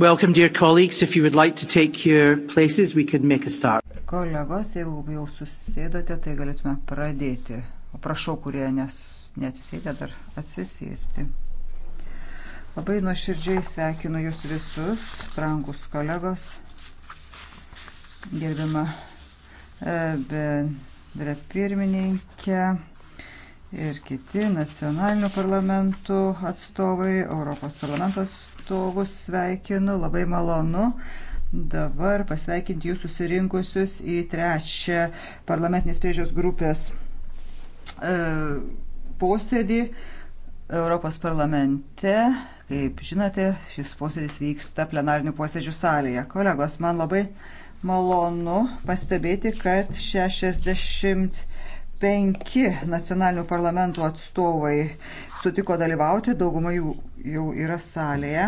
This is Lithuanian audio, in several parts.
Welcome, dear colleagues. If you would like to take your places, we could make a start. Kolegos, jeigu jau susėdote, tai galėtume pradėti. O prašau, kurie nes, neatsisėdė, dar atsisėsti. Labai nuoširdžiai sveikinu jūs visus, brangus kolegos, gerbima e, bendra pirmininkė ir kiti nacionalinių parlamentų atstovai, Europos parlamento atstovus sveikinu, labai malonu dabar pasveikinti jūs susirinkusius į trečią parlamentinės priežios grupės e, posėdį Europos parlamente. Kaip žinote, šis posėdis vyksta plenarnių posėdžių salėje. Kolegos, man labai malonu pastebėti, kad 60 Penki nacionalinių parlamentų atstovai sutiko dalyvauti, dauguma jų jau yra salėje.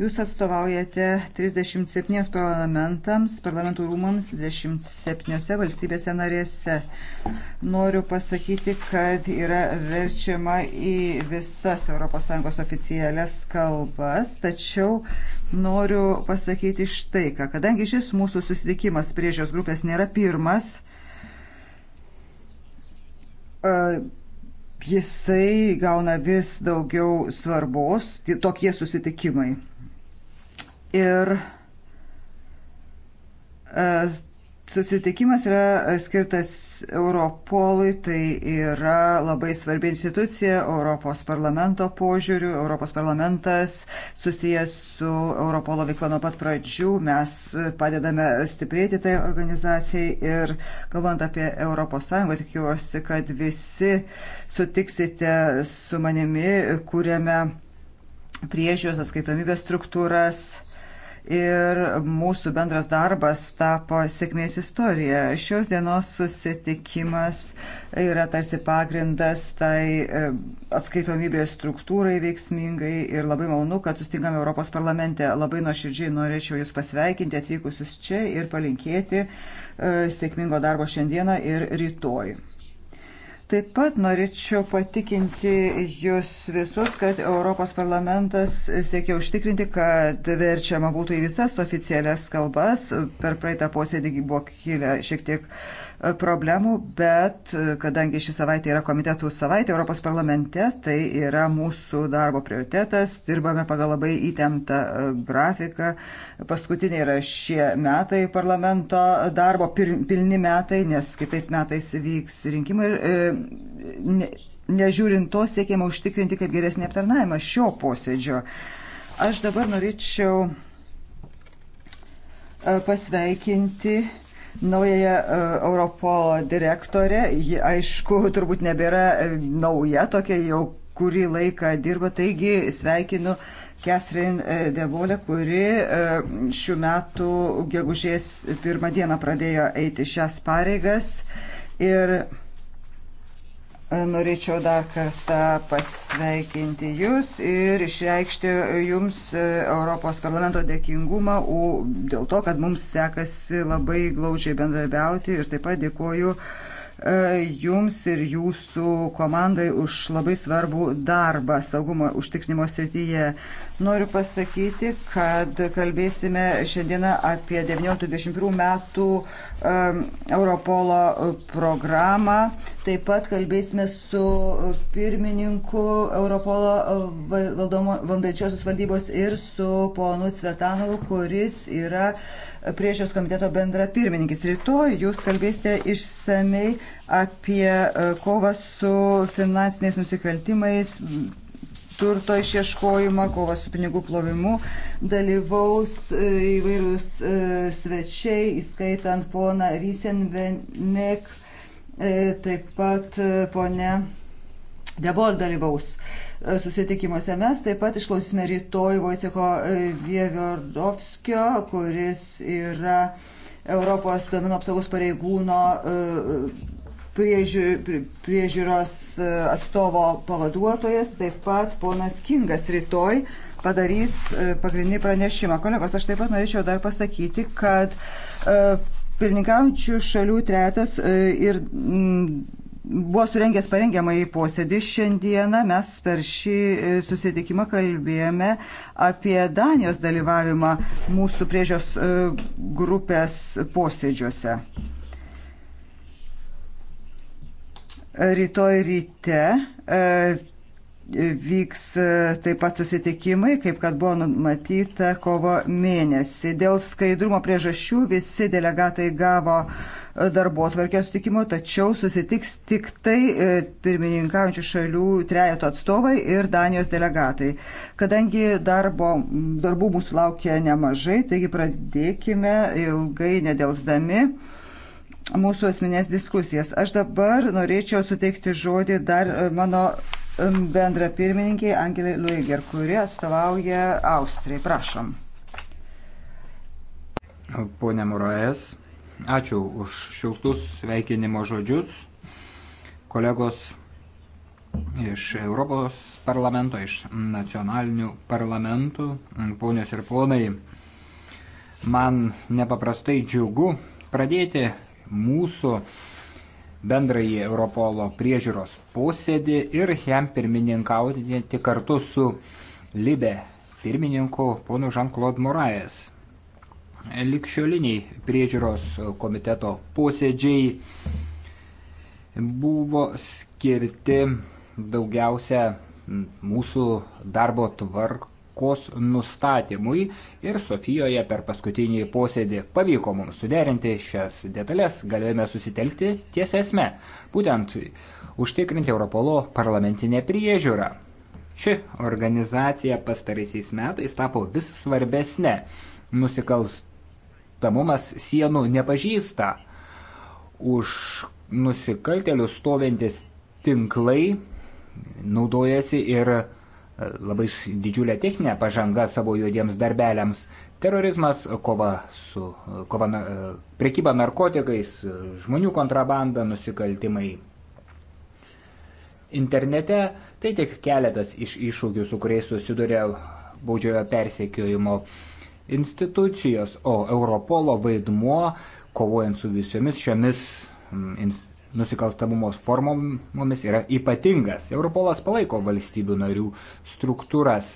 Jūs atstovaujate 37 parlamentams, parlamentų rūmams 27 valstybėse narėse. Noriu pasakyti, kad yra verčiama į visas ES oficialias kalbas, tačiau noriu pasakyti štai ką. Kadangi šis mūsų susitikimas priežios grupės nėra pirmas, jisai gauna vis daugiau svarbos, tokie susitikimai. Ir Susitikimas yra e, skirtas Europolui, tai yra labai svarbi institucija Europos parlamento požiūrių. Europos parlamentas susijęs su Europolo veikla nuo pat pradžių. Mes padedame stiprėti tai organizacijai ir galvant apie ES, tikiuosi, kad visi sutiksite su manimi, kuriame priežiūros atskaitomybės struktūras ir mūsų bendras darbas tapo sėkmės istorija. Šios dienos susitikimas yra tarsi pagrindas tai e, atskaitomybės struktūrai veiksmingai ir labai malonu, kad sustingame Europos parlamente. Labai nuoširdžiai norėčiau Jūs pasveikinti atvykusius čia ir palinkėti e, sėkmingo darbo šiandieną ir rytoj. Taip pat norėčiau patikinti jūs visus, kad Europos parlamentas siekia užtikrinti, kad verčiama būtų į visas oficialias kalbas. Per praeitą posėdį buvo kilę šiek tiek problemų, bet e, kadangi šį savaitę yra komitetų savaitė Europos parlamente, tai yra mūsų darbo prioritetas, dirbame pagal labai įtemptą e, grafiką. Paskutiniai yra šie metai parlamento darbo, pilni metai, nes kitais metais vyks rinkimai. E, nežiūrint to, siekiama užtikrinti kaip geresnį aptarnavimą šio posėdžio. Aš dabar norėčiau pasveikinti naująją e, Europolo direktorę. Ji, aišku, turbūt nebėra e, nauja, tokia jau kurį laiką dirba, taigi sveikinu Catherine e, Devolė, kuri šių metų gegužės pirmą dieną pradėjo eiti šias pareigas. Ir Norėčiau dar kartą pasveikinti Jūs ir išreikšti Jums e, Europos parlamento dėkingumą dėl to, kad mums sekasi labai glaudžiai bendarbiauti ir taip pat dėkoju e, Jums ir Jūsų komandai už labai svarbų darbą saugumo užtikrinimo srityje. Noriu pasakyti, kad kalbėsime šiandieną apie 19-21 metų Europolo programą. Taip pat kalbėsime su pirmininku Europolo valdančiosios valdybos ir su ponu Cvetanovu, kuris yra priešios komiteto bendra pirmininkis. Rytoj jūs kalbėsite išsamei apie e, kovą su finansiniais nusikaltimais turto išieškojimą, kovą su pinigų plovimu, dalyvaus e, įvairius e, svečiai, įskaitant poną Rysenvenek, e, taip pat ponę Debol dalyvaus susitikimuose. Mes taip pat išklausime rytoj Vojceko Vieviordovskio, kuris yra Europos duomenų apsaugos pareigūno priežiūros e, atstovo pavaduotojas, taip pat ponas Kingas rytoj padarys e, pagrindinį pranešimą. Kolegos, aš taip pat norėčiau dar pasakyti, kad e, pirmininkaujančių šalių tretas ir buvo surengęs parengiamąjį posėdį. Šiandieną mes per šį susitikimą kalbėjome apie Danijos dalyvavimą mūsų priežios grupės posėdžiuose. Rytoj ryte e, vyks e, taip pat susitikimai, kaip kad buvo numatyta kovo mėnesį. Dėl skaidrumo priežasčių visi delegatai gavo e, darbo atvarkės sutikimo, tačiau susitiks tik tai pirmininkaujančių šalių trejato atstovai ir Danijos delegatai. Kadangi darbo, darbų mūsų laukia nemažai, taigi pradėkime ilgai nedelsdami mūsų asmenės diskusijas. Aš dabar norėčiau suteikti žodį dar e, mano bendra pirmininkiai Angelė Luiger, kuri atstovauja Austrijai. Prašom. Pone Murajas, ačiū už šiltus sveikinimo žodžius. Kolegos iš Europos parlamento, iš nacionalinių parlamentų, ponios ir ponai, man nepaprastai džiugu pradėti mūsų bendrąjį Europolo priežiūros posėdį ir jam pirmininkauti kartu su Libe pirmininku ponu Jean-Claude Moraes. Likščioliniai priežiūros komiteto posėdžiai buvo skirti daugiausia mūsų darbo tvark tvarkos nustatymui ir Sofijoje per paskutinį posėdį pavyko mums suderinti šias detalės, galėjome susitelkti ties esme, būtent užtikrinti Europolo parlamentinę priežiūrą. Ši organizacija pastaraisiais metais tapo vis svarbesnė. Nusikalstamumas sienų nepažįsta. Už nusikaltelius stovintis tinklai naudojasi ir labai didžiulė techninė pažanga savo juodiems darbeliams. Terorizmas, kova su kova, e, prekyba narkotikais, e, žmonių kontrabanda, nusikaltimai. Internete tai tik keletas iš iššūkių, su kuriais susiduria baudžiojo persekiojimo institucijos, o Europolo vaidmuo kovojant su visomis šiomis nusikalstamumo formomis yra ypatingas. Europolas palaiko valstybių narių struktūras.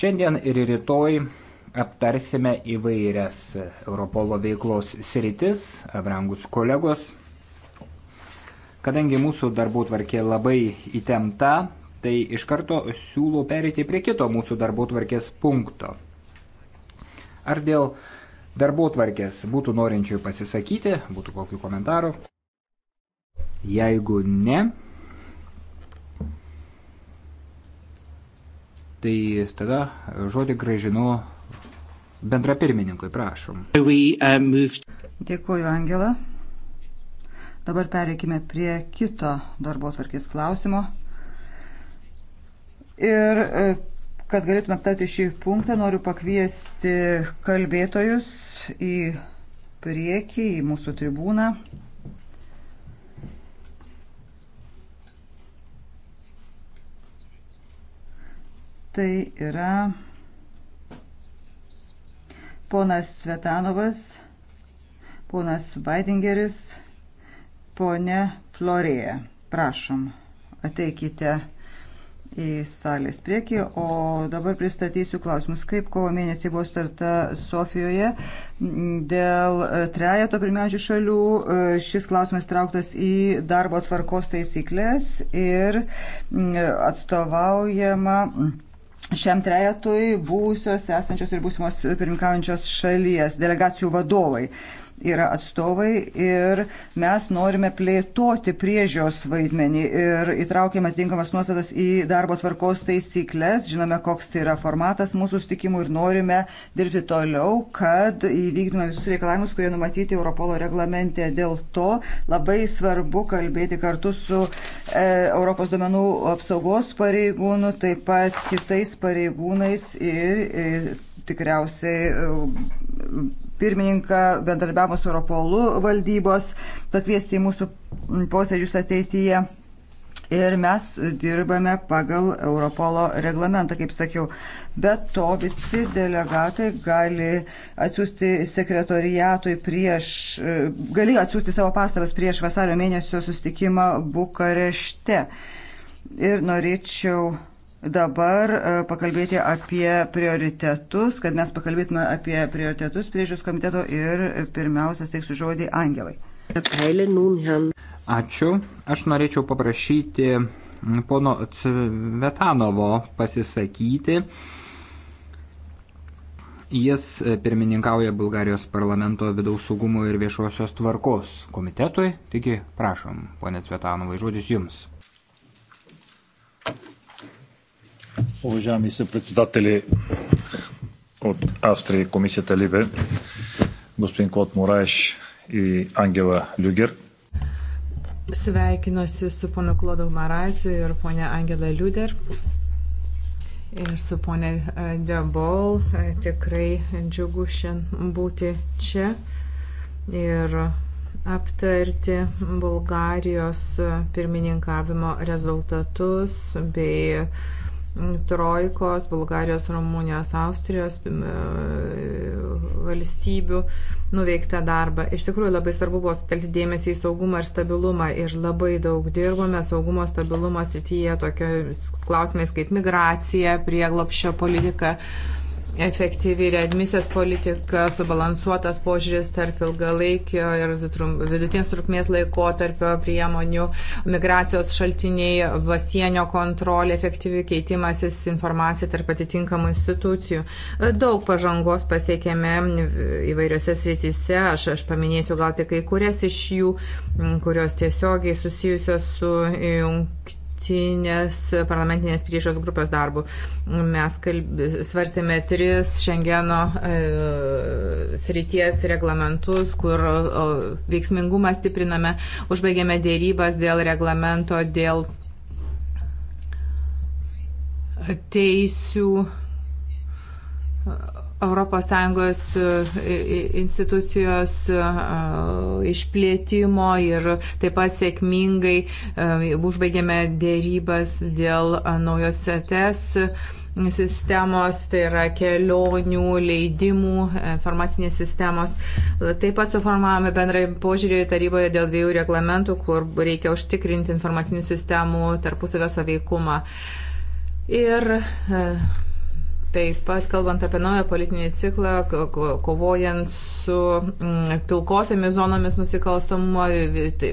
Šiandien ir rytoj aptarsime įvairias Europolo veiklos sritis, brangus kolegos. Kadangi mūsų darbų tvarkė labai įtempta, tai iš karto siūlau perėti prie kito mūsų darbų tvarkės punkto. Ar dėl darbų tvarkės būtų norinčių pasisakyti, būtų kokių komentarų? Jeigu ne, tai tada žodį gražinu bendra pirmininkui, prašom. Uh, Dėkuoju, Angela. Dabar pereikime prie kito darbo tvarkės klausimo. Ir e, kad galėtume aptarti šį punktą, noriu pakviesti kalbėtojus į priekį, į mūsų tribūną. Tai yra ponas Svetanovas, ponas Vaidingeris, ponė Florėja. Prašom, ateikite į salės priekį, o dabar pristatysiu klausimus. Kaip kovo mėnesį buvo starta Sofijoje dėl trejato pirmiausių šalių, šis klausimas trauktas į darbo tvarkos taisyklės ir atstovaujama šiam trejetui būsios, esančios ir būsimos pirmininkaujančios šalies delegacijų vadovai yra atstovai ir mes norime plėtoti priežios vaidmenį ir įtraukėme tinkamas nuostatas į darbo tvarkos taisyklės, žinome, koks yra formatas mūsų sustikimų ir norime dirbti toliau, kad įvykdytume visus reikalavimus, kurie numatyti Europolo reglamente. Dėl to labai svarbu kalbėti kartu su e, Europos duomenų apsaugos pareigūnu, taip pat kitais pareigūnais ir e, tikriausiai e, pirmininką bendarbiavimo su Europolu valdybos, pakviesti į mūsų posėdžius ateityje. Ir mes dirbame pagal Europolo reglamentą, kaip sakiau. Bet to visi delegatai gali atsiųsti sekretoriatui prieš, galėjo atsiųsti savo pastabas prieš vasario mėnesio sustikimą Bukarešte. Ir norėčiau dabar e, pakalbėti apie prioritetus, kad mes pakalbėtume apie prioritetus priežiūros komiteto ir pirmiausia steiksiu žodį Angelai. Ačiū. Aš norėčiau paprašyti pono Cvetanovo pasisakyti. Jis e, pirmininkauja Bulgarijos parlamento vidaus saugumo ir viešosios tvarkos komitetui. Taigi, prašom, ponė Cvetanovai, žodis jums. Уважаеми са председатели от Австрия и комисията Либе, господин Клод Мораеш и Ангела Люгер. Sveikinuosi su ponu Klodu Maraisiu ir ponia Angela Liuder ir su ponia e, Debol. E, tikrai džiugu šiandien būti čia ir aptarti Bulgarijos pirmininkavimo rezultatus bei uh, trojkos, Bulgarijos, Rumunijos, Austrijos e, valstybių nuveiktą darbą. Iš tikrųjų labai svarbu buvo sutelkti dėmesį į saugumą ir stabilumą ir labai daug dirbome saugumo stabilumo srityje, tokiais klausimais kaip migracija, prieglopšio politika. Uh, efektyvi readmisijos politika, subalansuotas požiūris tarp ilgalaikio ir vidutinės trukmės laikotarpio priemonių, migracijos šaltiniai, vasienio kontrolė, efektyvi keitimasis informacija tarp atitinkamų institucijų. Daug pažangos pasiekėme įvairiose srityse, aš, aš paminėsiu gal tik kai kurias iš jų, kurios tiesiogiai susijusios su jungtiniu nuolatinės parlamentinės priežios grupės darbų. Mes kalb... svarstėme tris Šengeno e, srities reglamentus, kur o, veiksmingumą stipriname, užbaigėme dėrybas dėl reglamento, dėl teisių ES e, e, institucijos e, išplėtimo ir taip pat sėkmingai užbaigėme dėrybas dėl naujos CTS sistemos, tai yra kelionių, leidimų, informacinės sistemos. Taip pat suformavome bendrai požiūrį taryboje dėl dviejų reglamentų, kur reikia užtikrinti informacinių sistemų tarpusavio saveikumą. Ir Taip pat, kalbant apie naują politinį ciklą, kovojant su mm, pilkosiamis zonomis nusikalstamumo, tai,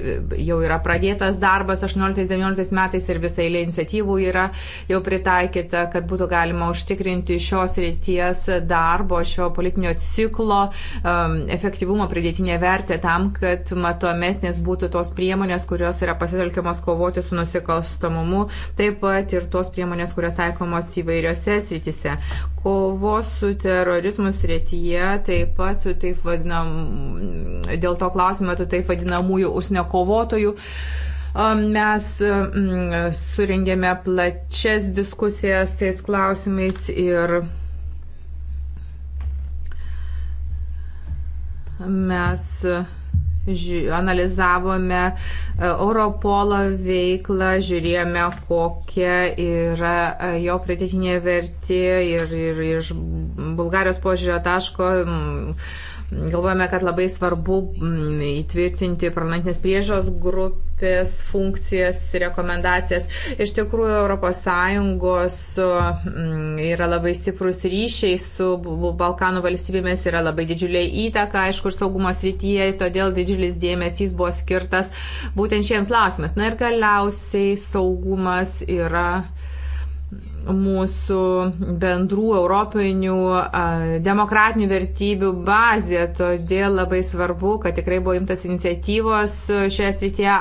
jau yra pradėtas darbas 18-19 metais ir visai eilė iniciatyvų yra jau pritaikyta, kad būtų galima užtikrinti šios ryties darbo, šio politinio ciklo um, efektyvumo pridėtinę vertę tam, kad matomesnės būtų tos priemonės, kurios yra pasitelkiamos kovoti su nusikalstamumu, taip pat ir tos priemonės, kurios taikomos įvairiose srityse kovos su terorizmu srityje, taip pat su taip vadinam, dėl to klausimo, tų taip vadinamųjų užsienio kovotojų. Mes mm, surengėme plačias diskusijas tais klausimais ir mes analizavome e, Europolo veiklą, žiūrėjome, kokia yra e, jo pridėtinė vertė ir, ir iš Bulgarijos požiūrio taško Galvojame, kad labai svarbu mm, įtvirtinti parlamentinės priežos grupės funkcijas, rekomendacijas. Iš tikrųjų, ES mm, yra labai stiprus ryšiai su Balkanų valstybėmis, yra labai didžiulė įtaka, aišku, ir saugumo srityje, todėl didžiulis dėmesys buvo skirtas būtent šiems klausimams. Na ir galiausiai saugumas yra mūsų bendrų europinių demokratinių vertybių bazė. Todėl labai svarbu, kad tikrai buvo imtas iniciatyvos šioje srityje.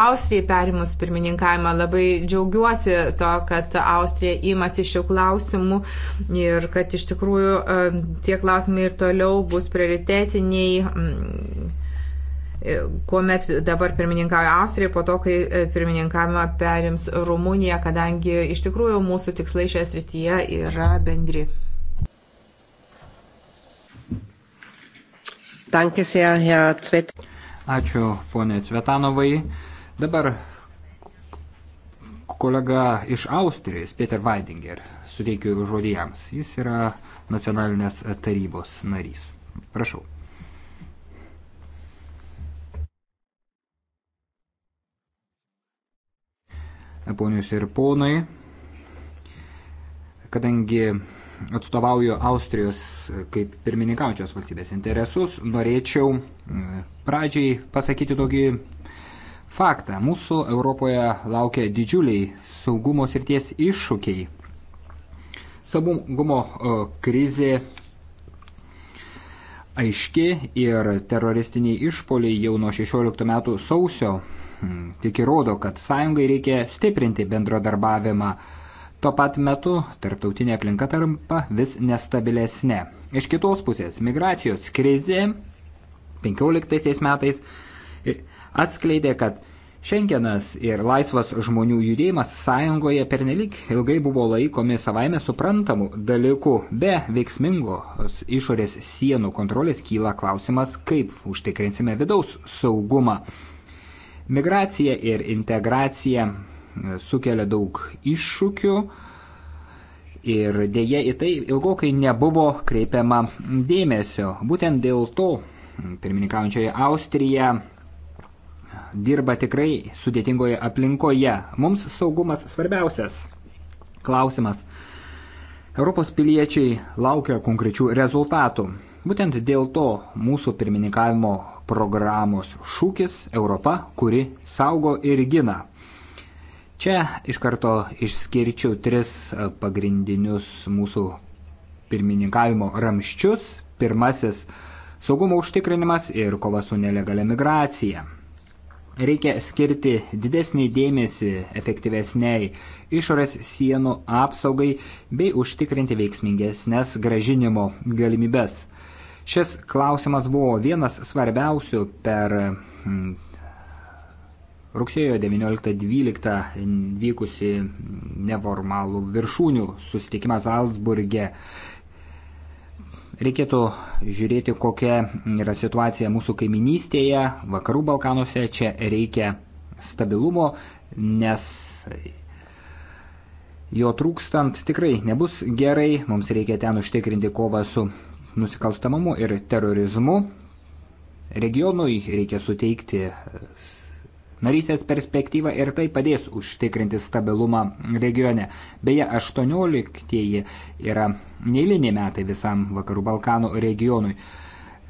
Austrijai perimus pirmininkavimą labai džiaugiuosi to, kad Austrija imasi šių klausimų ir kad iš tikrųjų tie klausimai ir toliau bus prioritetiniai E, kuomet dabar pirmininkauja Austrija, po to, kai e, pirmininkavimą perims Rumunija, kadangi iš tikrųjų mūsų tikslai šioje srityje yra bendri. Ačiū, ponė Cvetanovai. Dabar kolega iš Austrijos, Peter Weidinger, suteikiu žodį jams. Jis yra nacionalinės tarybos narys. Prašau. ponius ir ponai. Kadangi atstovauju Austrijos kaip pirmininkaujančios valstybės interesus, norėčiau e, pradžiai pasakyti tokį faktą. Mūsų Europoje laukia didžiuliai saugumo srities iššūkiai. Saugumo e, krizė aiški ir teroristiniai išpoliai jau nuo 16 metų sausio Mm, tik įrodo, kad sąjungai reikia stiprinti bendradarbiavimą. Tuo pat metu tarptautinė aplinka tampa vis nestabilesnė. Iš kitos pusės, migracijos krizė 15 metais atskleidė, kad Šengenas ir laisvas žmonių judėjimas sąjungoje pernelik ilgai buvo laikomi savaime suprantamų dalykų. Be veiksmingos išorės sienų kontrolės kyla klausimas, kaip užtikrinsime vidaus saugumą. Migracija ir integracija e, sukelia daug iššūkių ir dėje į tai ilgokai nebuvo kreipiama dėmesio. Būtent dėl to pirmininkaujančioje Austrija dirba tikrai sudėtingoje aplinkoje. Mums saugumas svarbiausias klausimas. Europos piliečiai laukia konkrečių rezultatų. Būtent dėl to mūsų pirmininkavimo programos šūkis Europa, kuri saugo ir gina. Čia iš karto išskirčiau tris pagrindinius mūsų pirmininkavimo ramščius. Pirmasis - saugumo užtikrinimas ir kova su nelegalia migracija. Reikia skirti didesnį dėmesį efektyvesniai išorės sienų apsaugai bei užtikrinti veiksmingesnės gražinimo galimybes. Šis klausimas buvo vienas svarbiausių per hm, rugsėjo 19-12 vykusi neformalų viršūnių susitikimą Salzburgė. Reikėtų žiūrėti, kokia yra situacija mūsų kaiminystėje, vakarų Balkanuose. Čia reikia stabilumo, nes jo trūkstant tikrai nebus gerai. Mums reikia ten užtikrinti kovą su nusikalstamumu ir terorizmu. Regionui reikia suteikti e, narystės perspektyvą ir tai padės užtikrinti stabilumą regione. Beje, 18-ieji yra neįliniai metai visam Vakarų Balkanų regionui.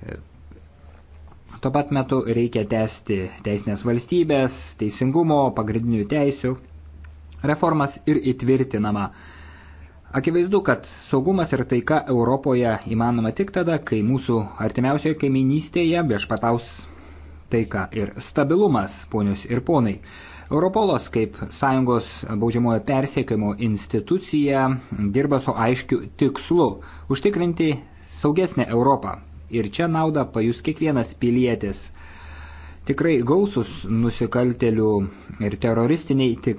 E, tuo pat metu reikia tęsti teisinės valstybės, teisingumo, pagrindinių teisių reformas ir įtvirtinama Akivaizdu, kad saugumas ir taika Europoje įmanoma tik tada, kai mūsų artimiausioje kaiminystėje viešpataus taika ir stabilumas, ponius ir ponai. Europolas kaip sąjungos baudžiamojo persiekiamo institucija dirba su aiškiu tikslu - užtikrinti saugesnę Europą. Ir čia naudą pajus kiekvienas pilietis. Tikrai gausus nusikaltelių ir teroristiniai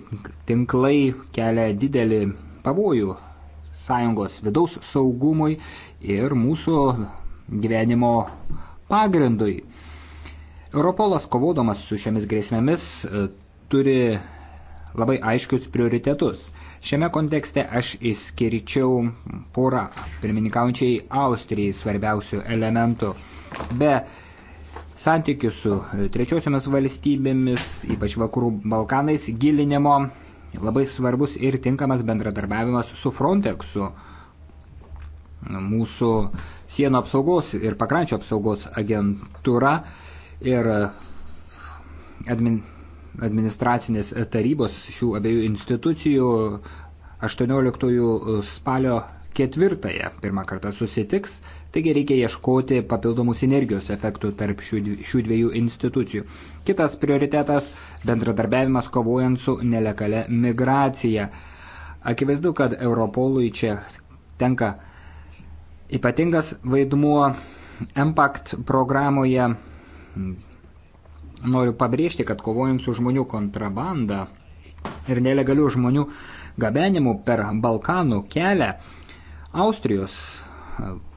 tinklai kelia didelį pavojų sąjungos vidaus saugumui ir mūsų gyvenimo pagrindui. Europolas kovodamas su šiomis grėsmėmis e, turi labai aiškius prioritetus. Šiame kontekste aš išskirčiau porą pirmininkaujančiai Austrijai svarbiausių elementų. Be santykių su trečiosiomis valstybėmis, ypač vakarų Balkanais, gilinimo Labai svarbus ir tinkamas bendradarbiavimas su Frontexu, mūsų sienų apsaugos ir pakrančio apsaugos agentūra ir admin, administracinės tarybos šių abiejų institucijų 18 spalio ketvirtąją pirmą kartą susitiks, taigi reikia ieškoti papildomų sinergijos efektų tarp šių, šių dviejų institucijų. Kitas prioritetas - bendradarbiavimas kovojant su nelegale migracija. Akivaizdu, kad Europolui čia tenka ypatingas vaidmuo Impact programoje. Noriu pabrėžti, kad kovojant su žmonių kontrabanda ir nelegalių žmonių gabenimu per Balkanų kelią Austrijos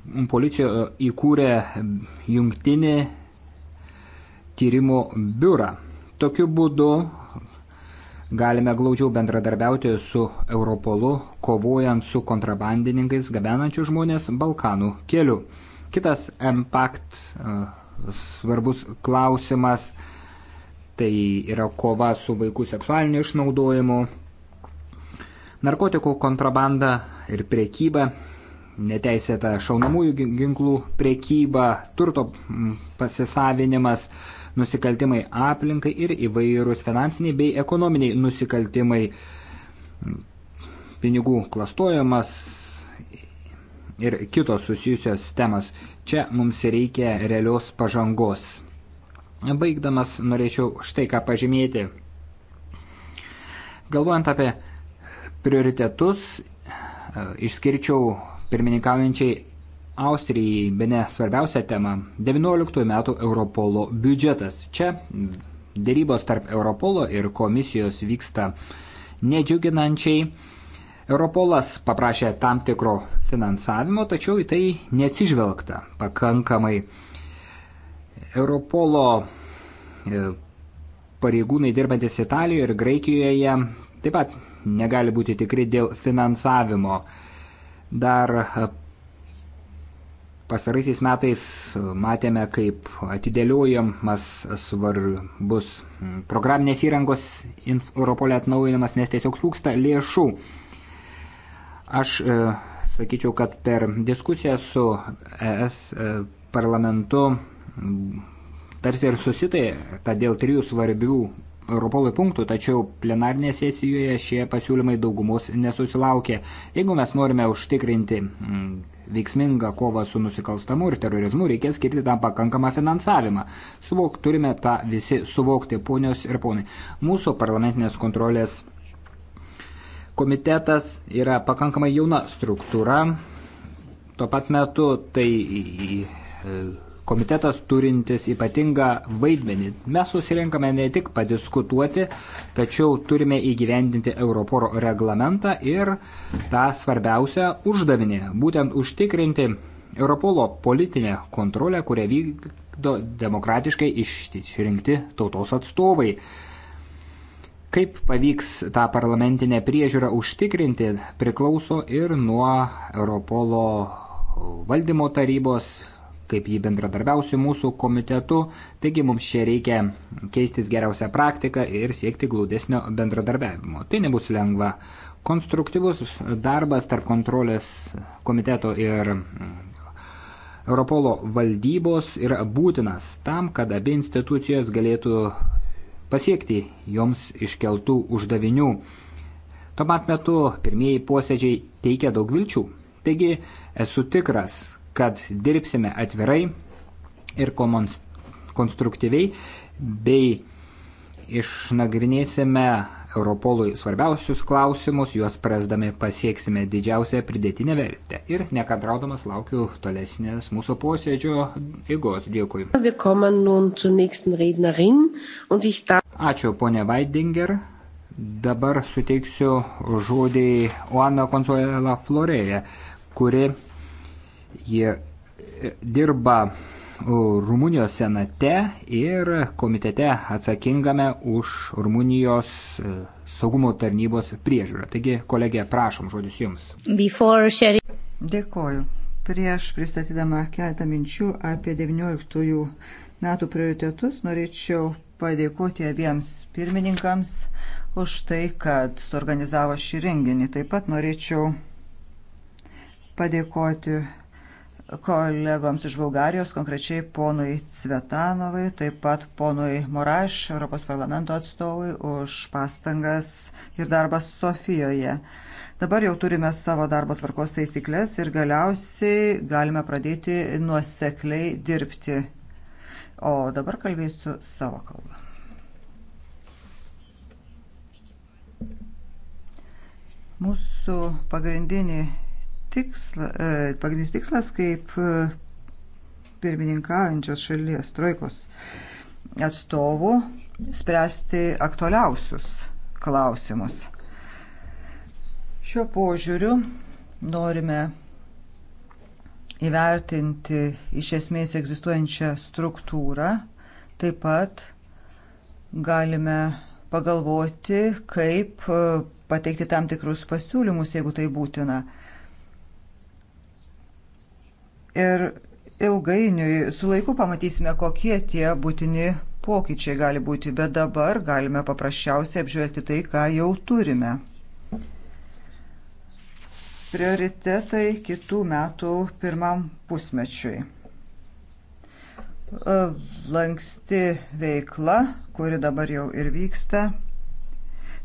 e, policija e, įkūrė jungtinį tyrimo biurą. Tokiu būdu galime glaudžiau bendradarbiauti su Europolu, kovojant su kontrabandininkais gabenančių žmonės Balkanų keliu. Kitas impact e, svarbus klausimas tai yra kova su vaikų seksualiniu išnaudojimu. Narkotikų kontrabanda ir prekyba, neteisėta šaunamųjų ginklų prekyba, turto pasisavinimas, nusikaltimai aplinkai ir įvairūs finansiniai bei ekonominiai nusikaltimai, pinigų klastojimas ir kitos susijusios temas. Čia mums reikia realios pažangos. Baigdamas norėčiau štai ką pažymėti. Galvojant apie prioritetus E, išskirčiau pirmininkaujančiai Austrijai, be ne svarbiausia tema - 19 metų Europolo biudžetas. Čia dėrybos tarp Europolo ir komisijos vyksta nedžiuginančiai. Europolas paprašė tam tikro finansavimo, tačiau į tai neatsižvelgta pakankamai. Europolo e, pareigūnai dirbantis Italijoje ir Graikijoje taip pat negali būti tikri dėl finansavimo. Dar e, pasaraisiais metais matėme, kaip atidėliojamas svarbus programinės įrangos Europolė atnaujinimas, nes tiesiog trūksta lėšų. Aš e, sakyčiau, kad per diskusiją su ES e, parlamentu tarsi ir susitai, ta dėl trijų svarbių Europolui punktų, tačiau plenarnėje sesijoje šie pasiūlymai daugumos nesusilaukė. Jeigu mes norime užtikrinti mm, veiksmingą kovą su nusikalstamu ir terorizmu, reikės skirti tam pakankamą finansavimą. Suvok, turime tą visi suvokti, ponios ir ponai. Mūsų parlamentinės kontrolės komitetas yra pakankamai jauna struktūra. Tuo pat metu tai e, komitetas turintis ypatingą vaidmenį. Mes susirinkame ne tik padiskutuoti, tačiau turime įgyvendinti Europoro reglamentą ir tą svarbiausią uždavinį - būtent užtikrinti Europolo politinę kontrolę, kurią vykdo demokratiškai išrinkti tautos atstovai. Kaip pavyks tą parlamentinę priežiūrą užtikrinti priklauso ir nuo Europolo valdymo tarybos kaip jį bendradarbiausiu mūsų komitetu, taigi mums čia reikia keistis geriausią praktiką ir siekti glaudesnio bendradarbiavimo. Tai nebus lengva. Konstruktyvus darbas tarp kontrolės komiteto ir Europolo valdybos yra būtinas tam, kad abi institucijos galėtų pasiekti joms iškeltų uždavinių. Tuo pat metu pirmieji posėdžiai teikia daug vilčių. Taigi esu tikras, kad dirbsime atvirai ir konstruktyviai, bei išnagrinėsime Europolui svarbiausius klausimus, juos prasdami pasieksime didžiausią pridėtinę vertę. Ir nekantraudamas laukiu tolesnės mūsų posėdžio eigos. Dėkui. Ačiū, ponė Weidinger. Dabar suteiksiu žodį Oana Konsuela Florėje, kuri Jie e, dirba Rumunijos senate ir komitete atsakingame už Rumunijos e, saugumo tarnybos priežiūrą. Taigi, kolegė, prašom, žodis jums. Dėkoju. Prieš pristatydama keletą minčių apie 19 metų prioritetus, norėčiau padėkoti abiems pirmininkams už tai, kad suorganizavo šį renginį. Taip pat norėčiau padėkoti kolegoms iš Bulgarijos, konkrečiai ponui Cvetanovui, taip pat ponui Moraš, Europos parlamento atstovui, už pastangas ir darbą Sofijoje. Dabar jau turime savo darbo tvarkos taisyklės ir galiausiai galime pradėti nuosekliai dirbti. O dabar kalbėsiu savo kalbą. Mūsų pagrindinį tiksla, e, pagrindinis tikslas kaip e, pirmininkaujančios šalies trojkos atstovų spręsti aktualiausius klausimus. Šiuo požiūriu norime įvertinti iš esmės egzistuojančią struktūrą, taip pat galime pagalvoti, kaip e, pateikti tam tikrus pasiūlymus, jeigu tai būtina. Ir ilgainiui su laiku pamatysime, kokie tie būtini pokyčiai gali būti, bet dabar galime paprasčiausiai apžvelgti tai, ką jau turime. Prioritetai kitų metų pirmam pusmečiui. E, lanksti veikla, kuri dabar jau ir vyksta.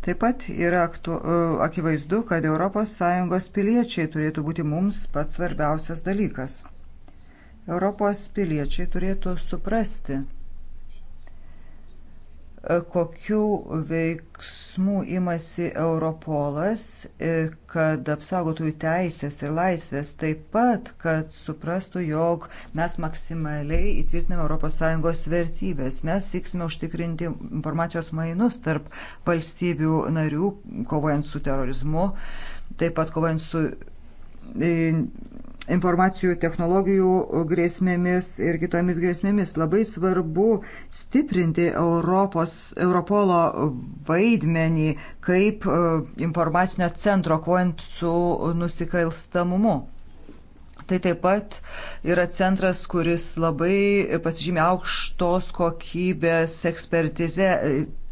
Taip pat yra aktu, e, akivaizdu, kad ES piliečiai turėtų būti mums pats svarbiausias dalykas. Europos piliečiai turėtų suprasti, e, kokių veiksmų imasi Europolas, e, kad apsaugotų jų teisės ir laisvės, taip pat, kad suprastų, jog mes maksimaliai įtvirtiname ES vertybės. Mes siksime užtikrinti informacijos mainus tarp valstybių narių, kovojant su terorizmu, taip pat kovojant su e, informacijų technologijų grėsmėmis ir kitomis grėsmėmis. Labai svarbu stiprinti Europos, Europolo vaidmenį kaip e, informacinio centro kovojant su nusikalstamumu. Tai taip pat yra centras, kuris labai pasižymė aukštos kokybės ekspertize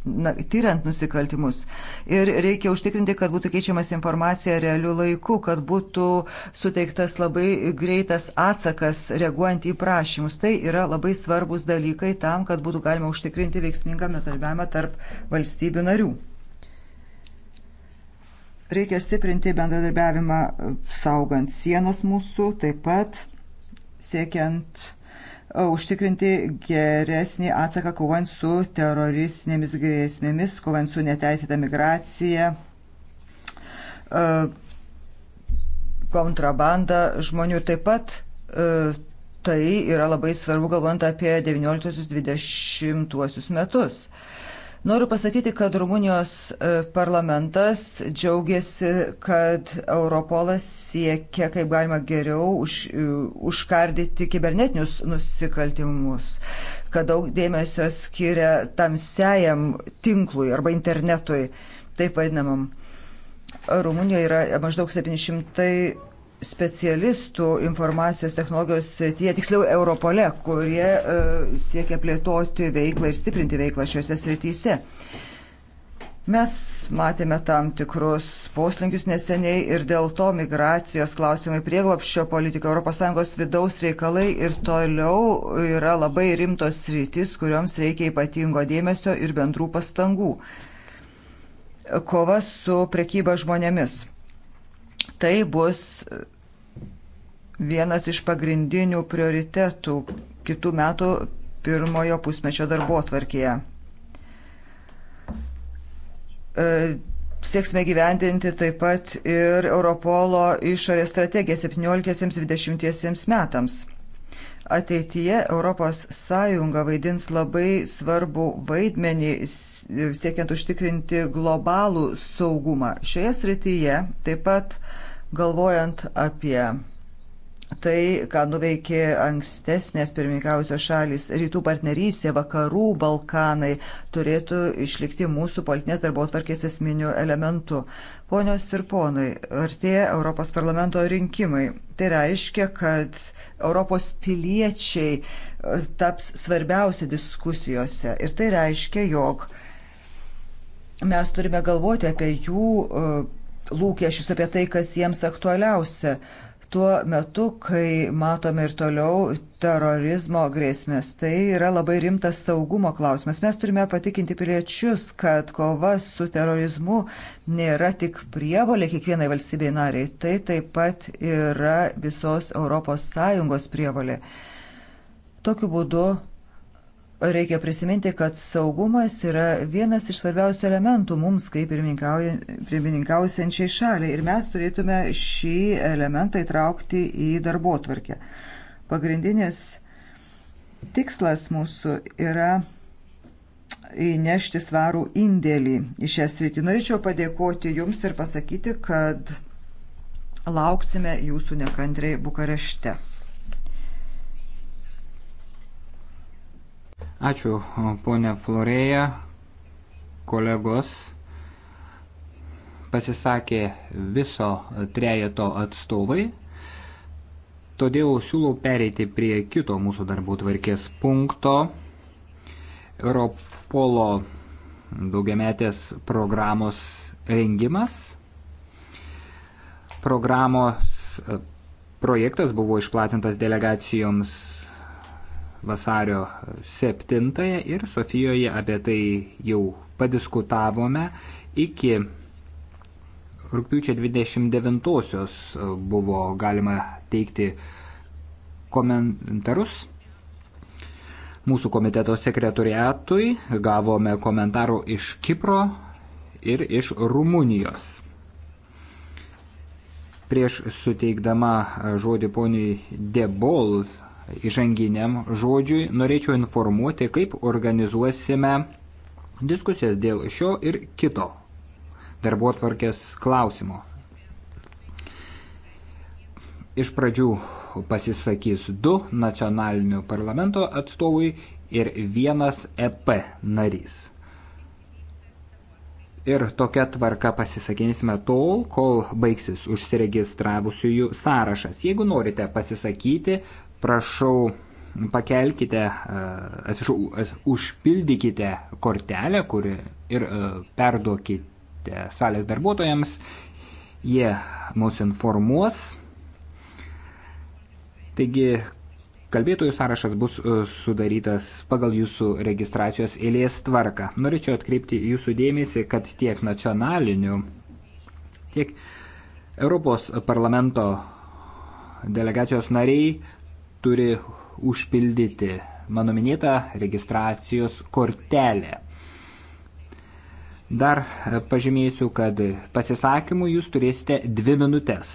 na, tyriant nusikaltimus. Ir reikia užtikrinti, kad būtų keičiamas informacija realiu laiku, kad būtų suteiktas labai greitas atsakas reaguojant į prašymus. Tai yra labai svarbus dalykai tam, kad būtų galima užtikrinti veiksmingą metalbiavimą tarp valstybių narių. Reikia stiprinti bendradarbiavimą saugant sienas mūsų, taip pat siekiant užtikrinti geresnį atsaką kovant su teroristinėmis grėsmėmis, kovant su neteisėta migracija, e, kontrabanda žmonių ir taip pat e, tai yra labai svarbu galvant apie 19-20 metus. Noriu pasakyti, kad Rumunijos e, parlamentas džiaugiasi, kad Europolas siekia kaip galima geriau už, e, užkardyti kibernetinius nusikaltimus, kad daug dėmesio skiria tamsiajam tinklui arba internetui, taip vadinamam. Rumunijoje yra maždaug 700 specialistų informacijos technologijos srityje, tiksliau Europole, kurie uh, siekia plėtoti veiklą ir stiprinti veiklą šiuose srityse. Mes matėme tam tikrus poslinkius neseniai ir dėl to migracijos klausimai prieglopščio politika ES vidaus reikalai ir toliau yra labai rimtos rytis, kuriuoms reikia ypatingo dėmesio ir bendrų pastangų. Kova su prekyba žmonėmis Tai bus vienas iš pagrindinių prioritetų kitų metų pirmojo pusmečio darbo atvarkėje. E, sieksime gyvendinti taip pat ir Europolo išorės strategiją 17-20 metams. Ateityje ES vaidins labai svarbu vaidmenį siekiant užtikrinti globalų saugumą. Šioje srityje taip pat uh, Galvojant apie tai, ką nuveikė ankstesnės pirmininkiausios šalis, rytų partnerystė, vakarų Balkanai turėtų išlikti mūsų politinės darbo atvarkės esminių elementų. Ponios ir ponai, artėja Europos parlamento rinkimai. Tai reiškia, kad Europos piliečiai e, taps svarbiausia diskusijose. Ir tai reiškia, jog mes turime galvoti apie jų e, lūkesčius apie tai, kas jiems aktualiausia. Tuo metu, kai matome ir toliau terorizmo grėsmės, tai yra labai rimtas saugumo klausimas. Mes turime patikinti piliečius, kad kova su terorizmu nėra tik prievolė kiekvienai valstybei nariai, tai taip pat yra visos ES prievolė. Tokiu būdu Reikia prisiminti, kad saugumas yra vienas iš svarbiausių elementų mums kaip pirmininkausiančiai šaliai ir mes turėtume šį elementą įtraukti į darbo tvarkę. Pagrindinis tikslas mūsų yra įnešti svarų indėlį į šią sritį. Norėčiau padėkoti Jums ir pasakyti, kad lauksime Jūsų nekantrai Bukarešte. Ačiū, ponė Florėja, kolegos pasisakė viso trejeto atstovai, todėl siūlau pereiti prie kito mūsų darbų tvarkės punkto Europolo daugiametės programos rengimas. Programos e, projektas buvo išplatintas delegacijoms vasario 7 ir Sofijoje apie tai jau padiskutavome. Iki rūpiučio 29-osios e, buvo galima teikti komentarus. Mūsų komiteto sekretoriatui gavome komentarų iš Kipro ir iš Rumunijos. Prieš suteikdama žodį poniai Debol įžanginiam žodžiui norėčiau informuoti, kaip organizuosime diskusijas dėl šio ir kito darbo atvarkės klausimo. Iš pradžių pasisakys du nacionalinių parlamento atstovai ir vienas EP narys. Ir tokia tvarka pasisakinsime tol, kol baigsis užsiregistravusiųjų sąrašas. Jeigu norite pasisakyti, prašau pakelkite, e, atsiprašau, užpildykite kortelę kuri, ir e, perduokite salės darbuotojams. Jie mus informuos. Taigi, Kalbėtojų sąrašas bus e, sudarytas pagal jūsų registracijos eilės tvarką. Norėčiau atkreipti jūsų dėmesį, kad tiek nacionalinių, tiek Europos parlamento delegacijos nariai turi užpildyti mano minėta registracijos kortelė. Dar pažymėsiu, kad pasisakymų jūs turėsite dvi minutės.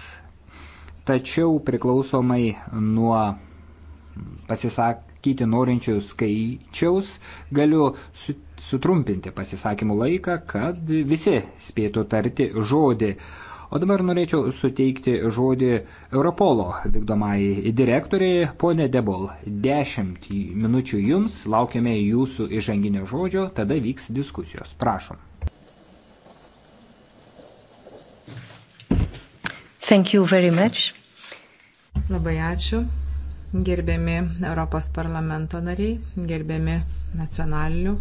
Tačiau priklausomai nuo pasisakyti norinčių skaičiaus galiu sutrumpinti pasisakymų laiką, kad visi spėtų tarti žodį. O dabar norėčiau suteikti žodį Europolo vykdomai direktoriai, ponė Debol. Dešimt minučių jums, laukiame jūsų įžanginio žodžio, tada vyks diskusijos. Prašom. Thank you very much. Labai ačiū. Gerbiami Europos parlamento nariai, gerbiami nacionalinių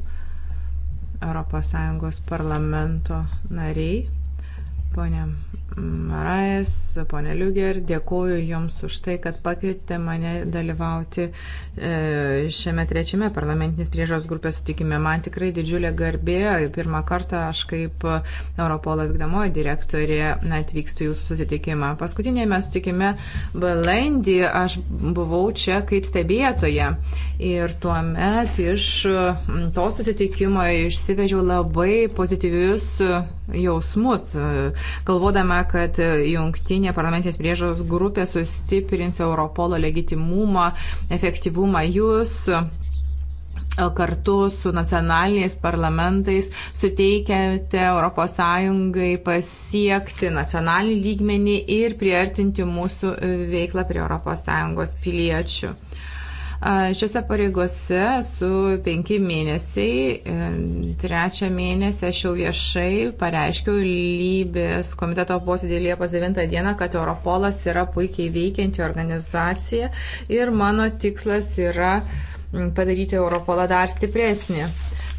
ES parlamento nariai, Pone Marajas, pone Liuger, dėkoju Jums už tai, kad pakvietė mane dalyvauti e, šiame trečiame parlamentinės priežos grupės sutikime. Man tikrai didžiulė garbė. Pirmą kartą aš kaip Europolo vykdomoji direktorė atvykstu Jūsų susitikimą. Paskutinėme sutikime balandį aš buvau čia kaip stebėtoja. Ir tuo met iš to susitikimo išsivežiau labai pozityvius jausmus, galvodama, kad jungtinė parlamentės priežos grupė sustiprins Europolo legitimumą, efektyvumą. Jūs kartu su nacionaliniais parlamentais suteikiate ES pasiekti nacionalinį lygmenį ir priartinti mūsų veiklą prie ES piliečių. Šiuose pareigose su penki mėnesiai, e, trečią mėnesį aš jau viešai pareiškiau lybės komiteto posėdį Liepos 9 dieną, kad Europolas yra puikiai veikianti organizacija ir mano tikslas yra padaryti Europolą dar stipresnį.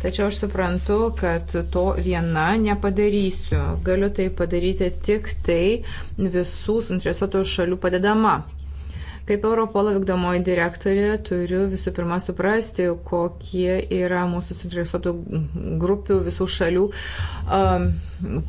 Tačiau aš suprantu, kad to viena nepadarysiu. Galiu tai padaryti tik tai visų suinteresuotų šalių padedama. Kaip Europolo vykdomoji direktorė turiu visų pirma suprasti, kokie yra mūsų suinteresuotų grupių, visų šalių um,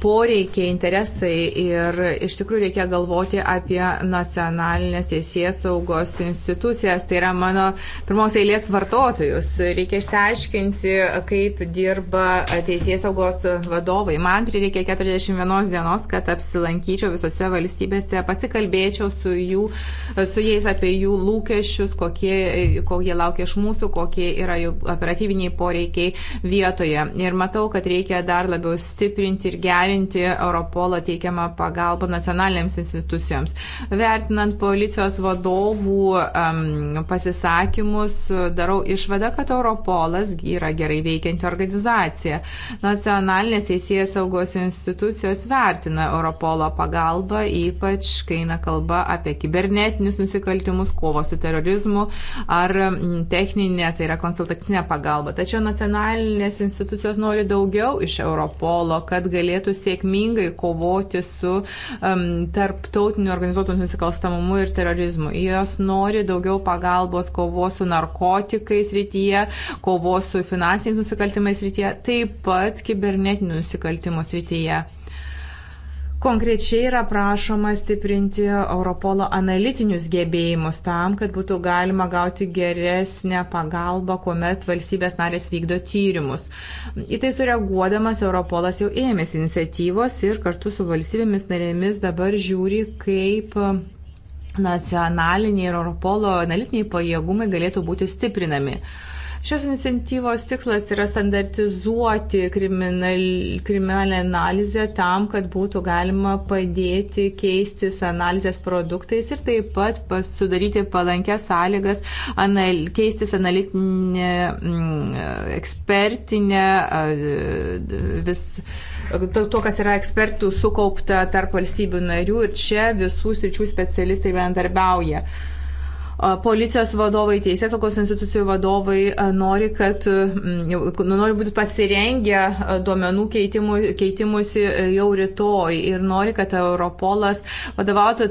poreikiai, interesai. Ir iš tikrųjų reikia galvoti apie nacionalinės teisės saugos institucijas. Tai yra mano pirmos eilės vartotojus. Reikia išsiaiškinti, kaip dirba teisės saugos vadovai. Man prireikė 41 dienos, kad apsilankyčiau visose valstybėse, pasikalbėčiau su, jų, su jais apie jų lūkesčius, kokie, kokie laukia iš mūsų, kokie yra jų operatyviniai poreikiai vietoje. Ir matau, kad reikia dar labiau stiprinti ir gerinti Europolo teikiamą pagalbą nacionalinėms institucijoms. Vertinant policijos vadovų um, pasisakymus, darau išvadą, kad Europolas yra gerai veikianti organizacija. Nacionalinės teisėjas saugos institucijos vertina Europolo pagalbą, ypač kai eina kalba apie kibernetinius nusikaltimus nusikaltimus, kovo su terorizmu ar techninė, tai yra konsultacinė pagalba. Tačiau nacionalinės institucijos nori daugiau iš Europolo, kad galėtų sėkmingai kovoti su um, tarptautiniu organizuotų nusikalstamumu ir terorizmu. Jos nori daugiau pagalbos kovos su narkotikais rytyje, kovos su finansiniais nusikaltimais rytyje, taip pat kibernetinių nusikaltimų srityje. Konkrečiai yra prašoma stiprinti Europolo analitinius gebėjimus tam, kad būtų galima gauti geresnę pagalbą, kuomet valstybės narės vykdo tyrimus. Į tai sureaguodamas Europolas jau ėmėsi iniciatyvos ir kartu su valstybėmis narėmis dabar žiūri, kaip nacionaliniai ir Europolo analitiniai pajėgumai galėtų būti stiprinami. Uh, Šios iniciatyvos tikslas yra standartizuoti kriminalinę analizę tam, kad būtų galima padėti keistis analizės produktais ir taip pat sudaryti palankias sąlygas anal, keistis analitinė, mm, ekspertinė, vis, to, kas yra ekspertų sukaupta tarp valstybių narių ir čia visų sričių specialistai bendarbiauja. Yeah policijos vadovai, teisės saugos institucijų vadovai nori, kad mm, nu, nori būti pasirengę duomenų keitimu, keitimusi e, jau rytoj ir nori, kad Europolas vadovautų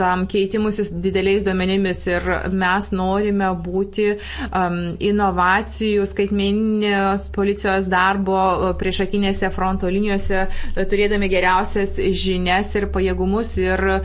tam keitimusis dideliais duomenimis ir mes norime būti um, inovacijų, skaitmeninės policijos darbo priešakinėse fronto linijose, turėdami geriausias žinias ir pajėgumus ir e,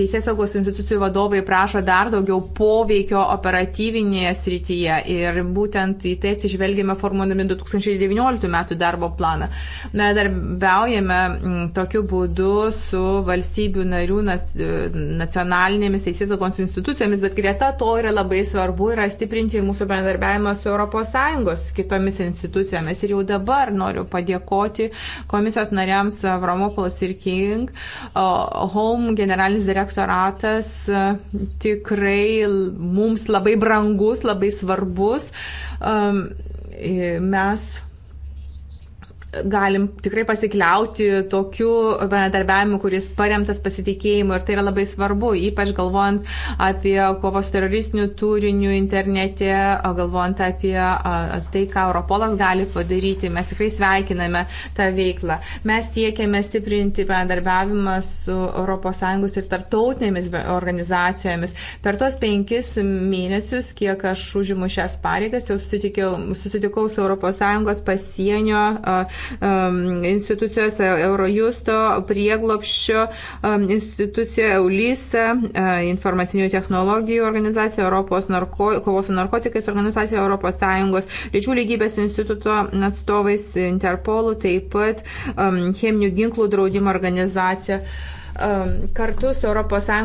teisės saugos institucijų vadovai prašo dar daugiau daugiau poveikio operatyvinėje srityje ir būtent į tai atsižvelgėme formuodami 2019 metų darbo planą. Mes darbiaujame mm, tokiu būdu su valstybių narių nacionalinėmis teisėsaugos institucijomis, bet greta to yra labai svarbu yra stiprinti mūsų bendarbiavimą su ES kitomis institucijomis. Ir jau dabar noriu padėkoti komisijos nariams Avramopolas ir King. Home generalinis direktoratas e, tikrai tikrai mums labai brangus, labai svarbus. Mes galim tikrai pasikliauti tokiu bendarbiavimu, kuris paremtas pasitikėjimu ir tai yra labai svarbu, ypač galvojant apie kovos teroristinių turinių internete, galvojant apie tai, ką Europolas gali padaryti. Mes tikrai sveikiname tą veiklą. Mes siekiame stiprinti bendarbiavimą su ES ir tarptautinėmis organizacijomis. Per tuos penkis mėnesius, kiek aš užimu šias pareigas, jau susitikau, susitikau su ES pasienio Um, institucijos Eurojusto, prieglopščio um, institucija EULISA, uh, informacinių technologijų organizacija, Europos narko, kovos su narkotikais organizacija, ES lyčių lygybės instituto atstovais Interpolų, taip pat um, cheminių ginklų draudimo organizacija kartu su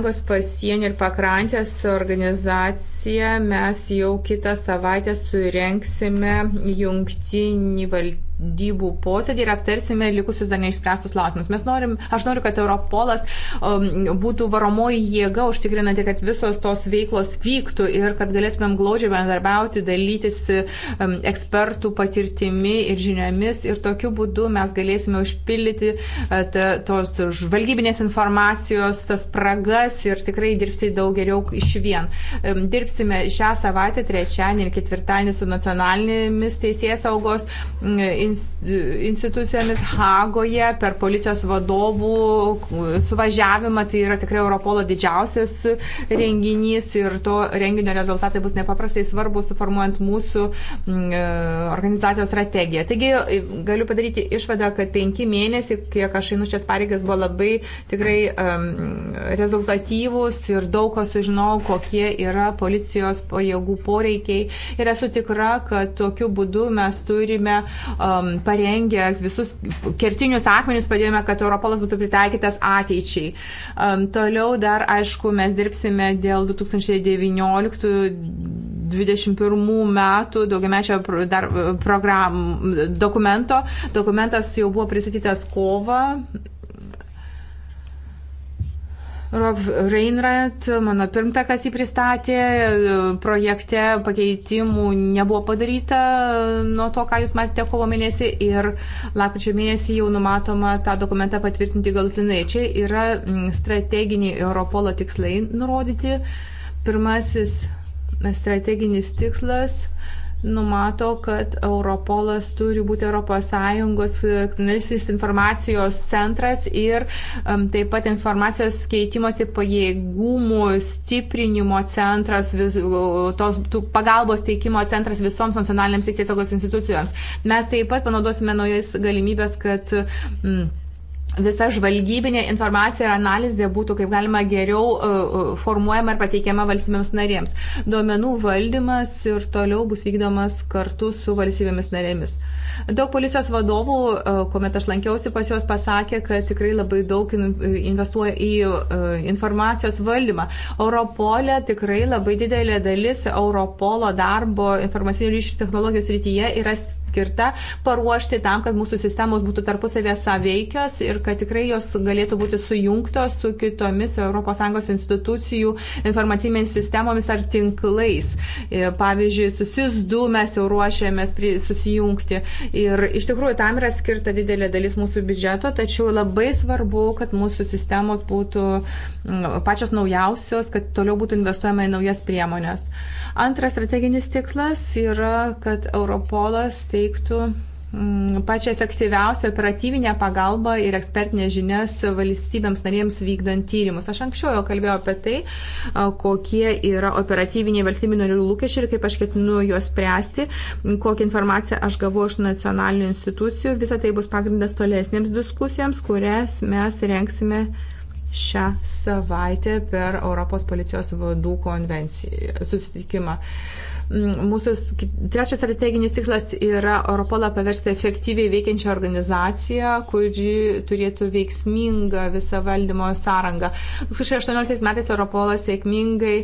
ES pasienio ir pakrantės organizacija mes jau kitą savaitę surenksime jungtinį valdymą valdybų posėdį ir aptarsime likusius dar neišspręstus klausimus. Mes norim, aš noriu, kad Europolas um, būtų varomoji jėga užtikrinanti, kad visos tos veiklos vyktų ir kad galėtumėm glaudžiai bendarbiauti, dalytis um, ekspertų patirtimi ir žiniomis ir tokiu būdu mes galėsime užpildyti uh, tos žvalgybinės informacijos, tas spragas ir tikrai dirbti daug geriau iš vien. Um, dirbsime šią savaitę, trečiadienį ir ketvirtadienį su nacionalinėmis teisės saugos. Um, mm, institucijomis Hagoje per policijos vadovų suvažiavimą. Tai yra tikrai Europolo didžiausias renginys ir to renginio rezultatai bus nepaprastai svarbus suformuojant mūsų mm, e, organizacijos strategiją. Taigi e, galiu padaryti išvadą, kad penki mėnesiai, kiek aš einu šias pareigas, buvo labai tikrai um, rezultatyvus ir daug ko sužinojau, kokie yra policijos pajėgų poreikiai. Ir esu tikra, kad tokiu būdu mes turime uh, um, parengę visus kertinius akmenius, padėjome, kad Europolas būtų pritaikytas ateičiai. Um, toliau dar, aišku, mes dirbsime dėl 2019-2021 metų daugiamečio dar e, program, dokumento. Dokumentas jau buvo pristatytas kovą Rob Reinrat, mano pirmtakas jį pristatė, projekte pakeitimų nebuvo padaryta nuo to, ką jūs matėte kovo mėnesį ir lapkričio mėnesį jau numatoma tą dokumentą patvirtinti galutinai. Čia yra mm, strateginiai Europolo tikslai nurodyti. Pirmasis strateginis tikslas numato, kad Europolas turi būti ES kriminalistinis e, informacijos centras ir um, taip pat informacijos keitimosi pajėgumų stiprinimo centras, vis, tos, tų pagalbos teikimo centras visoms nacionalinėms teisės saugos institucijoms. Mes taip pat panaudosime naujas galimybės, kad mm, visa žvalgybinė informacija ir analizė būtų kaip galima geriau e, e, formuojama ir pateikiama valstybėms narėms. Duomenų valdymas ir toliau bus vykdomas kartu su valstybėmis narėmis. Daug policijos vadovų, e, kuomet aš lankiausi pas juos, pasakė, kad tikrai labai daug investuoja į informacijos valdymą. Europolė tikrai labai didelė dalis Europolo darbo informacinių ryšių technologijų srityje yra skirta paruošti tam, kad mūsų sistemos būtų tarpusavės saveikios ir kad tikrai jos galėtų būti sujungtos su kitomis ES institucijų informacinėmis sistemomis ar tinklais. E, pavyzdžiui, susis du mes jau ruošiamės susijungti ir iš tikrųjų tam yra skirta didelė dalis mūsų biudžeto, tačiau labai svarbu, kad mūsų sistemos būtų pačios naujausios, kad toliau būtų investuojama į naujas priemonės. Antras strateginis tikslas yra, kad Europolas tai teiktų mm, pačią efektyviausią operatyvinę pagalbą ir ekspertinės žinias valstybėms narėms vykdant tyrimus. Aš anksčiau jau kalbėjau apie tai, kokie yra operatyviniai valstybių narių lūkesčiai ir kaip aš ketinu juos spręsti, kokią informaciją aš gavau iš nacionalinių institucijų. Visą tai bus pagrindas tolesnėms diskusijoms, kurias mes renksime šią savaitę per Europos policijos vadų konvenciją susitikimą. Uh, Mm, mūsų trečias strateginis tikslas yra Europolą paversti efektyviai veikiančią organizaciją, kuri turėtų veiksmingą visą valdymo sąrangą. 2018 metais Europolas sėkmingai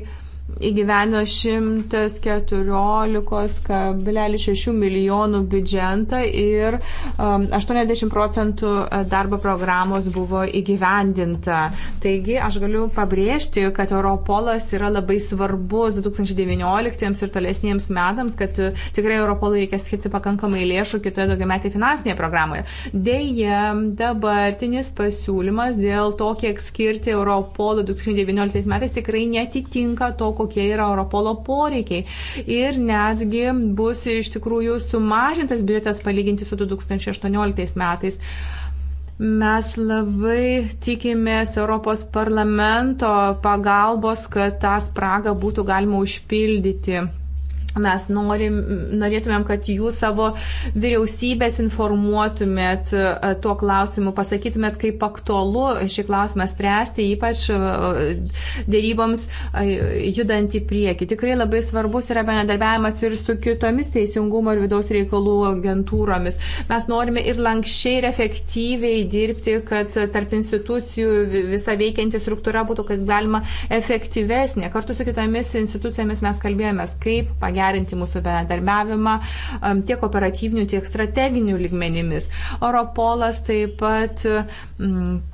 įgyveno 114,6 milijonų biudžetą ir 80 um, procentų e, darbo programos buvo įgyvendinta. Taigi aš galiu pabrėžti, kad Europolas yra labai svarbus 2019 ir tolesniems metams, kad e, tikrai Europolui reikia skirti pakankamai lėšų kitoje daugiametėje finansinėje programoje. Deja, dabartinis pasiūlymas dėl to, kiek skirti Europolui 2019 metais tikrai netitinka to, kokie yra Europolo poreikiai. Ir netgi bus iš tikrųjų sumažintas biudžetas palyginti su 2018 metais. Mes labai tikimės Europos parlamento pagalbos, kad tą spragą būtų galima užpildyti. Mes norim, norėtumėm, kad jūs savo vyriausybės informuotumėt e, tuo klausimu, pasakytumėt, kaip aktualu šį klausimą spręsti, ypač e, dėryboms e, judant į priekį. Tikrai labai svarbus yra bendradarbiavimas ir su kitomis teisingumo ir vidaus reikalų agentūromis. Mes norime ir lankščiai ir efektyviai dirbti, kad tarp institucijų visa veikianti struktūra būtų, kaip galima, efektyvesnė. Kartu su kitomis institucijomis mes kalbėjomės, kaip pagerinti pagerinti mūsų bendarbiavimą tiek operatyvinių, tiek strateginių lygmenimis. Europolas taip pat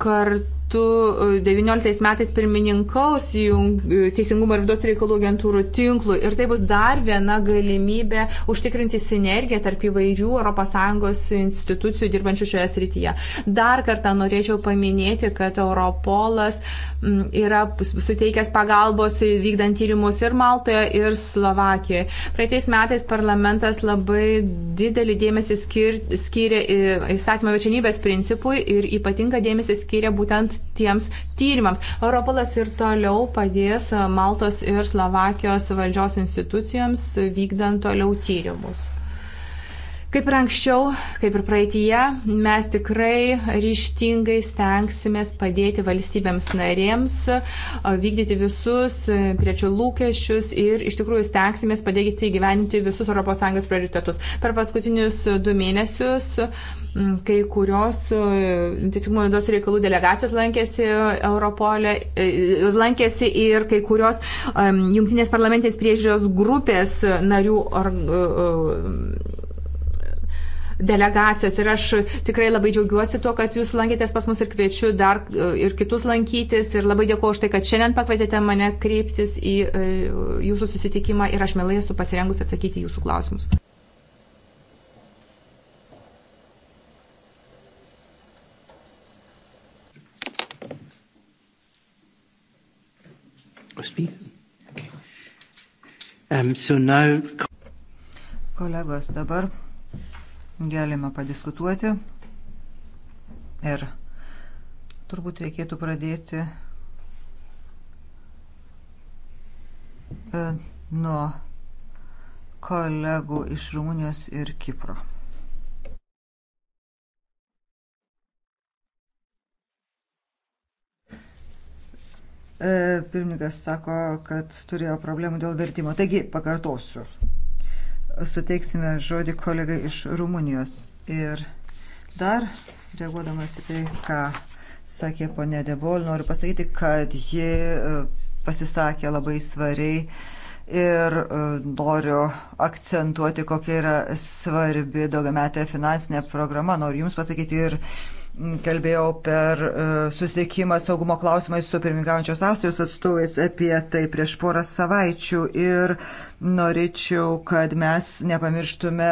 kartu metu, 19 e, metais pirmininkaus e, Teisingumo ir vidaus reikalų agentūrų tinklų ir tai bus dar viena galimybė užtikrinti sinergiją tarp įvairių ES institucijų dirbančių šioje srityje. Dar kartą norėčiau paminėti, kad Europolas yra suteikęs pagalbos vykdant tyrimus ir Maltoje, ir Slovakijoje. Praeitais metais parlamentas labai didelį dėmesį skir, skyrė e, įstatymo večinybės principui ir ypatingą dėmesį skyrė būtent tiems tyrimams. Europolas ir toliau padės e, Maltos ir Slovakijos valdžios institucijoms vykdant toliau tyrimus. Kaip ir anksčiau, kaip ir praeitie, mes tikrai ryštingai stengsimės padėti valstybėms narėms e, vykdyti visus e, priečių lūkesčius ir iš tikrųjų stengsimės padėti įgyveninti visus ES prioritetus. Per paskutinius du mėnesius uh, kai kurios e, teisingumo vidaus reikalų delegacijos lankėsi Europolė, e, e, lankėsi ir kai kurios jungtinės parlamentės priežiūros grupės narių or, delegacijos. Ir aš tikrai labai džiaugiuosi tuo, kad jūs lankėtės pas mus ir kviečiu dar ir kitus lankytis. Ir labai dėkuoju už tai, kad šiandien pakvietėte mane kreiptis į jūsų susitikimą ir aš mielai esu pasirengus atsakyti jūsų klausimus. Okay. Um, so now... Kolegos, dabar galima padiskutuoti ir turbūt reikėtų pradėti e, nuo kolegų iš Rumunijos ir Kipro. E, pirmininkas sako, kad turėjo problemų dėl vertimo. Taigi, pakartosiu. Suteiksime žodį kolegai iš Rumunijos. Ir dar, reaguodamas į tai, ką sakė ponė Debol, noriu pasakyti, kad ji e, pasisakė labai svariai ir e, noriu akcentuoti, kokia yra svarbi daugiametė finansinė programa. Noriu Jums pasakyti ir kalbėjau per e, susiekimą saugumo klausimais su pirmingaujančios Austrijos atstovais apie tai prieš porą savaičių ir norėčiau, kad mes nepamirštume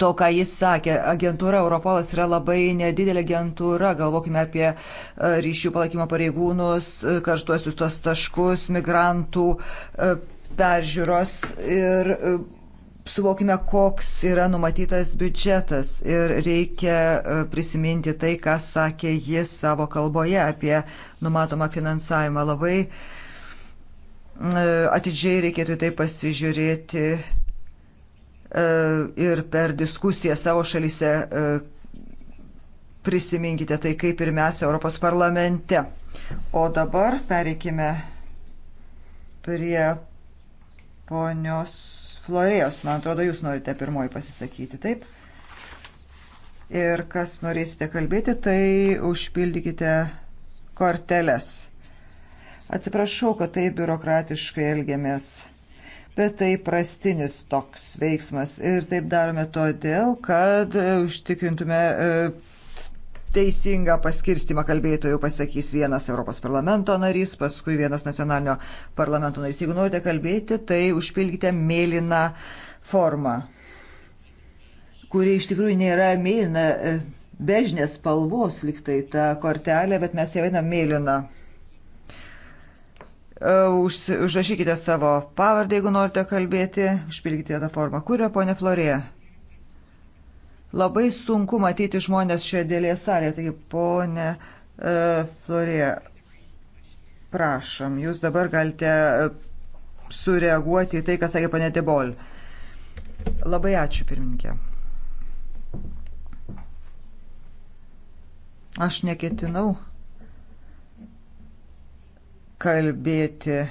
to, ką jis sakė. Agentūra Europolas yra labai nedidelė agentūra. Galvokime apie e, ryšių palaikymo pareigūnus, e, karštuosius tos taškus, migrantų peržiūros ir suvokime, koks yra numatytas biudžetas ir reikia e, prisiminti tai, ką sakė jis savo kalboje apie numatomą finansavimą. Labai e, atidžiai reikėtų tai pasižiūrėti e, ir per diskusiją savo šalyse prisiminkite tai, kaip ir mes Europos parlamente. O dabar pereikime prie ponios Florėjos, man atrodo, jūs norite pirmoji pasisakyti, taip? Ir kas norėsite kalbėti, tai užpildykite korteles. Atsiprašau, kad taip biurokratiškai elgiamės, bet tai prastinis toks veiksmas ir taip darome todėl, kad užtikrintume e, teisingą paskirstimą kalbėtojų pasakys vienas Europos parlamento narys, paskui vienas nacionalinio parlamento narys. Jeigu norite kalbėti, tai užpildykite mėlyną formą, kuri iš tikrųjų nėra mėlyna, e, bežnės spalvos liktai ta kortelė, bet mes ją vadinam mėlyną. E, Už, užrašykite savo pavardę, jeigu norite kalbėti, užpildykite tą formą. Kur yra ponia Florėja? Labai sunku matyti žmonės šioje dėlėje salėje. Taigi, ponė e, Florė, prašom, jūs dabar galite e, sureaguoti į tai, ką sakė ponė Debol. Labai ačiū, pirmininkė. Aš neketinau kalbėti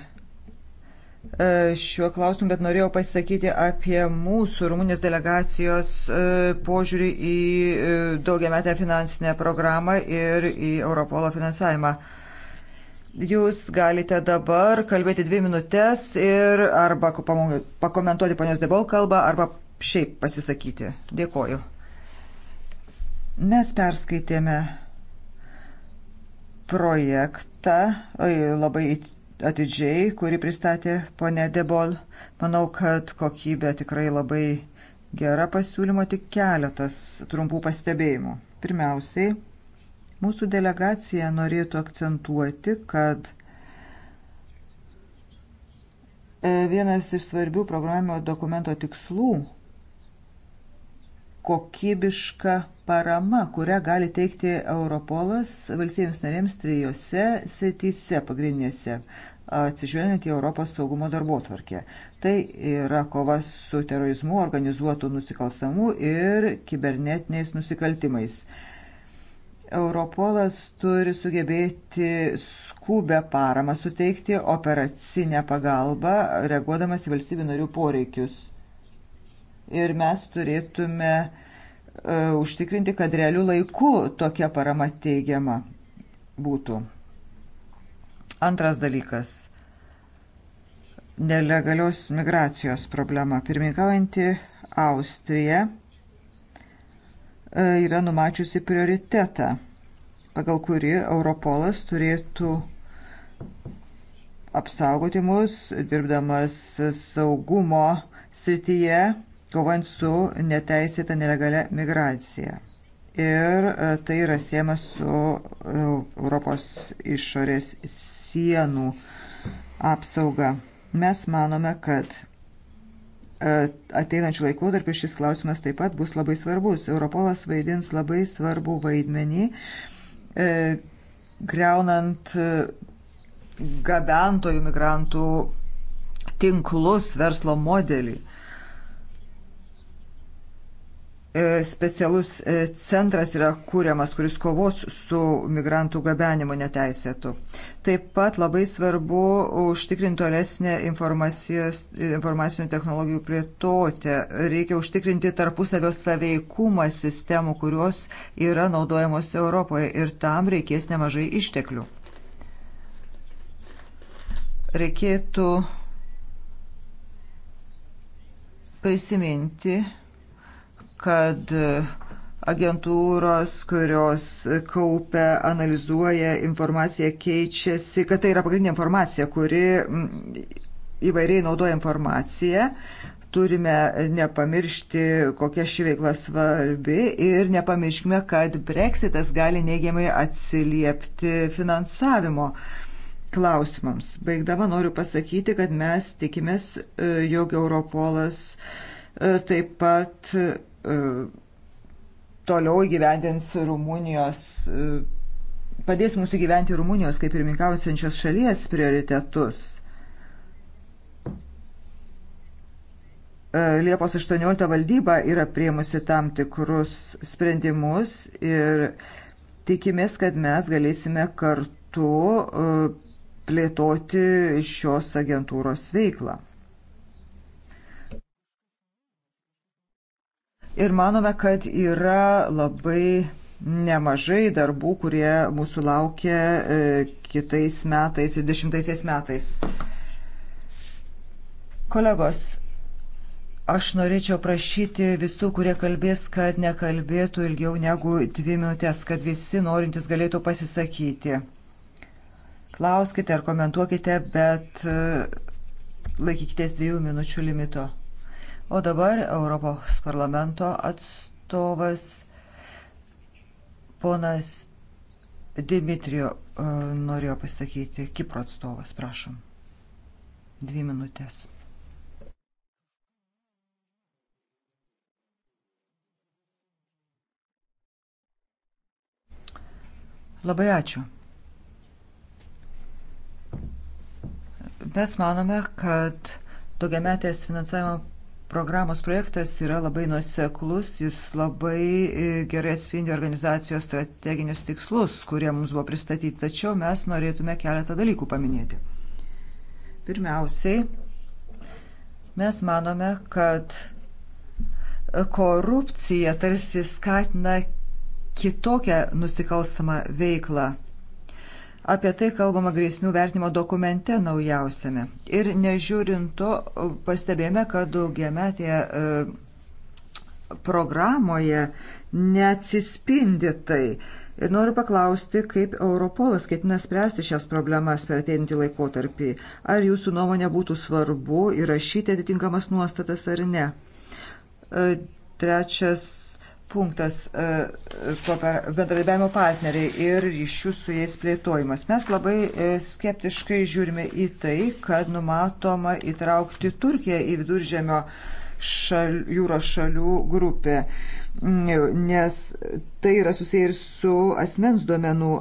E, šiuo klausimu, bet norėjau pasisakyti apie mūsų Rumunijos delegacijos e, požiūrį į e, daugiametę finansinę programą ir į Europolo finansavimą. Jūs galite dabar kalbėti dvi minutės ir arba pakomentuoti ponios Debol kalbą, arba šiaip pasisakyti. Dėkoju. Mes perskaitėme projektą, labai atidžiai, kurį pristatė ponė Debol. Manau, kad kokybė tikrai labai gera pasiūlymo, tik keletas trumpų pastebėjimų. Pirmiausiai, mūsų delegacija norėtų akcentuoti, kad e, vienas iš svarbių programinio dokumento tikslų - kokybiška parama, kurią gali teikti Europolas valstybėms narėms trijose srityse pagrindinėse, atsižvelgiant į Europos saugumo darbotvarkę. Tai yra kova su terorizmu, organizuotų nusikalstamų ir kibernetiniais nusikaltimais. Europolas turi sugebėti skubę paramą suteikti operacinę pagalbą, reaguodamas į valstybių narių poreikius. Ir mes turėtume uh, E, užtikrinti, kad realių laikų tokia parama teigiama būtų. Antras dalykas - nelegalios migracijos problema. Pirmininkaujanti Austrija e, yra numačiusi prioritetą, pagal kurį Europolas turėtų apsaugoti mus, dirbdamas saugumo srityje kovant su neteisėta nelegalia migracija. Ir e, tai yra siema su e, Europos išorės sienų apsauga. Mes manome, kad e, ateinančių laikotarpių šis klausimas taip pat bus labai svarbus. Europolas vaidins labai svarbų vaidmenį, e, greunant gabentojų migrantų tinklus verslo modelį. E, specialus e, centras yra kūriamas, kuris kovos su migrantų gabenimu neteisėtų. Taip pat labai svarbu užtikrinti tolesnę e, informacinių technologijų plėtotę. Reikia užtikrinti tarpusavio saveikumą sistemų, kurios yra naudojamos Europoje ir tam reikės nemažai išteklių. Reikėtų prisiminti kad e, agentūros, kurios kaupia, analizuoja informaciją, keičiasi, kad tai yra pagrindinė informacija, kuri įvairiai naudoja informaciją. Turime nepamiršti, kokia ši veikla svarbi ir nepamirškime, kad breksitas gali neigiamai atsiliepti finansavimo klausimams. Baigdama noriu pasakyti, kad mes tikimės, e, jog Europolas e, taip pat E, toliau įgyvendins Rumunijos, e, padės mūsų gyventi Rumunijos kaip pirmininkausiančios šalies prioritetus. E, Liepos 18 valdyba yra priemusi tam tikrus sprendimus ir tikimės, kad mes galėsime kartu plėtoti šios agentūros veiklą. ir manome, kad yra labai nemažai darbų, kurie mūsų laukia e, kitais metais ir dešimtaisiais metais. Kolegos, aš norėčiau prašyti visų, kurie kalbės, kad nekalbėtų ilgiau negu dvi minutės, kad visi norintys galėtų pasisakyti. Klauskite ar komentuokite, bet e, laikykitės dviejų minučių limito. O dabar Europos parlamento atstovas ponas Dimitrijo e, norėjo pasakyti, Kipro atstovas, prašom. Dvi minutės. Labai ačiū. Mes manome, kad daugiametės finansavimo Programos projektas yra labai nuoseklus, jis labai e, gerai atspindi organizacijos strateginius tikslus, kurie mums buvo pristatyti, tačiau mes norėtume keletą dalykų paminėti. Pirmiausiai, mes manome, kad korupcija tarsi skatina kitokią nusikalstamą veiklą Apie tai kalbama grėsmių vertimo dokumente naujausiame. Ir nežiūrint to, pastebėjome, kad daugiametėje e, programoje neatsispindi tai. Ir noriu paklausti, kaip Europolas ketina spręsti šias problemas per ateinantį laikotarpį. Ar jūsų nuomonė būtų svarbu įrašyti atitinkamas nuostatas ar ne? E, trečias punktas e, e, to bendradarbiavimo partneriai ir ryšių su jais plėtojimas. Mes labai e, skeptiškai žiūrime į tai, kad numatoma įtraukti Turkiją į viduržėmio šal, jūros šalių grupę, nes tai yra susiję ir su asmens duomenų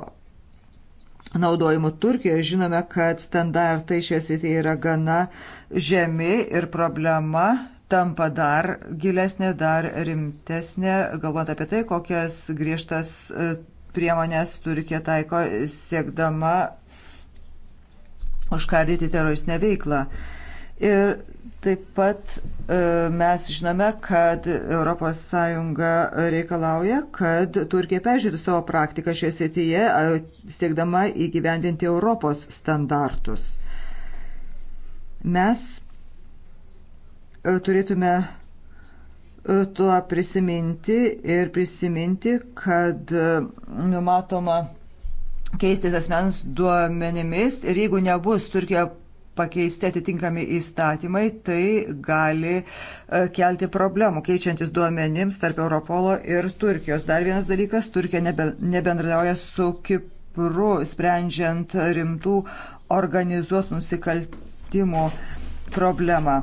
naudojimu Turkijoje. Žinome, kad standartai šioje srityje yra gana žemi ir problema tampa dar gilesnė, dar rimtesnė, galvant apie tai, kokias griežtas e, priemonės Turkija taiko siekdama užkardyti teroristinę veiklą. Ir taip pat e, mes žinome, kad ES reikalauja, kad Turkija peržiūrėtų savo praktiką šioje srityje, siekdama įgyvendinti Europos standartus. Mes E, turėtume e, tuo prisiminti ir prisiminti, kad e, numatoma keistis asmens duomenimis ir jeigu nebus Turkijoje pakeisti atitinkami įstatymai, tai gali kelti problemų, keičiantis duomenims tarp Europolo ir Turkijos. Dar vienas dalykas, Turkija nebe, nebendrauja su Kipru, sprendžiant rimtų organizuotų nusikaltimų problemą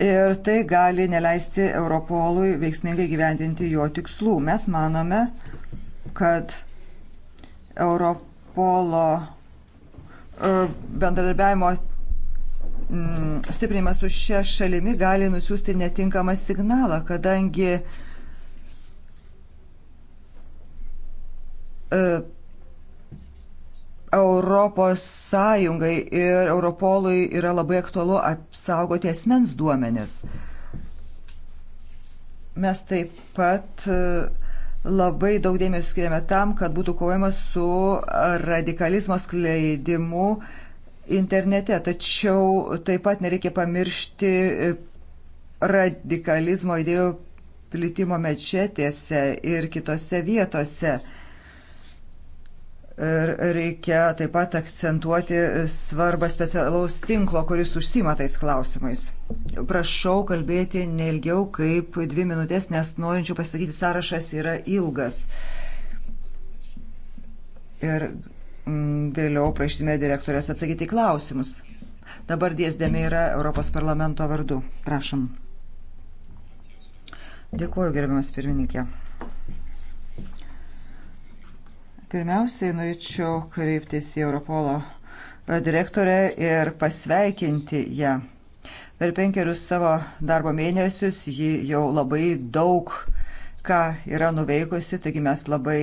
ir tai gali neleisti Europolui veiksmingai gyvendinti jo tikslų. Mes manome, kad Europolo e, bendradarbiavimo stiprinimas su šia šalimi gali nusiųsti netinkamą signalą, kadangi e, Europos Sąjungai ir Europolui yra labai aktualu apsaugoti asmens duomenis. Mes taip pat e, labai daug dėmesio skiriame tam, kad būtų kovojama su radikalizmo skleidimu internete. Tačiau taip pat nereikia pamiršti e, radikalizmo idėjų plitimo mečetėse ir kitose vietose. Reikia taip pat akcentuoti svarbą specialaus tinklo, kuris užsima tais klausimais. Prašau kalbėti neilgiau kaip dvi minutės, nes norinčių pasakyti sąrašas yra ilgas. Ir mm, vėliau prašysime direktorės atsakyti klausimus. Dabar dėsdėmė yra Europos parlamento vardu. Prašom. Dėkuoju, gerbiamas pirmininkė. Pirmiausiai norėčiau kreiptis į Europolo direktorę ir pasveikinti ją. Per penkerius savo darbo mėnesius ji jau labai daug ką yra nuveikusi, taigi mes labai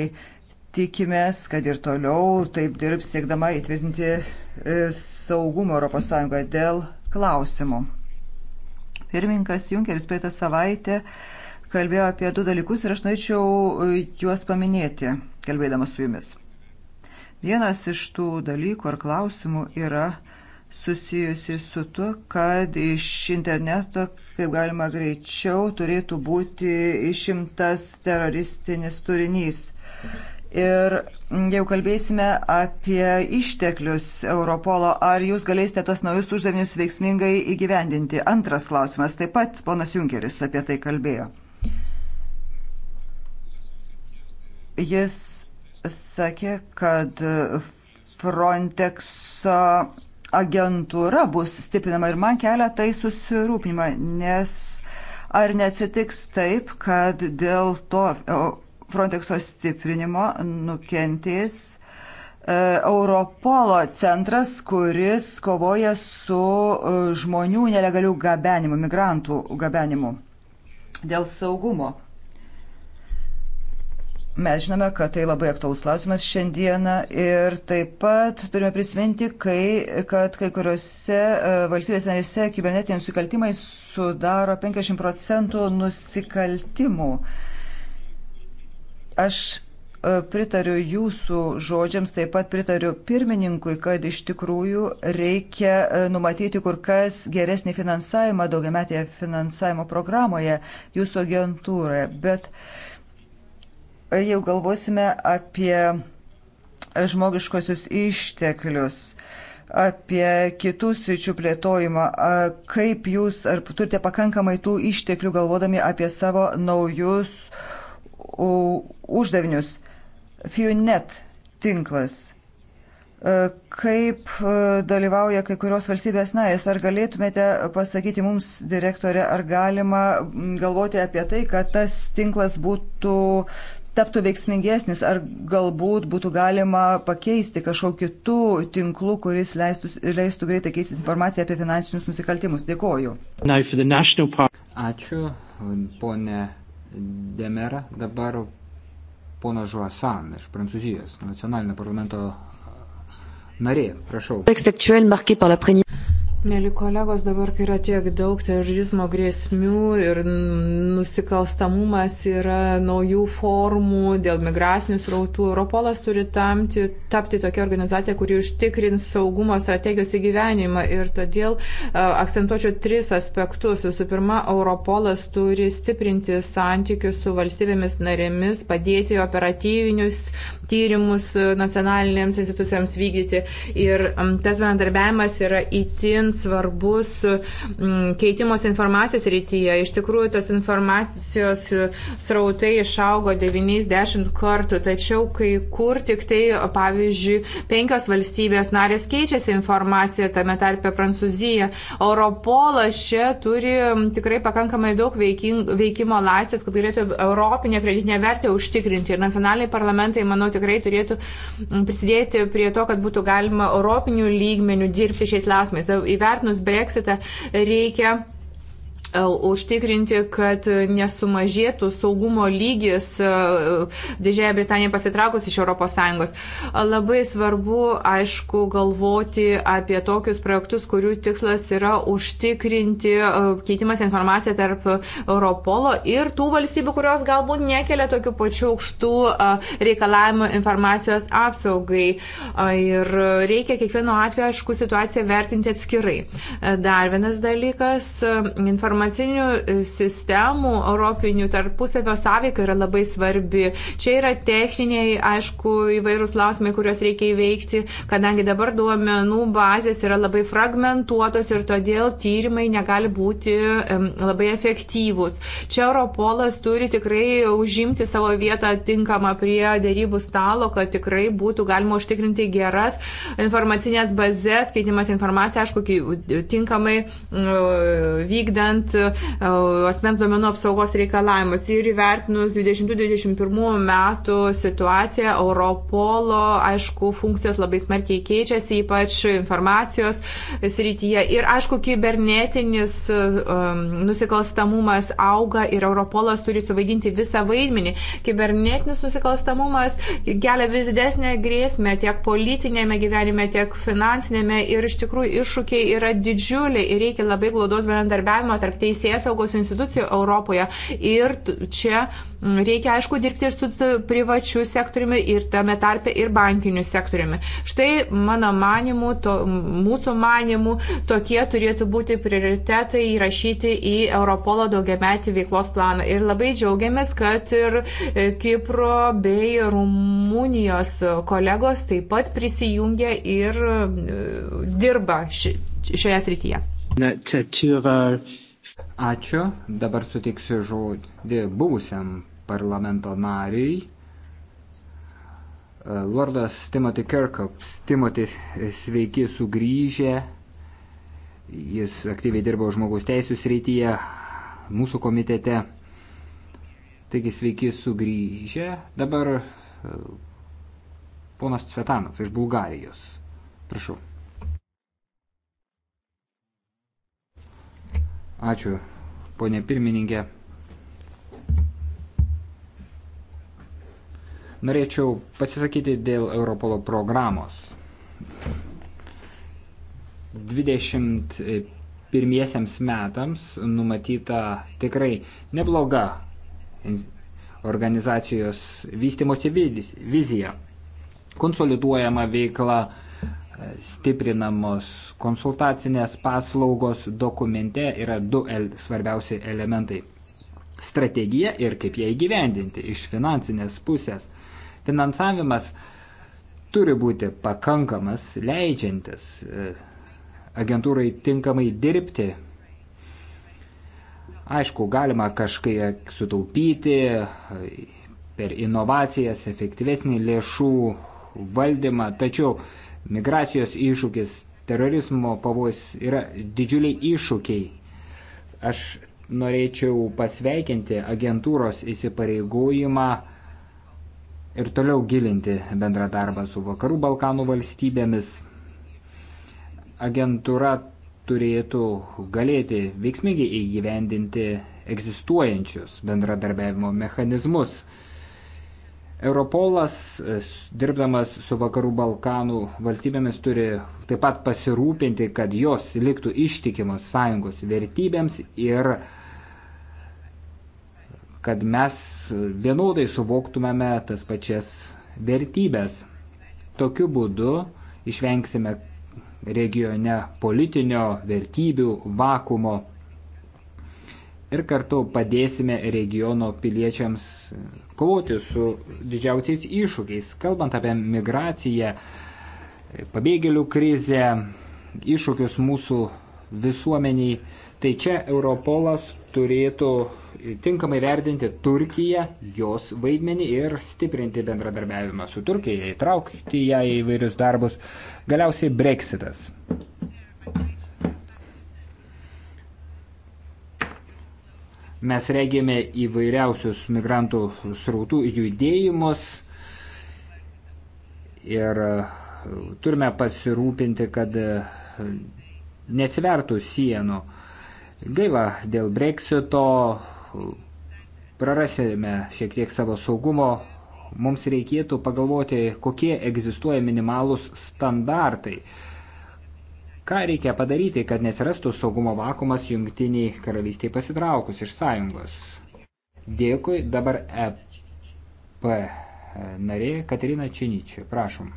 tikimės, kad ir toliau taip dirbs siekdama įtvirtinti e, saugumą ES dėl klausimų. Pirmininkas Junkeris praeitą savaitę kalbėjo apie du dalykus ir aš norėčiau e, juos paminėti kalbėdamas su jumis. Vienas iš tų dalykų ar klausimų yra susijusi su tuo, kad iš interneto kaip galima greičiau turėtų būti išimtas teroristinis turinys. Ir jau kalbėsime apie išteklius Europolo. Ar jūs galėsite tos naujus uždavinius veiksmingai įgyvendinti? Antras klausimas. Taip pat ponas Junkeris apie tai kalbėjo. Jis sakė, kad Frontexo agentūra bus stiprinama ir man kelia tai susirūpinimą, nes ar neatsitiks taip, kad dėl to Frontexo stiprinimo nukentės e, Europolo centras, kuris kovoja su e, žmonių nelegalių gabenimu, migrantų gabenimu dėl saugumo Mes žinome, kad tai labai aktuolus klausimas šiandieną ir taip pat turime prisiminti, kai, kad kai kuriuose e, valstybės narėse kibernetiniai nusikaltimai sudaro 50 procentų nusikaltimų. Aš e, pritariu jūsų žodžiams, taip pat pritariu pirmininkui, kad iš tikrųjų reikia e, numatyti kur kas geresnį finansavimą daugiametėje finansavimo programoje jūsų agentūroje. Bet uh, jau galvosime apie žmogiškosius išteklius apie kitų sričių plėtojimą. Kaip jūs, ar turite pakankamai tų išteklių galvodami apie savo naujus uždavinius? FUNET tinklas. Kaip dalyvauja kai kurios valstybės narės? Ar galėtumėte pasakyti mums, direktorė, ar galima galvoti apie tai, kad tas tinklas būtų taptų veiksmingesnis, ar galbūt būtų galima pakeisti kažkokiu kitų tinklų, kuris leistų, leistų greitai keistis informaciją apie finansinius nusikaltimus. Dėkoju. Ačiū, ponė Demera. Dabar pono Žuasan iš Prancūzijos, nacionalinio parlamento narė. Prašau. Mėly kolegos, dabar, kai yra tiek daug terorizmo grėsmių ir nusikalstamumas yra naujų formų dėl migracinių srautų, Europolas turi tamti, tapti tokia organizacija, kuri užtikrins saugumo strategijos įgyvenimą. Ir todėl uh, akcentuočiau tris aspektus. Visų pirma, Europolas turi stiprinti santykius su valstybėmis narėmis, padėti operatyvinius tyrimus e, nacionalinėms institucijoms vykdyti. Ir um, tas bendradarbiavimas yra įtin itin svarbus mm, keitimos informacijos rytyje. Iš tikrųjų, tos informacijos e, srautai išaugo 90 kartų, tačiau kai kur tik tai, pavyzdžiui, penkios valstybės narės keičiasi informaciją, tame tarpe Prancūzija. Europolas čia turi tikrai pakankamai daug veikimo laisvės, kad galėtų Europinę pridėtinę vertę užtikrinti. Ir nacionaliniai parlamentai, manau, tikrai turėtų prisidėti prie to, kad būtų galima Europinių lygmenių dirbti šiais lausmais įvertinus breksitą reikia E, užtikrinti, kad nesumažėtų saugumo lygis e, Didžiaja Britanija pasitraukus iš ES. E, labai svarbu, aišku, galvoti apie tokius projektus, kurių tikslas yra užtikrinti keitimas informaciją tarp Europolo ir tų valstybių, kurios galbūt nekelia tokių pačių aukštų reikalavimų informacijos apsaugai. Ir reikia kiekvieno atveju, aišku, situaciją vertinti atskirai. Dar vienas dalykas - informacija informacinių e, sistemų europinių tarpusavio sąveika yra labai svarbi. Čia yra techniniai, aišku, įvairūs klausimai, kuriuos reikia įveikti, kadangi dabar duomenų bazės yra labai fragmentuotos ir todėl tyrimai negali būti labai efektyvūs. Čia Europolas turi tikrai užimti savo vietą tinkamą prie dėrybų stalo, kad tikrai būtų galima užtikrinti geras informacinės bazės, keitimas informacija, aišku, tinkamai vykdant įgyvendinant asmens duomenų apsaugos reikalavimus ir įvertinus 2021 metų situaciją Europolo, aišku, funkcijos labai smarkiai keičiasi, ypač informacijos srityje. Ir, aišku, kibernetinis um, nusikalstamumas auga ir Europolas turi suvaidinti visą vaidmenį. Kibernetinis nusikalstamumas kelia vis didesnę grėsmę tiek politinėme gyvenime, tiek finansinėme ir iš tikrųjų iššūkiai yra didžiuliai ir reikia labai glaudos bendradarbiavimo tarp teisėsaugos institucijų Europoje. Ir čia reikia, aišku, dirbti ir su privačiu sektoriumi, ir tame tarpe ir bankiniu sektoriumi. Štai mano manimu, to, mūsų manimu, tokie turėtų būti prioritetai įrašyti į Europolo daugiametį veiklos planą. Ir labai džiaugiamės, kad ir e, Kipro bei Rumunijos kolegos taip pat prisijungia ir dirba šioje srityje. That, uh, Ačiū. Dabar suteiksiu žodį buvusiam parlamento nariui. E, lordas Timothy Kirkhops. Timothy, e, sveiki sugrįžę. Jis aktyviai dirbo žmogaus teisų srityje, mūsų komitete. Taigi sveiki sugrįžę. Dabar e, ponas Cvetanov iš Bulgarijos. Prašau. Ačiū, ponė pirmininkė. Norėčiau pasisakyti dėl Europolo programos. 21 metams numatyta tikrai nebloga organizacijos vystimosi vizija. Konsoliduojama veikla stiprinamos konsultacinės paslaugos. Dokumente yra du svarbiausi elementai - strategija ir kaip ją įgyvendinti iš finansinės pusės. Finansavimas turi būti pakankamas, leidžiantis e, agentūrai tinkamai dirbti. Aišku, galima kažkaip sutaupyti e, per inovacijas, efektyvesnį lėšų valdymą, tačiau migracijos iššūkis, terorizmo pavojus yra didžiuliai iššūkiai. Aš norėčiau pasveikinti agentūros įsipareigojimą ir toliau gilinti bendrą darbą su Vakarų Balkanų valstybėmis. Agentūra turėtų galėti veiksmingai įgyvendinti egzistuojančius bendradarbiavimo mechanizmus. Europolas, e, dirbdamas su Vakarų Balkanų valstybėmis, turi taip pat pasirūpinti, kad jos liktų ištikimos sąjungos vertybėms ir kad mes vienodai suvoktumėme tas pačias vertybės. Tokiu būdu išvengsime regione politinio vertybių vakumo ir kartu padėsime regiono piliečiams kovoti su didžiausiais iššūkiais. Kalbant apie migraciją, pabėgėlių krizę, iššūkius mūsų visuomeniai, tai čia Europolas turėtų tinkamai vertinti Turkiją, jos vaidmenį ir stiprinti bendradarbiavimą su Turkija, įtraukti ją į vairius darbus. Galiausiai Brexitas. Mes regėme įvairiausius migrantų srautų judėjimus ir e, turime pasirūpinti, kad e, neatsivertų sienų. Gaila dėl breksito, prarasime šiek tiek savo saugumo, mums reikėtų pagalvoti, kokie egzistuoja minimalūs standartai. Ką reikia padaryti, kad neatsirastų saugumo vakumas jungtiniai karalystiai pasitraukus iš sąjungos? Dėkui, dabar EP narė Katerina Činičiai, prašom.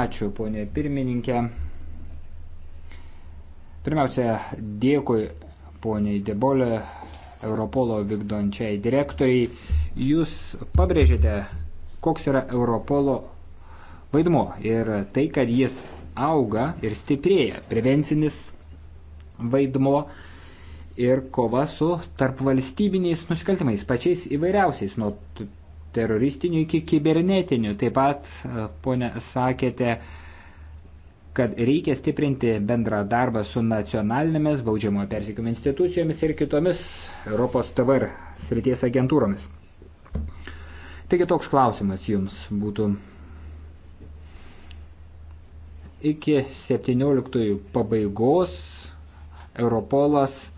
Ačiū, ponė pirmininkė. Pirmiausia, dėkui poniai Debolė, Europolo vykdončiai direktoriai. Jūs pabrėžėte, koks yra Europolo vaidmuo ir tai, kad jis auga ir stiprėja. Prevencinis vaidmuo ir kova su tarpvalstybiniais nusikaltimais, pačiais įvairiausiais, nuo teroristinių iki kibernetinių. Taip pat, e, ponė, sakėte, kad reikia stiprinti bendrą darbą su nacionalinėmis baudžiamo persikimo institucijomis ir kitomis Europos TVR srities agentūromis. Taigi toks klausimas jums būtų iki 17 pabaigos Europolas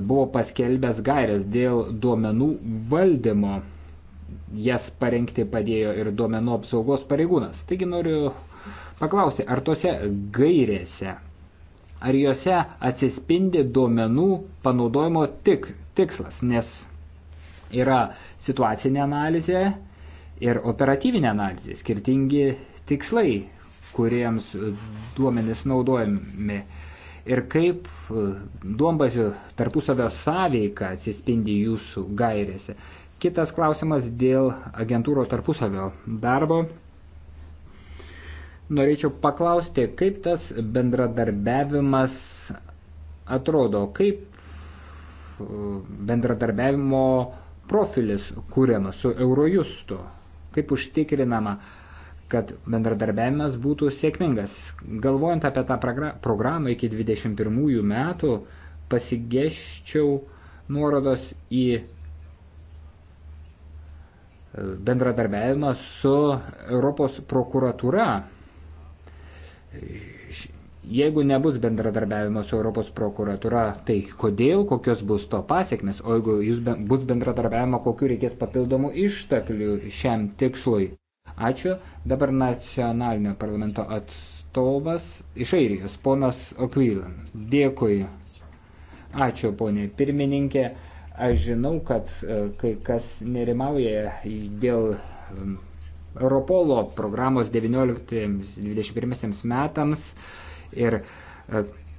buvo paskelbęs gairias dėl duomenų valdymo. Jas parengti padėjo ir duomenų apsaugos pareigūnas. Taigi noriu paklausti, ar tose gairėse, ar juose atsispindi duomenų panaudojimo tik tikslas, nes yra situacinė analizė ir operatyvinė analizė, skirtingi tikslai kuriems e, duomenys naudojami. Ir kaip e, duombazių tarpusavio sąveika atsispindi jūsų gairėse. Kitas klausimas dėl agentūro tarpusavio darbo. Norėčiau paklausti, kaip tas bendradarbiavimas atrodo, kaip e, bendradarbiavimo profilis kūriamas su Eurojustu, kaip užtikrinama, uh, kad bendradarbiavimas būtų sėkmingas. Galvojant apie tą programą iki 21 metų, pasigėščiau nuorodos į e, bendradarbiavimą su Europos prokuratūra. Jeigu nebus bendradarbiavimo su Europos prokuratūra, tai kodėl, kokios bus to pasiekmes, o jeigu bus bendradarbiavimo, kokiu reikės papildomų išteklių šiam tikslui. Ačiū. Dabar nacionalinio parlamento atstovas iš Airijos, ponas Okvilan. Dėkui. Ačiū, ponė pirmininkė. Aš žinau, kad e, kai kas nerimauja dėl Europolo programos 19-21 metams ir e,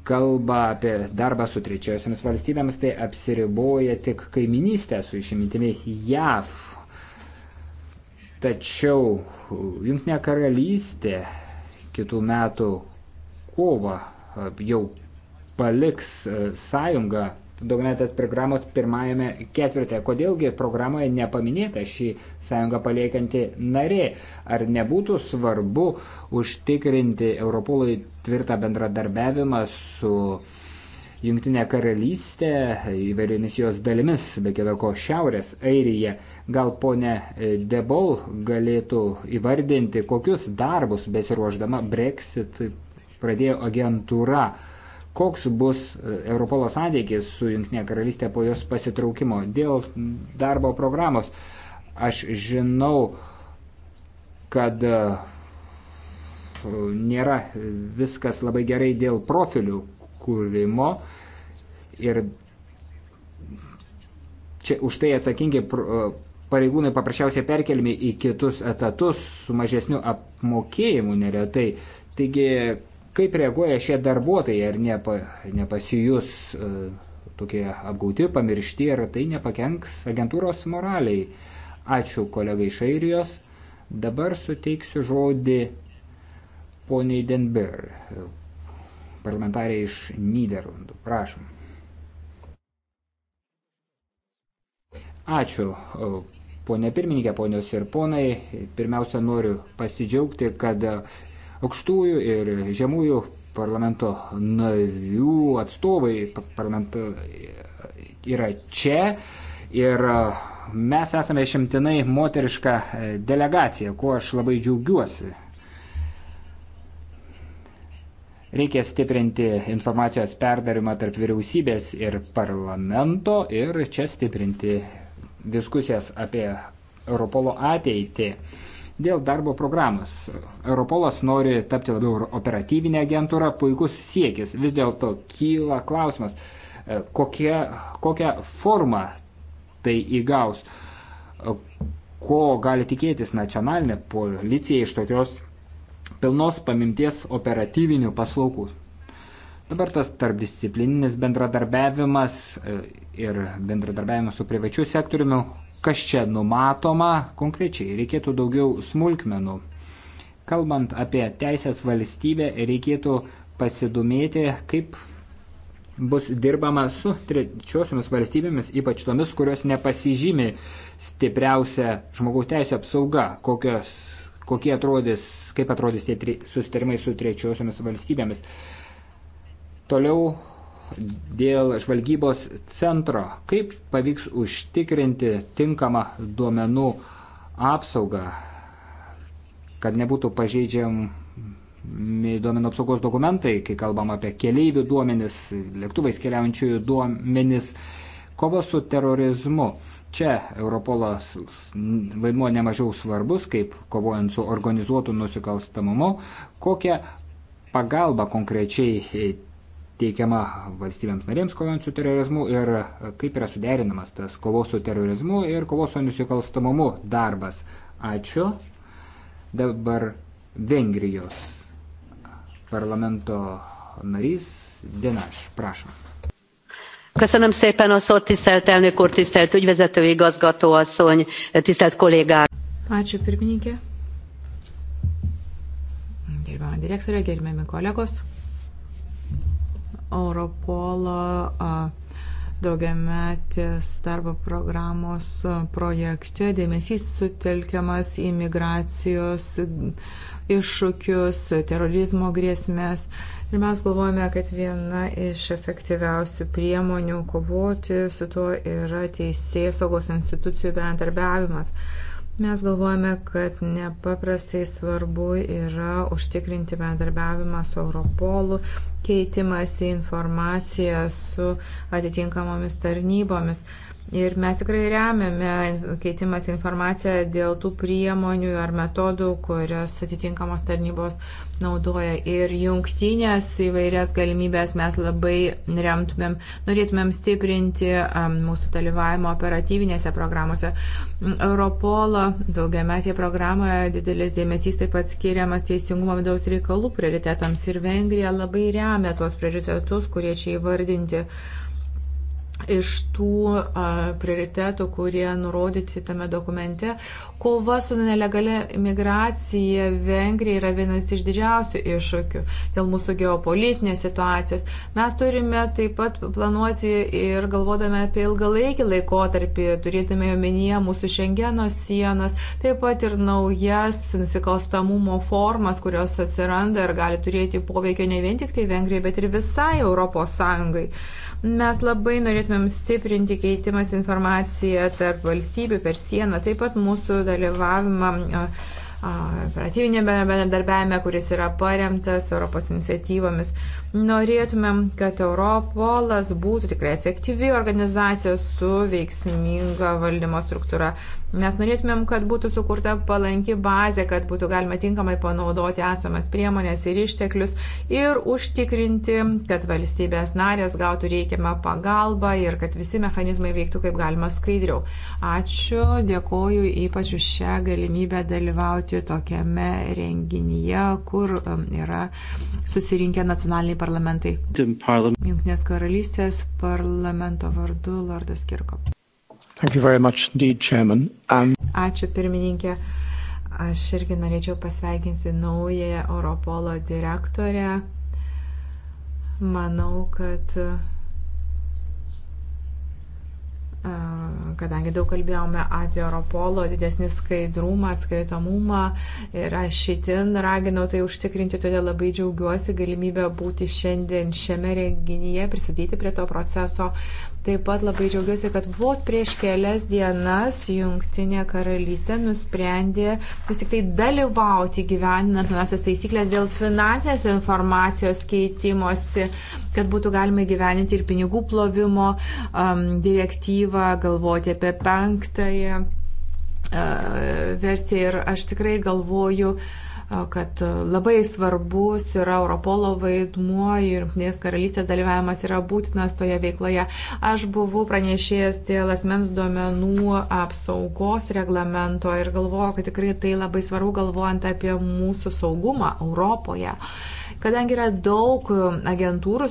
kalba apie darbą su trečiosiomis valstybėmis, tai apsiriboja tik kaiminystė su išimtimi JAV Tačiau Junktinė karalystė kitų metų kovą jau paliks sąjungą dokumentas programos pirmajame ketvirtė. Kodėlgi programoje nepaminėta šį sąjungą paliekanti narė? Ar nebūtų svarbu užtikrinti Europolui tvirtą bendradarbiavimą su Junktinė karalystė įvairiomis jos dalimis, be kitako Šiaurės Airija? Gal ponė e, Debol galėtų įvardinti, kokius darbus besiruoždama Brexit pradėjo agentūra, koks bus e, Europolo santykis su Junktinė karalystė po jos pasitraukimo dėl darbo programos. Aš žinau, kad e, nėra viskas labai gerai dėl profilių kūrimo ir čia už tai atsakingi pareigūnai paprasčiausiai perkelmi į kitus etatus su mažesniu apmokėjimu neretai. Taigi, kaip reaguoja šie darbuotojai, ar nepa, nepasijus e, tokie apgauti, pamiršti, ar tai nepakenks agentūros moraliai. Ačiū kolegai iš Airijos. Dabar suteiksiu žodį poniai Denber, parlamentariai iš Niderlandų. Prašom. Ačiū, Pone pirmininkė, ponios ir ponai, pirmiausia noriu pasidžiaugti, kad aukštųjų ir žemųjų parlamento narių atstovai parlamento yra čia ir mes esame šimtinai moteriška delegacija, kuo aš labai džiaugiuosi. Reikia stiprinti informacijos perdavimą tarp vyriausybės ir parlamento ir čia stiprinti diskusijas apie Europolo ateitį. Dėl darbo programos. Europolas nori tapti labiau operatyvinę agentūrą, puikus siekis. Vis dėlto kyla klausimas, e, kokie, kokią formą tai įgaus, e, ko gali tikėtis nacionalinė policija iš tokios pilnos pamimties operatyvinių paslaugų. Dabar tas tarpdisciplininis bendradarbiavimas e, ir bendradarbiavimas su privačiu sektoriumi, kas čia numatoma konkrečiai, reikėtų daugiau smulkmenų. Kalbant apie teisės valstybę, reikėtų pasidomėti, kaip bus dirbama su trečiosiomis valstybėmis, ypač tomis, kurios nepasižymi stipriausia žmogaus teisė apsauga, kokios, kokie atrodys, kaip atrodys tie susitarimai su trečiosiomis valstybėmis. Toliau dėl žvalgybos centro. Kaip pavyks užtikrinti tinkamą duomenų apsaugą, kad nebūtų pažeidžiami duomenų apsaugos dokumentai, kai kalbam apie keleivių duomenis, lėktuvais keliaujančiųjų duomenis, kovo su terorizmu. Čia Europolas vaidmuo nemažiau svarbus, kaip kovojant su organizuotu nusikalstamumu. Kokią pagalbą konkrečiai teikiama valstybėms narėms kovant su terorizmu ir kaip yra suderinamas tas kovos su terorizmu ir kovos su nusikalstamumu darbas. Ačiū. Dabar Vengrijos parlamento narys Denaš, prašom. Köszönöm szépen a szót, tisztelt elnök úr, tisztelt ügyvezető igazgató asszony, tisztelt kollégák. Ačiū pirmininkė. Gerbiamą direktorę, gerbiami kolegos. Europolo daugiametės darbo programos projekte dėmesys sutelkiamas į migracijos iššūkius, terorizmo grėsmės. Ir mes galvojame, kad viena iš efektyviausių priemonių kovoti su tuo yra teisėjų saugos institucijų bendarbiavimas. Mes galvojame, kad nepaprastai svarbu yra užtikrinti bendarbiavimą su Europolu, keitimąsi informaciją su atitinkamomis tarnybomis. Ir mes tikrai remiame keitimas informaciją dėl tų priemonių ar metodų, kurias atitinkamos tarnybos naudoja. Ir jungtinės įvairias galimybės mes labai remtumėm, norėtumėm stiprinti um, mūsų dalyvavimo operatyvinėse programuose. Europolo daugiametėje programoje didelis dėmesys taip pat skiriamas teisingumo vidaus reikalų prioritetams. Ir Vengrija labai remia tuos prioritetus, kurie čia įvardinti iš tų a, prioritetų, kurie nurodyti tame dokumente. Kova su nelegalia migracija Vengrija yra vienas iš didžiausių iššūkių dėl mūsų geopolitinės situacijos. Mes turime taip pat planuoti ir galvodami apie ilgalaikį laikotarpį, turėtume omenyje mūsų šengeno sienas, taip pat ir naujas nusikalstamumo formas, kurios atsiranda ir gali turėti poveikio ne vien tik tai Vengrijai, bet ir visai Europos Sąjungai. Mes labai norėtumėm stiprinti keitimas informaciją tarp valstybių per sieną, taip pat mūsų dalyvavimą operatyvinėme bendradarbiavime, kuris yra paremtas Europos iniciatyvomis. Norėtumėm, kad Europolas būtų tikrai efektyvi organizacija su veiksminga valdymo struktūra. Mes norėtumėm, kad būtų sukurta palanki bazė, kad būtų galima tinkamai panaudoti esamas priemonės ir išteklius ir užtikrinti, kad valstybės narės gautų reikiamą pagalbą ir kad visi mechanizmai veiktų kaip galima skaidriau. Ačiū, dėkoju ypač už šią galimybę dalyvauti tokiame renginyje, kur um, yra susirinkę nacionaliniai parlamentai. Junktinės karalystės parlamento vardu Lordas Kirkop. Ačiū pirmininkė. Aš irgi norėčiau pasveikinti naująją Europolo direktorę. Manau, kad kadangi daug kalbėjome apie Europolo didesnį skaidrumą, atskaitomumą ir aš šitin raginau tai užtikrinti, todėl labai džiaugiuosi galimybę būti šiandien šiame renginyje, prisidėti prie to proceso. Taip pat labai džiaugiuosi, kad vos prieš kelias dienas Junktinė karalystė nusprendė vis tik tai dalyvauti gyveninant naujasias taisyklės dėl finansinės informacijos keitimosi, kad būtų galima gyveninti ir pinigų plovimo um, direktyvą direktyvą, galvoti apie penktąją e, versiją ir aš tikrai galvoju, e, kad labai svarbus yra Europolo vaidmuo ir Junktinės karalystės dalyvavimas yra būtinas toje veikloje. Aš buvau pranešėjęs dėl asmens duomenų apsaugos reglamento ir galvoju, kad tikrai tai labai svarbu galvojant apie mūsų saugumą Europoje. Uh, Kadangi yra daug agentūrų,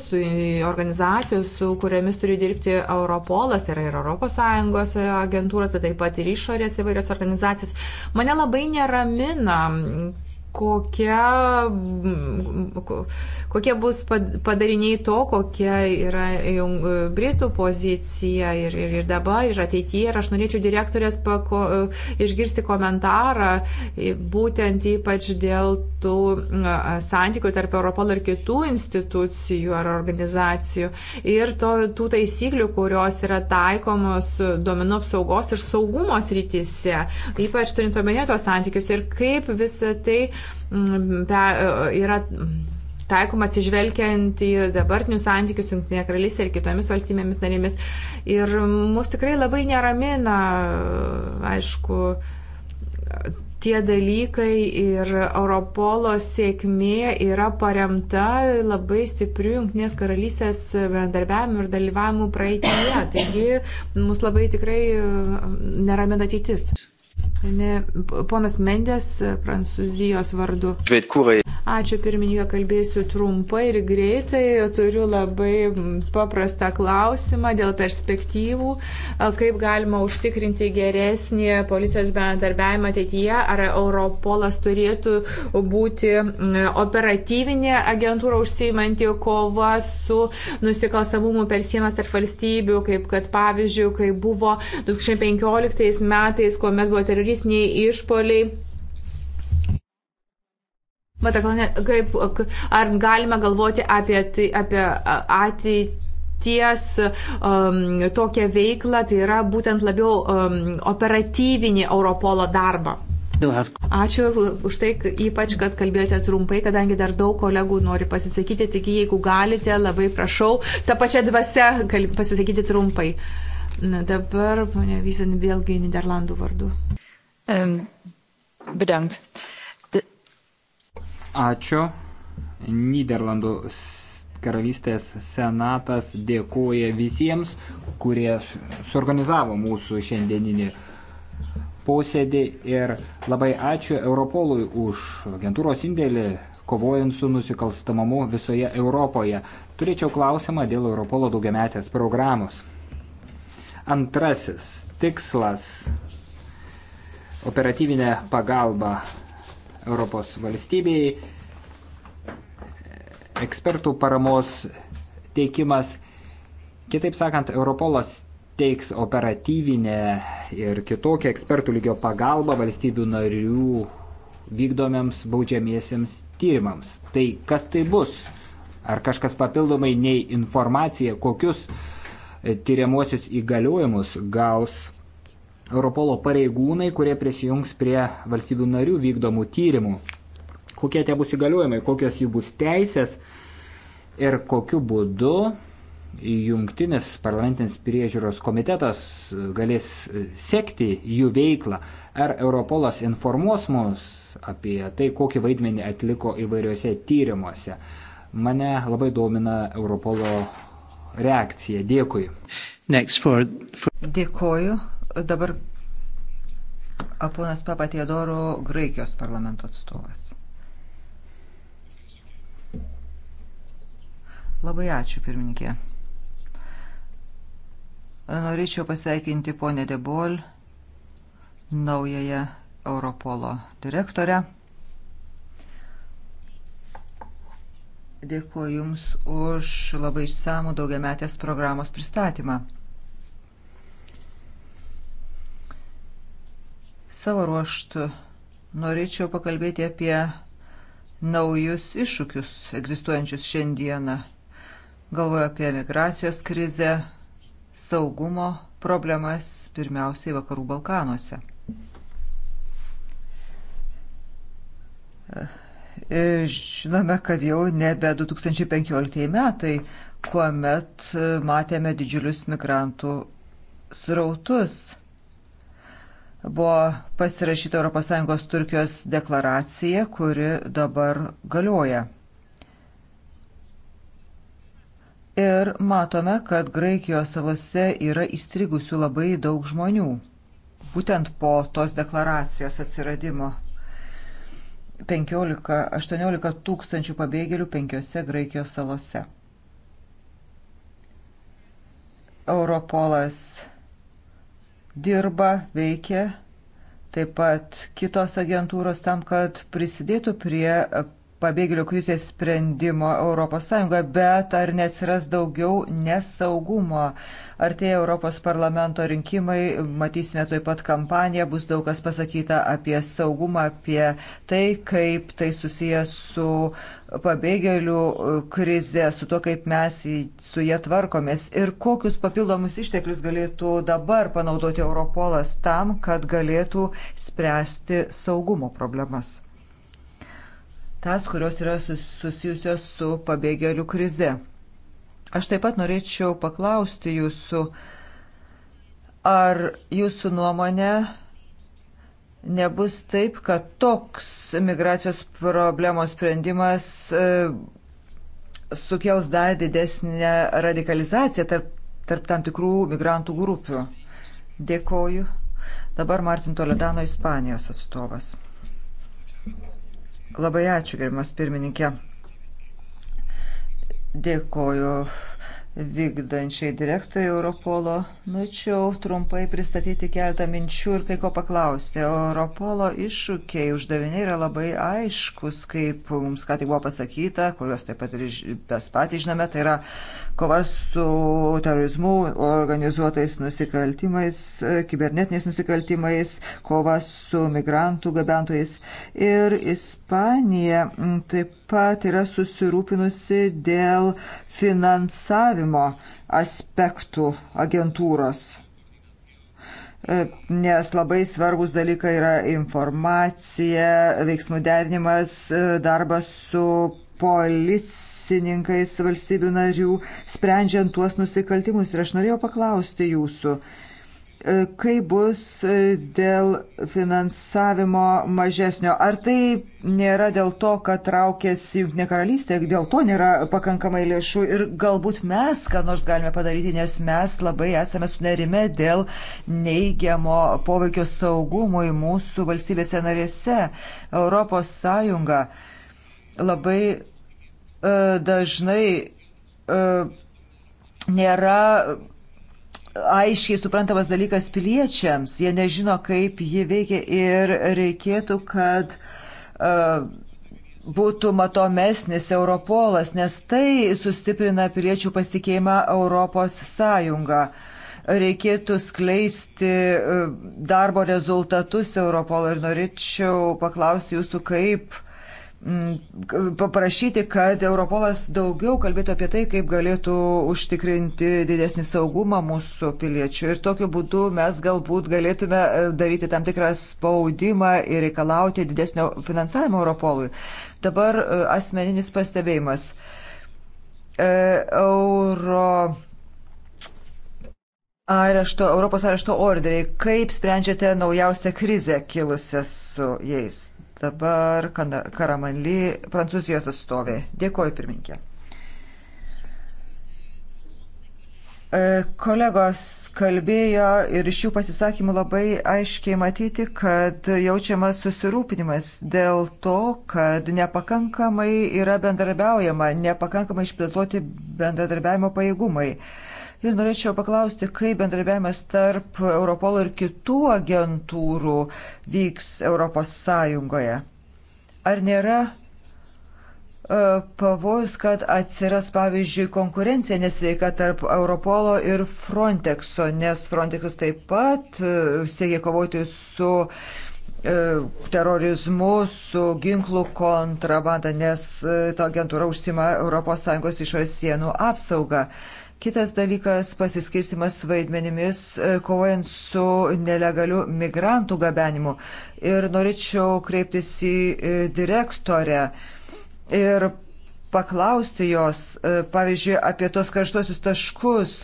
organizacijų, su kuriamis turi dirbti Europolas, tai yra ir ES agentūros, bet taip pat ir išorės įvairios organizacijos, mane labai neramina kokia, mm, kokie bus padariniai to, kokia yra Britų pozicija ir, ir, ir dabar, ir ateityje. Ir aš norėčiau direktorės pako, išgirsti komentarą būtent ypač dėl tų mm, santykių tarp Europol ir kitų institucijų ar organizacijų ir to, tų taisyklių, kurios yra taikomos duomenų apsaugos ir saugumo srityse, ypač turint omenyje tos santykius ir kaip visą tai Mm, e, yra taikoma atsižvelgiant į dabartinius santykius Junktinėje karalystėje ir kitomis valstybėmis narėmis. Ir mus tikrai labai neramina, aišku, tie dalykai ir Europolo sėkmė yra paremta labai stipriu Junktinės karalystės bendarbiavimu ir dalyvavimu praeitie. Taigi mus labai tikrai neramina ateitis. Ne, ponas Mendės, Prancūzijos vardu. Ačiū pirmininką, kalbėsiu trumpai ir greitai. Turiu labai paprastą klausimą dėl perspektyvų, kaip galima užtikrinti geresnį policijos bendarbiavimą ateityje. Ar Europolas turėtų būti operatyvinė agentūra užsiimanti kova su nusikalstamumu per sienas tarp valstybių, kaip kad pavyzdžiui, kai buvo 2015 metais, kuomet buvo teroristai teroristiniai išpoliai. Bet kaip, ar galime galvoti apie, tai, apie ateities um, tokią veiklą, tai yra būtent labiau um, operatyvinį Europolo darbą? Ačiū už tai, ypač, kad kalbėjote trumpai, kadangi dar daug kolegų nori pasisakyti, tik jeigu galite, labai prašau, tą pačią dvasę pasisakyti trumpai. Na dabar, ponia Vysen, vėlgi Niderlandų vardu. Um, bedankt. De... Ačiū. Niderlandų karalystės senatas dėkoja visiems, kurie suorganizavo mūsų šiandieninį posėdį ir labai ačiū Europolui už agentūros indėlį kovojant su nusikalstamamu visoje Europoje. Turėčiau klausimą dėl Europolo daugiametės programos. Antrasis tikslas operatyvinę pagalbą Europos valstybei, ekspertų paramos teikimas. Kitaip sakant, Europolas teiks operatyvinę ir kitokią ekspertų lygio pagalbą valstybių narių vykdomiams baudžiamiesiems tyrimams. Tai kas tai bus? Ar kažkas papildomai nei informacija, kokius e, tyriamuosius įgaliojimus gaus Europolo pareigūnai, kurie prisijungs prie valstybių narių vykdomų tyrimų. Kokie tie bus įgaliojimai, kokios jų bus teisės ir kokiu būdu jungtinis parlamentinis priežiūros komitetas galės sekti jų veiklą. Ar Europolas informuos mus apie tai, kokį vaidmenį atliko įvairiuose tyrimuose. Mane labai domina Europolo reakcija. Dėkui. For, for... Dėkoju. Dabar ponas Papatiedoro Graikijos parlamento atstovas. Labai ačiū, pirmininkė. Norėčiau pasveikinti ponę Debol, naująją Europolo direktorę. Dėkuoju Jums už labai išsamų daugiametės programos pristatymą. Savo ruoštų norėčiau pakalbėti apie naujus iššūkius egzistuojančius šiandieną. Galvoju apie migracijos krizę, saugumo problemas, pirmiausiai Vakarų Balkanuose. Žinome, kad jau nebe 2015 metai, kuomet matėme didžiulius migrantų srautus buvo pasirašyta ES Turkijos deklaracija, kuri dabar galioja. Ir matome, kad Graikijos salose yra įstrigusių labai daug žmonių, būtent po tos deklaracijos atsiradimo. 15-18 tūkstančių pabėgėlių penkiose Graikijos salose. Europolas dirba, veikia, taip pat kitos agentūros tam, kad prisidėtų prie pabėgėlių krizės sprendimo ES, bet ar neatsiras daugiau nesaugumo. Artėja Europos parlamento rinkimai, matysime taip pat kampaniją, bus daug kas pasakyta apie saugumą, apie tai, kaip tai susijęs su pabėgėlių krize, su to, kaip mes su jie tvarkomės ir kokius papildomus išteklius galėtų dabar panaudoti Europolas tam, kad galėtų spręsti saugumo problemas tas, kurios yra susijusios su pabėgėlių krize. Aš taip pat norėčiau paklausti jūsų, ar jūsų nuomonė nebus taip, kad toks migracijos problemos sprendimas e, sukels dar didesnę radikalizaciją tarp, tarp tam tikrų migrantų grupių. Dėkoju. Dabar Martin Toledano Ispanijos atstovas. Labai ačiū, gerimas pirmininkė. Dėkoju vykdančiai direktoriai Europolo. Norėčiau nu, trumpai pristatyti keletą minčių ir kai ko paklausti. Europolo iššūkiai, uždaviniai yra labai aiškus, kaip mums ką tik buvo pasakyta, kuriuos taip pat ir mes patys žinome, tai yra kova su terorizmu, organizuotais nusikaltimais, kibernetiniais nusikaltimais, kova su migrantų gabentojais ir jis Ispanija mm, taip pat yra susirūpinusi dėl finansavimo aspektų agentūros e, nes labai svarbus dalykai yra informacija, veiksmų derinimas, e, darbas su policininkais valstybių narių, sprendžiant tuos nusikaltimus. Ir aš norėjau paklausti jūsų, E, kai bus e, dėl finansavimo mažesnio. Ar tai nėra dėl to, kad traukėsi Junktinė karalystė, dėl to nėra pakankamai lėšų ir galbūt mes ką nors galime padaryti, nes mes labai esame sunerime dėl neigiamo poveikio saugumui mūsų valstybėse narėse. Europos Sąjunga labai uh, dažnai uh, nėra aiškiai suprantamas dalykas piliečiams, jie nežino, kaip ji veikia ir reikėtų, kad uh, būtų matomesnis Europolas, nes tai sustiprina piliečių pasitikėjimą Europos Sąjungą. Reikėtų skleisti e, darbo rezultatus Europolo ir norėčiau paklausti jūsų, kaip uh, Mm, paprašyti, kad Europolas daugiau kalbėtų apie tai, kaip galėtų užtikrinti didesnį saugumą mūsų piliečių. Ir tokiu būdu mes galbūt galėtume e, daryti tam tikrą spaudimą ir reikalauti didesnio finansavimo Europolui. Dabar e, asmeninis pastebėjimas. E, Euro arešto, Europos arešto orderiai. Kaip sprendžiate naujausią krizę kilusią su jais? Dabar Karamanly, Prancūzijos atstovė. Dėkoju, pirminkė. E, kolegos kalbėjo ir iš jų pasisakymų labai aiškiai matyti, kad jaučiamas susirūpinimas dėl to, kad nepakankamai yra bendradarbiaujama, nepakankamai išplėtoti bendradarbiavimo pajėgumai. Ir norėčiau paklausti, kaip bendrabiavimas tarp Europolo ir kitų agentūrų vyks Europos Sąjungoje. Ar nėra e, pavojus, kad atsiras, pavyzdžiui, konkurencija nesveika tarp Europolo ir Frontexo, nes Frontexas taip pat e, siekia kovoti su e, terorizmu, su ginklų kontrabanda, nes ta agentūra užsima ES išorės sienų apsaugą. Kitas dalykas - pasiskirstimas vaidmenimis, e, kovojant su nelegaliu migrantų gabenimu. Ir norėčiau kreiptis į e, direktorę ir paklausti jos, e, pavyzdžiui, apie tos karštuosius taškus,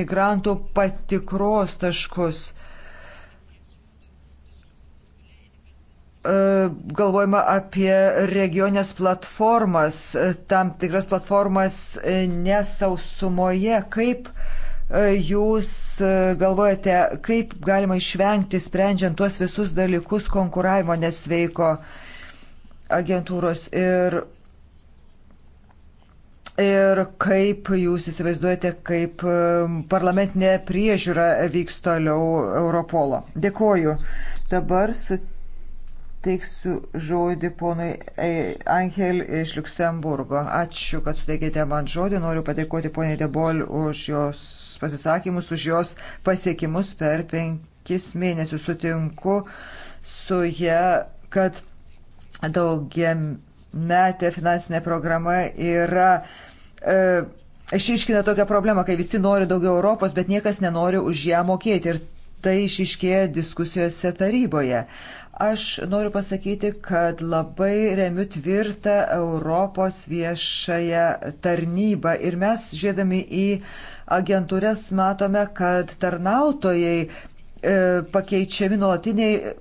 migrantų patikros taškus. E, galvojama apie regionės platformas, e, tam tikras platformas e, nesausumoje. Kaip jūs galvojate, kaip galima išvengti, sprendžiant tuos visus dalykus konkuravimo nesveiko agentūros ir, ir kaip jūs įsivaizduojate, kaip parlamentinė priežiūra vyks toliau Europolo. Dėkoju. Dabar su Teiksiu žodį ponui e- Angel iš Luksemburgo. Ačiū, kad suteikėte man žodį. Noriu padėkoti poniai Debol už jos pasisakymus, už jos pasiekimus per penkis mėnesius. Sutinku su ją, kad daugiametė finansinė programa yra. E, Išiškina tokią problemą, kai visi nori daugiau Europos, bet niekas nenori už ją mokėti. Ir tai išiškėja diskusijose taryboje. Aš noriu pasakyti, kad labai remiu tvirtą Europos viešąją tarnybą ir mes žiūrėdami į agentūras matome, kad tarnautojai e, pakeičiami nuolatiniai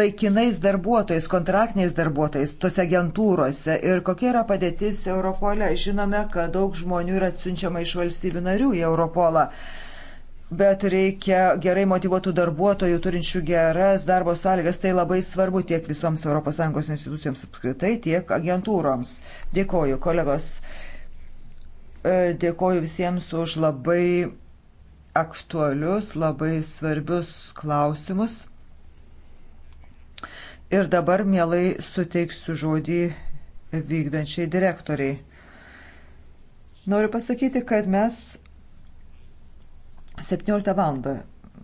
laikinais darbuotojais, kontraktiniais darbuotojais tose agentūrose ir kokia yra padėtis Europolė. Žinome, kad daug žmonių yra atsiunčiama iš valstybių narių į Europolą. E, bet reikia gerai motivuotų darbuotojų, turinčių geras darbo sąlygas. Tai labai svarbu tiek visoms ES institucijoms apskritai, tiek agentūroms. Dėkoju, kolegos. E, dėkoju visiems už labai aktualius, labai svarbius klausimus. Ir dabar mielai suteiksiu žodį vykdančiai direktoriai. Noriu pasakyti, kad mes 17 val.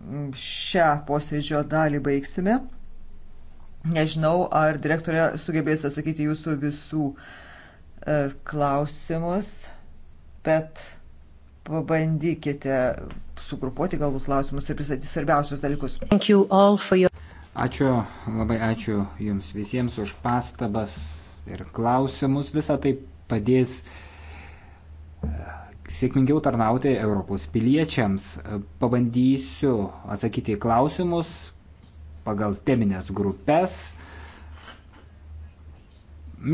Mm, šią posėdžio dalį baigsime. Nežinau, ar direktorė sugebės atsakyti jūsų visų e, klausimus, bet pabandykite sugrupuoti galbūt klausimus ir pristatyti svarbiausius dalykus. Your... Ačiū, labai ačiū Jums visiems už pastabas ir klausimus. Visą tai padės e, sėkmingiau tarnauti Europos piliečiams. Pabandysiu atsakyti į klausimus pagal teminės grupės.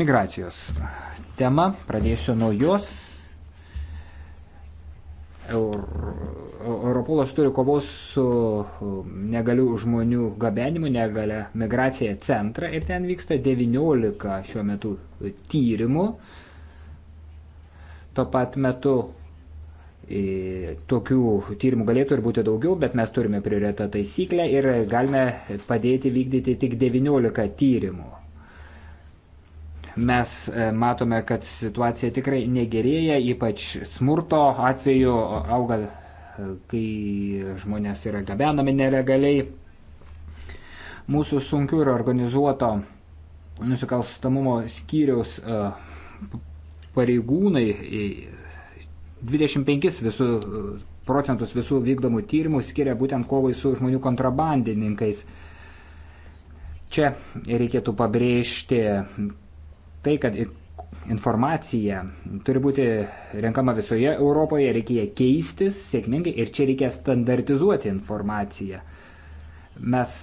Migracijos tema, pradėsiu nuo jos. Europolas turi kovos su negalių žmonių gabenimu, negalia migracija centrą ir ten vyksta 19 šiuo metu tyrimų. Tuo pat metu Tokių tyrimų galėtų ir būti daugiau, bet mes turime prioriteto taisyklę ir galime padėti vykdyti tik 19 tyrimų. Mes e, matome, kad situacija tikrai negerėja, ypač smurto atveju auga, e, kai žmonės yra gabenami nelegaliai. Mūsų sunkių ir organizuoto nusikalstamumo skyriaus e, pareigūnai 25 visų, e, procentus visų vykdomų tyrimų skiria būtent kovai su žmonių kontrabandininkais. Čia reikėtų pabrėžti tai, kad informacija turi būti renkama visoje Europoje, reikia ją keistis sėkmingai ir čia reikia standartizuoti informaciją. Mes,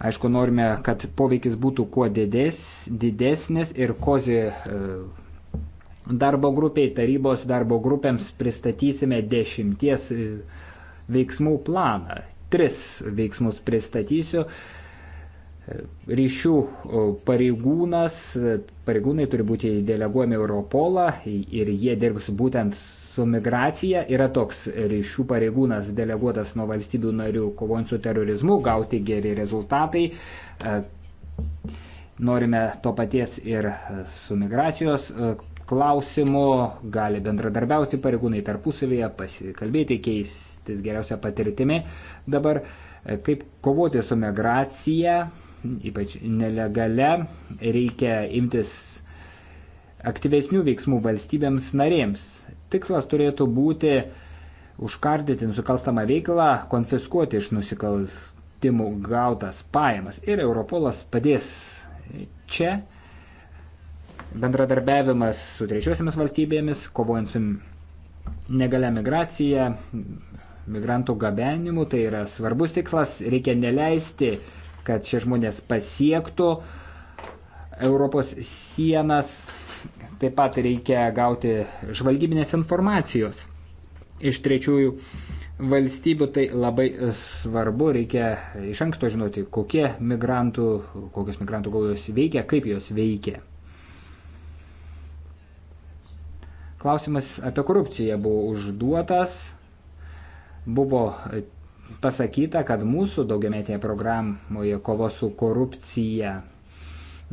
aišku, norime, kad poveikis būtų kuo dides, didesnis ir kozi e, Darbo grupiai, tarybos darbo grupėms pristatysime dešimties e, veiksmų planą. Tris veiksmus pristatysiu. E, ryšių pareigūnas, e, pareigūnai turi būti deleguojami Europolą ir jie dirbs būtent su migracija. Yra toks ryšių pareigūnas deleguotas nuo valstybių narių kovojant su terorizmu, gauti geri rezultatai. Norime to paties ir su migracijos klausimų, gali bendradarbiauti pareigūnai tarpusavėje, pasikalbėti, keistis geriausia patirtimi. Dabar e, kaip kovoti su migracija, ypač nelegale, reikia imtis aktyvesnių veiksmų valstybėms narėms. Tikslas turėtų būti užkardyti nusikalstamą veiklą, konfiskuoti iš nusikalstamų gautas pajamas ir Europolas padės čia bendradarbiavimas su trečiosiomis valstybėmis, kovojant su negalia migracija, migrantų gabenimu, tai yra svarbus tikslas, reikia neleisti, kad šie žmonės pasiektų Europos sienas, taip pat reikia gauti žvalgybinės informacijos iš trečiųjų valstybių, tai labai svarbu, reikia iš anksto žinoti, kokie migrantų, kokios migrantų gaujos veikia, kaip jos veikia. Klausimas apie korupciją buvo užduotas. Buvo e, pasakyta, kad mūsų daugiametėje programoje kovo su korupcija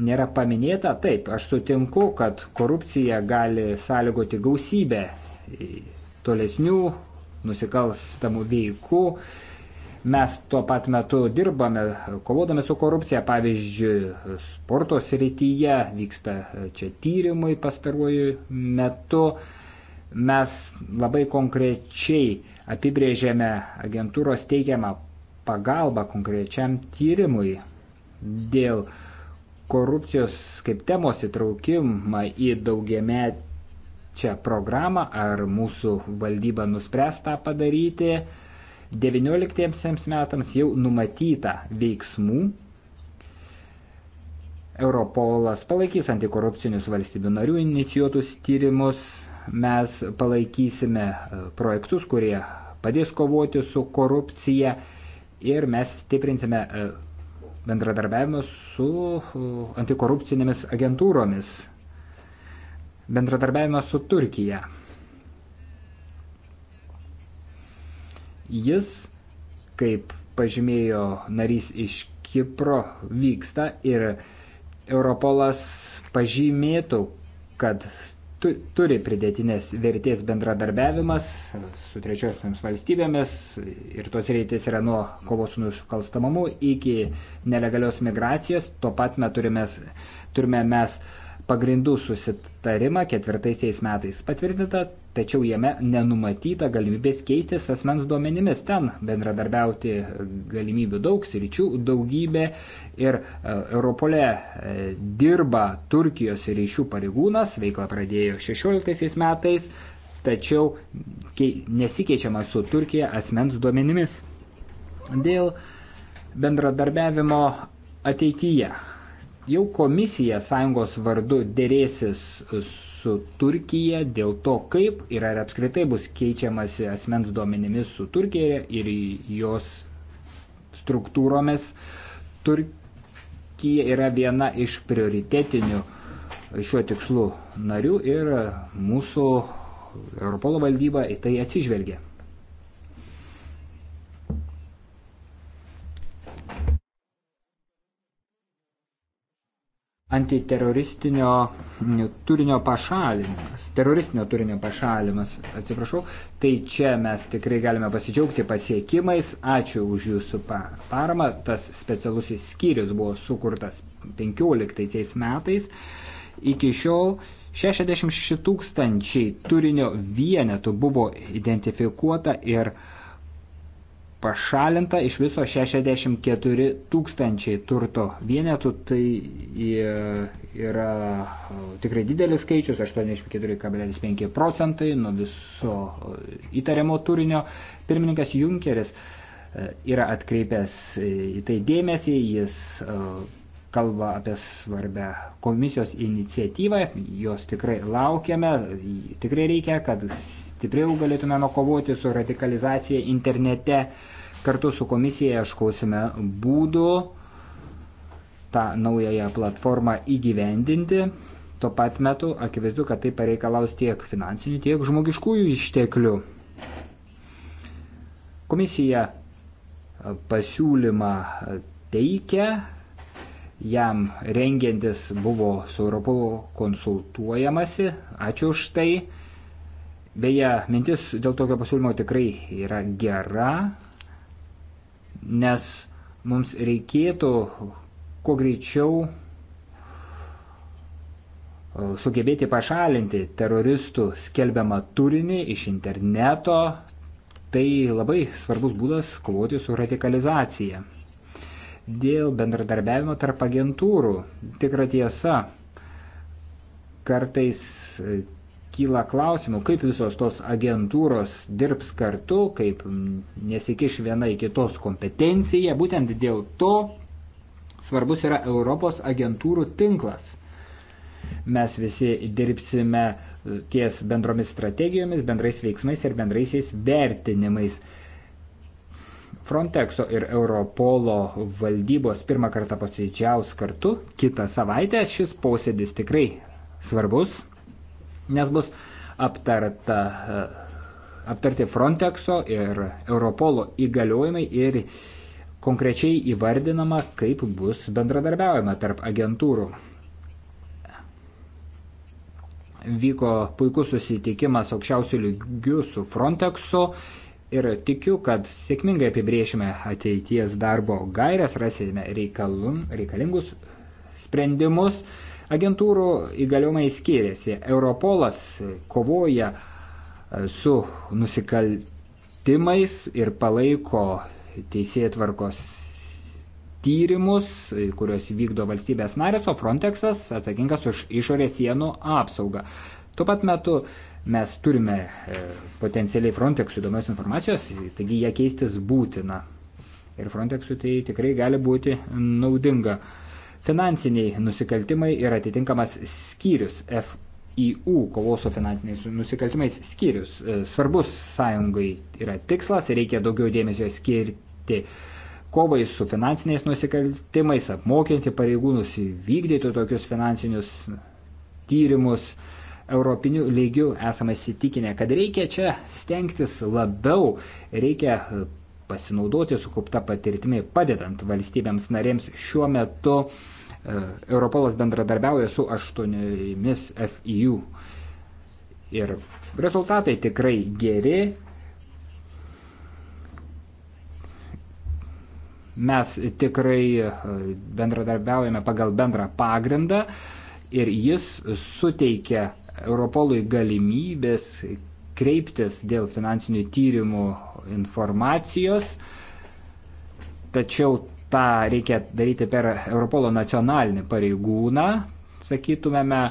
nėra paminėta. Taip, aš sutinku, kad korupcija gali sąlygoti gausybę e, tolesnių nusikalstamų veikų Mes tuo pat metu dirbame, kovodami su korupcija, pavyzdžiui, sporto srityje vyksta e, čia tyrimai pastaruoju metu. Mes labai konkrečiai apibrėžėme agentūros teikiamą pagalbą konkrečiam tyrimui dėl korupcijos kaip temos įtraukimą į daugiametę programą, ar mūsų valdyba nuspręs tą padaryti. 19 metams jau numatyta veiksmų. Europolas palaikys antikorupcinius valstybių narių inicijuotus tyrimus, mes palaikysime e, projektus, kurie padės kovoti su korupcija ir mes stiprinsime e, bendradarbiavimą su e, antikorupcinėmis agentūromis bendradarbiavimas su Turkija. Jis, kaip pažymėjo narys iš Kipro, vyksta ir Europolas pažymėtų, kad tu, turi pridėtinės vertės bendradarbiavimas su trečiosiams valstybėmis ir tos reitės yra nuo kovos su nusikalstamamu iki nelegalios migracijos. Tuo pat metu turime, turime mes pagrindų susitarimą ketvirtaisiais metais patvirtinta, tačiau jame nenumatyta galimybės keistis asmens duomenimis. Ten bendradarbiauti e, galimybių daug, sričių daugybė ir e, Europole e, dirba Turkijos ryšių pareigūnas, veikla pradėjo 16 metais, tačiau nesikeičiama su Turkija asmens duomenimis. Dėl bendradarbiavimo ateityje Jau komisija sąjungos vardu dėrėsis su Turkija dėl to, kaip ir ar apskritai bus keičiamasi asmens duomenimis su Turkija ir jos struktūromis. Turkija yra viena iš prioritetinių šiuo tikslu narių ir mūsų Europolo valdyba į tai atsižvelgia. antiteroristinio mm, turinio pašalinimas, teroristinio turinio pašalinimas, atsiprašau, tai čia mes tikrai galime pasidžiaugti pasiekimais, ačiū už jūsų paramą, tas specialusis skyrius buvo sukurtas 15 metais, iki šiol 66 tūkstančiai turinio vienetų buvo identifikuota ir uh, pašalinta iš viso 64 tūkstančiai turto vienetų, tai yra tikrai didelis skaičius, 84,5 procentai nuo viso įtariamo turinio. Pirmininkas Junkeris e, yra atkreipęs e, į tai dėmesį, jis e, kalba apie svarbę komisijos iniciatyvą, jos tikrai laukiame, tikrai reikia, kad stipriau galėtumėme kovoti su radikalizacija internete. Kartu su komisija ieškosime būdų tą naująją platformą įgyvendinti. Tuo pat metu akivaizdu, kad tai pareikalaus tiek finansinių, tiek žmogiškųjų išteklių. Komisija pasiūlymą teikia, jam rengiantis buvo su Europolu konsultuojamasi, ačiū už tai, Beje, mintis dėl tokio pasiūlymo tikrai yra gera, nes mums reikėtų kuo greičiau e, sugebėti pašalinti teroristų skelbiamą turinį iš interneto, tai labai svarbus būdas kovoti su radikalizacija. Dėl bendradarbiavimo tarp agentūrų, tikra tiesa, kartais e, kyla klausimų, kaip visos tos agentūros dirbs kartu, kaip nesikiš viena į kitos kompetenciją. Būtent dėl to svarbus yra Europos agentūrų tinklas. Mes visi dirbsime ties bendromis strategijomis, bendrais veiksmais ir bendraisiais vertinimais. Frontexo ir Europolo valdybos pirmą kartą posėdžiaus kartu kitą savaitę. Šis posėdis tikrai svarbus nes bus aptarta, e, aptarti Frontexo ir Europolo įgaliojimai ir konkrečiai įvardinama, kaip bus bendradarbiaujama tarp agentūrų. Vyko puikus susitikimas aukščiausių lygių su Frontexu ir tikiu, kad sėkmingai apibriešime ateities darbo gairias, rasime reikalum, reikalingus sprendimus. Agentūrų įgaliomai skiriasi. Europolas kovoja e, su nusikaltimais ir palaiko teisėjai tvarkos tyrimus, e, kuriuos vykdo valstybės narės, o Frontexas atsakingas už išorės sienų apsaugą. Tuo pat metu mes turime e, potencialiai Frontexui įdomios informacijos, taigi ją keistis būtina. Ir Frontexui tai tikrai gali būti naudinga finansiniai nusikaltimai ir atitinkamas skyrius FIU, kovos su finansiniais nusikaltimais skyrius. E, svarbus sąjungai yra tikslas, reikia daugiau dėmesio skirti kovai su finansiniais nusikaltimais, apmokinti pareigūnus įvykdyti tokius finansinius tyrimus. Europinių lygių esame įsitikinę, kad reikia čia stengtis labiau, reikia pasinaudoti sukaupta patirtimi, padedant valstybėms narėms šiuo metu. E, Europolas bendradarbiauja su aštuoniomis FIU. Ir rezultatai tikrai geri. Mes tikrai e, bendradarbiaujame pagal bendrą pagrindą ir jis suteikia Europolui galimybės kreiptis dėl finansinių tyrimų informacijos, tačiau tą reikia daryti per Europolo nacionalinį pareigūną, sakytumėme,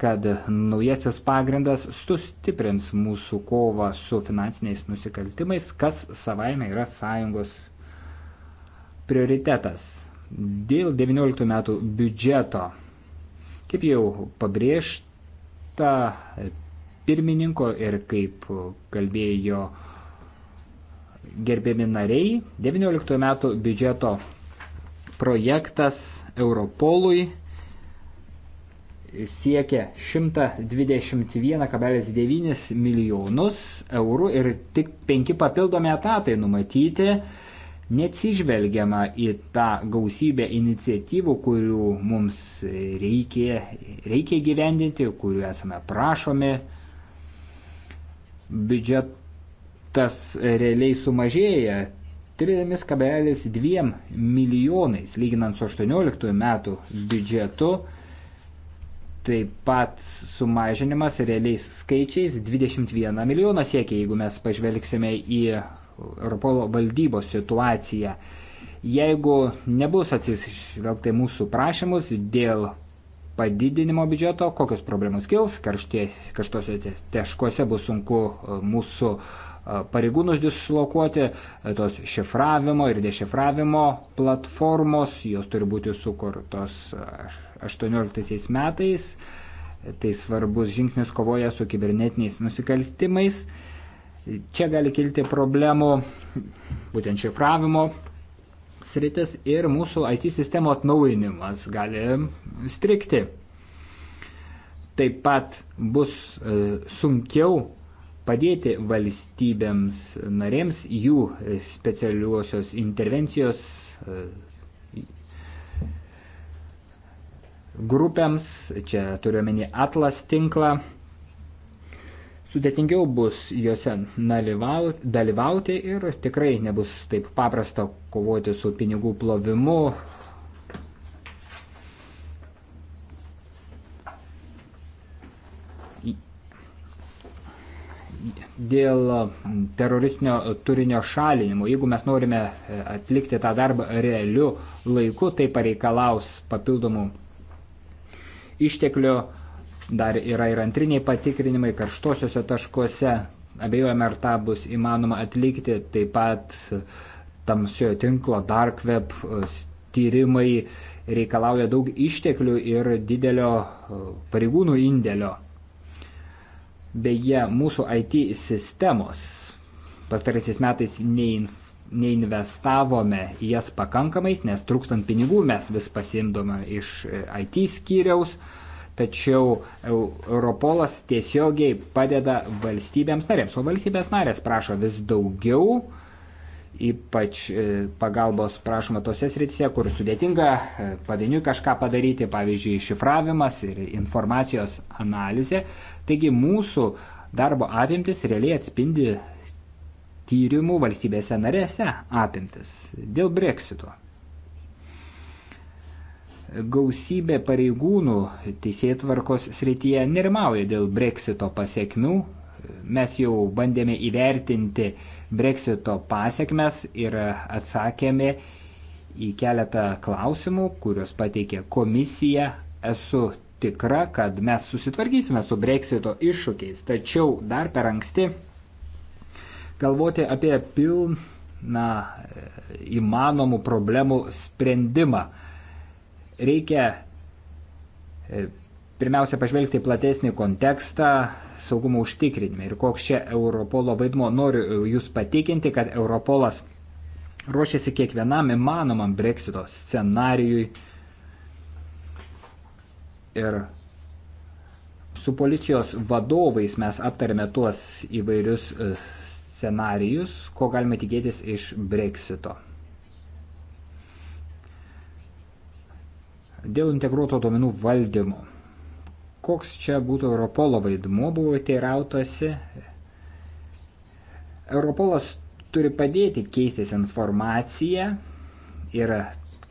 kad naujasis pagrindas sustiprins mūsų kovą su finansiniais nusikaltimais, kas savaime yra sąjungos prioritetas. Dėl 19 metų biudžeto, kaip jau pabrėžta, pirmininko ir kaip kalbėjo gerbiami nariai, 19 metų biudžeto projektas Europolui siekia 121,9 milijonus eurų ir tik penki papildomi etatai numatyti, neatsižvelgiama į tą gausybę iniciatyvų, kurių mums reikia, reikia gyvendinti, kurių esame prašomi biudžetas realiai sumažėja 3,2 milijonais, lyginant su 18 metų biudžetu. Taip pat sumažinimas realiais skaičiais 21 milijoną siekia, jeigu mes pažvelgsime į Europolo valdybos situaciją. Jeigu nebus atsižvelgta mūsų prašymus dėl padidinimo biudžeto, kokios problemos kils, karštie, karštosiuose teškuose bus sunku e, mūsų e, pareigūnus dislokuoti, e, tos šifravimo ir dešifravimo platformos, jos turi būti sukurtos 18 metais, tai svarbus žingsnis kovoja su kibernetiniais nusikaltimais. Čia gali kilti problemų būtent šifravimo sritis ir mūsų IT sistemo atnaujinimas gali strikti. Taip pat bus e, sunkiau padėti valstybėms narėms jų specialiuosios intervencijos e, grupėms, čia turiuomenį Atlas tinklą, sudėtingiau bus juose dalyvauti ir tikrai nebus taip paprasta kovoti su pinigų plovimu. Dėl teroristinio turinio šalinimo, jeigu mes norime e, atlikti tą darbą realiu laiku, tai pareikalaus papildomų išteklių Dar yra ir antriniai patikrinimai karštuosiuose taškuose. Abejojame, ar tą bus įmanoma atlikti. Taip pat tamsiojo tinklo dark web e, tyrimai reikalauja daug išteklių ir didelio e, pareigūnų indėlio. Beje, mūsų IT sistemos pastaraisiais metais neinvestavome į jas pakankamais, nes trūkstant pinigų mes vis pasimdome iš e, IT skyriaus tačiau Europolas tiesiogiai padeda valstybėms narėms, o valstybės narės prašo vis daugiau, ypač e, pagalbos prašoma tose srityse, kur sudėtinga e, pavieniui kažką padaryti, pavyzdžiui, šifravimas ir informacijos analizė. Taigi mūsų darbo apimtis realiai atspindi tyrimų valstybėse narėse apimtis dėl breksito gausybė pareigūnų teisėtvarkos srityje nerimauja dėl breksito pasiekmių. Mes jau bandėme įvertinti breksito pasiekmes ir atsakėme į keletą klausimų, kuriuos pateikė komisija. Esu tikra, kad mes susitvarkysime su breksito iššūkiais, tačiau dar per anksti galvoti apie pilną e, įmanomų problemų sprendimą Reikia e, pirmiausia pažvelgti platesnį kontekstą saugumo užtikrinime ir koks čia Europolo vaidmo. Noriu e, Jūs patikinti, kad Europolas ruošiasi kiekvienam įmanomam breksito scenarijui ir su policijos vadovais mes aptarėme tuos įvairius e, scenarijus, ko galime tikėtis iš breksito. Dėl integruoto duomenų valdymo. Koks čia būtų Europolo vaidmuo, buvo teirautasi. Europolas turi padėti keistis informaciją ir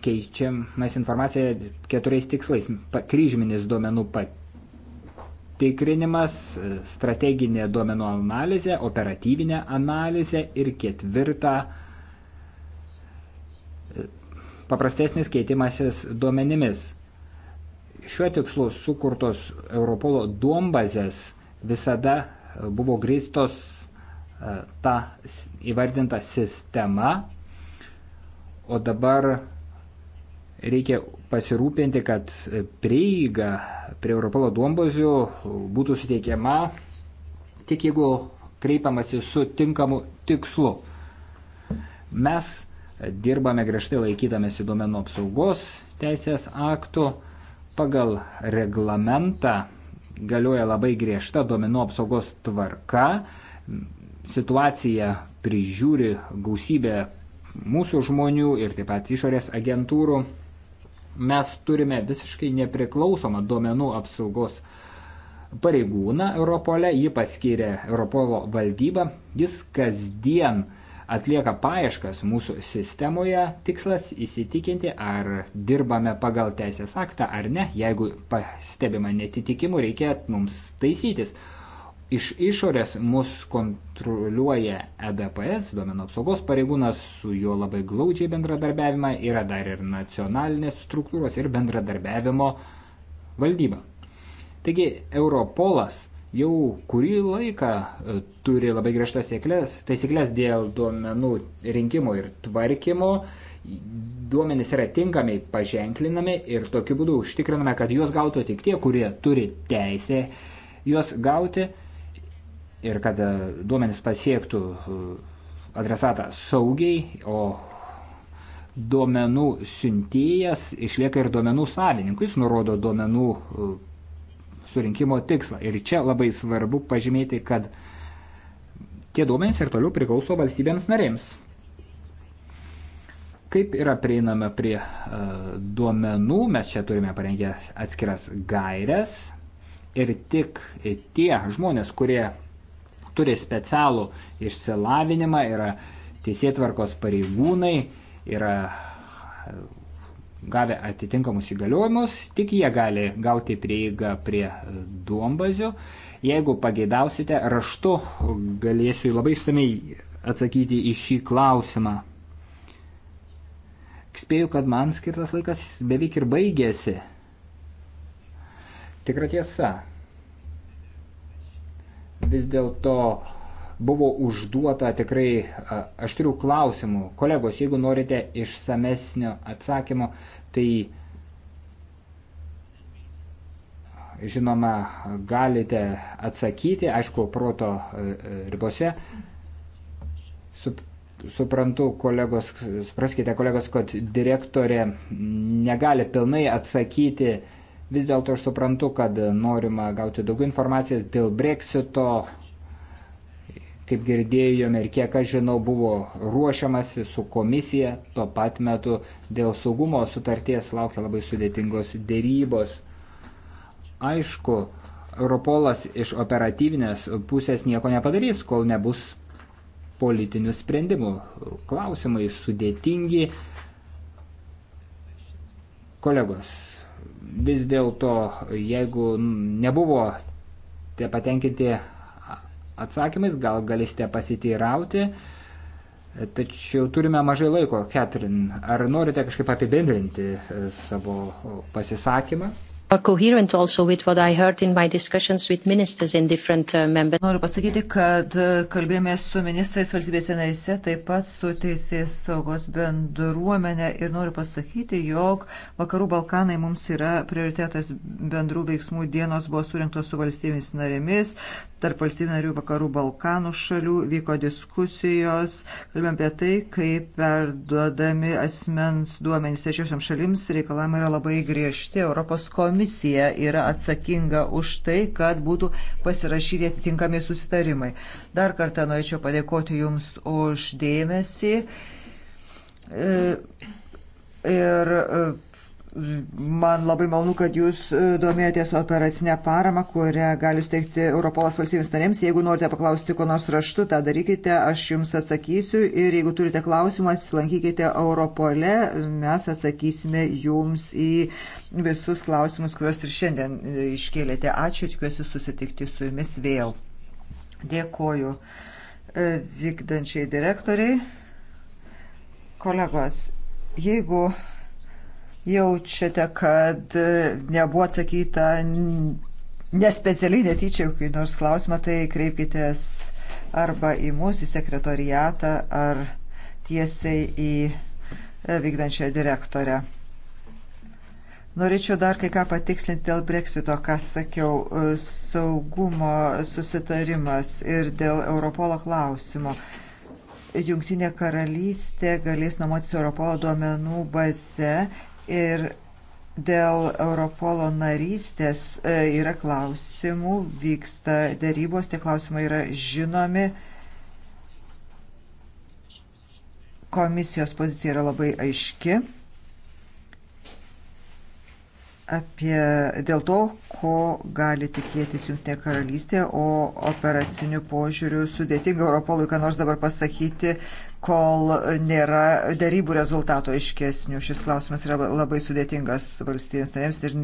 keičiamas informacija keturiais tikslais. Kryžminis duomenų patikrinimas, strateginė duomenų analizė, operatyvinė analizė ir ketvirta paprastesnis keitimasis duomenimis. Šiuo tikslu sukurtos Europolo duombazės visada e, buvo grįstos e, ta įvardinta sistema, o dabar reikia pasirūpinti, kad prieiga prie Europolo duombazių e, būtų suteikiama tik jeigu kreipiamasi su tinkamu tikslu. Mes dirbame griežtai laikydamėsi duomenų apsaugos teisės aktų. Pagal reglamentą galioja labai griežta duomenų apsaugos tvarka. Situaciją prižiūri gausybė mūsų žmonių ir taip pat išorės agentūrų. Mes turime visiškai nepriklausomą duomenų apsaugos pareigūną Europole, jį paskyrė Europolo valdyba. Jis kasdien uh, atlieka paieškas mūsų sistemoje, tikslas įsitikinti, ar dirbame pagal teisės aktą ar ne. Jeigu pastebima netitikimų, reikia mums taisytis. Iš išorės mus kontroliuoja EDPS, duomenų apsaugos pareigūnas, su juo labai glaudžiai bendradarbiavimą, yra dar ir nacionalinės struktūros ir bendradarbiavimo valdyba. Taigi Europolas jau kurį laiką e, turi labai griežtas taisyklės dėl duomenų rinkimo ir tvarkymo. Duomenys yra tinkamai paženklinami ir tokiu būdu užtikriname, kad juos gautų tik tie, kurie turi teisę juos gauti ir kad e, duomenys pasiektų e, adresatą saugiai, o duomenų siuntėjas išlieka ir duomenų savininkus, nurodo duomenų surinkimo tikslą. Ir čia labai svarbu pažymėti, kad tie duomenys ir toliau priklauso valstybėms narėms. Kaip yra prieinama prie uh, duomenų, mes čia turime parengę atskiras gairias ir tik tie žmonės, kurie turi specialų išsilavinimą, yra teisėtvarkos pareigūnai, yra gavę atitinkamus įgaliojimus, tik jie gali gauti prieigą prie e, duombazių. Jeigu pageidausite, raštu galėsiu labai išsamei atsakyti į šį klausimą. Spėju, kad man skirtas laikas beveik ir baigėsi. Tikra tiesa. Vis dėlto buvo užduota tikrai aštrių klausimų. Kolegos, jeigu norite išsamesnio atsakymo, tai žinoma, galite atsakyti, aišku, proto e, e, ribose. Sup suprantu, kolegos, supraskite, kolegos, kad direktorė negali pilnai atsakyti. Vis dėlto aš suprantu, kad norima gauti daugiau informacijos dėl breksito, kaip girdėjome ir kiek aš žinau, buvo ruošiamasi su komisija, tuo pat metu dėl saugumo sutarties laukia labai sudėtingos dėrybos. Aišku, Europolas iš operatyvinės pusės nieko nepadarys, kol nebus politinių sprendimų. Klausimai sudėtingi. Kolegos, vis dėlto, jeigu nebuvo patenkinti atsakymais, gal galite pasiteirauti. Tačiau turime mažai laiko. Ketrin, ar norite kažkaip apibendrinti e, savo pasisakymą? Uh, noriu pasakyti, kad e, kalbėjome su ministrais valstybėse narise, taip pat su teisės saugos bendruomenė ir noriu pasakyti, jog Vakarų Balkanai mums yra prioritetas bendrų veiksmų dienos buvo surinktos su valstybėmis narėmis, tarp valstybių narių vakarų Balkanų šalių, vyko diskusijos, kalbėjom apie tai, kaip perduodami asmens duomenys trečiosiam šalims reikalavimai yra labai griežti. Europos komisija yra atsakinga už tai, kad būtų pasirašyti atitinkami susitarimai. Dar kartą norėčiau padėkoti Jums už dėmesį. E, ir e, Man labai malonu, kad jūs e, domėjotės operacinę paramą, kurią gali steigti Europolas valstybės narėms. Jeigu norite paklausti ko nors raštu, tą darykite, aš jums atsakysiu. Ir jeigu turite klausimą, apsilankykite Europole, mes atsakysime jums į visus klausimus, kuriuos ir šiandien e, iškėlėte. Ačiū, tikiuosi susitikti su jumis vėl. Dėkoju e, vykdančiai direktoriai. Kolegos, jeigu jaučiate, kad e, nebuvo atsakyta nespecialiai netyčia kokį nors klausimą, tai kreipkitės arba į mūsų į sekretoriatą, ar tiesiai į e, vykdančią direktorę. Norėčiau dar kai ką patikslinti dėl breksito, ką sakiau, e, saugumo susitarimas ir dėl Europolo klausimo. Jungtinė karalystė galės nuomotis Europolo duomenų baze Ir dėl Europolo narystės e, yra klausimų, vyksta dėrybos, tie klausimai yra žinomi. Komisijos pozicija yra labai aiški apie dėl to, ko gali tikėtis Junktinė karalystė, o operaciniu požiūriu sudėtinga Europolui, ką nors dabar pasakyti, kol nėra darybų rezultato aiškesnių. Šis klausimas yra labai sudėtingas valstybės narėms ir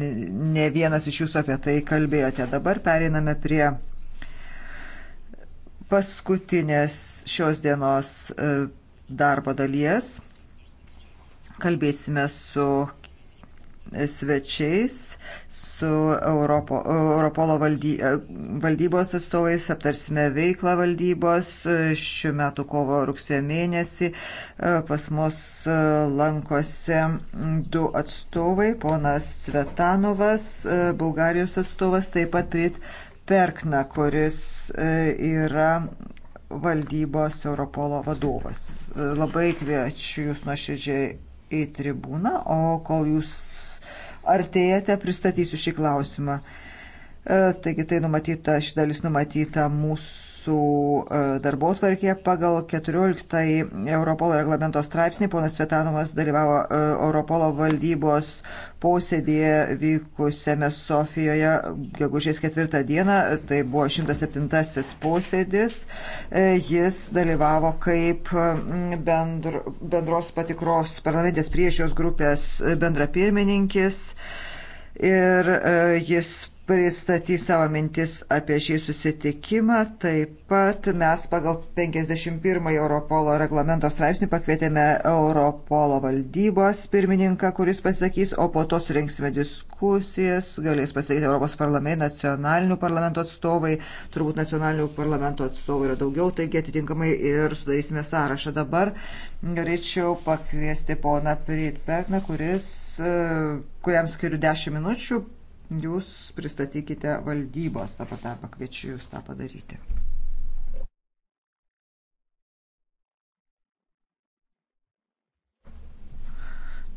ne vienas iš jūsų apie tai kalbėjote. Dabar pereiname prie paskutinės šios dienos e, darbo dalies. Kalbėsime su svečiais su Europo, Europolo valdy, valdybos atstovais, aptarsime veiklą valdybos šiuo metu kovo rugsėjo mėnesį. Pas mus lankosi du atstovai, ponas Svetanovas, Bulgarijos atstovas, taip pat Prit Perkna, kuris yra valdybos Europolo vadovas. Labai kviečiu jūs nuoširdžiai į tribūną, o kol jūs artėjate, pristatysiu šį klausimą. E, taigi tai numatyta, ši dalis numatyta mūsų mūsų e, darbo tvarkė pagal 14 Europolo reglamento straipsnį. Ponas Svetanovas dalyvavo e, Europolo valdybos posėdėje vykusiame Sofijoje gegužės 4 dieną. Tai buvo 107 posėdis. E, jis dalyvavo kaip bendr, bendros patikros parlamentės priežios grupės bendrapirmininkis. Ir jis pristatys savo mintis apie šį susitikimą. Taip pat mes pagal 51 Europolo reglamento straipsnį pakvietėme Europolo valdybos pirmininką, kuris pasakys, o po to surinksime diskusijas, galės pasakyti Europos parlamentai, nacionalinių parlamento atstovai, turbūt nacionalinių parlamento atstovų yra daugiau, taigi atitinkamai ir sudarysime sąrašą dabar. Norėčiau pakviesti poną Pritperną, kuris, e, kuriam skiriu 10 minučių jūs pristatykite valdybos apartatą, kviečiu jūs tą padaryti.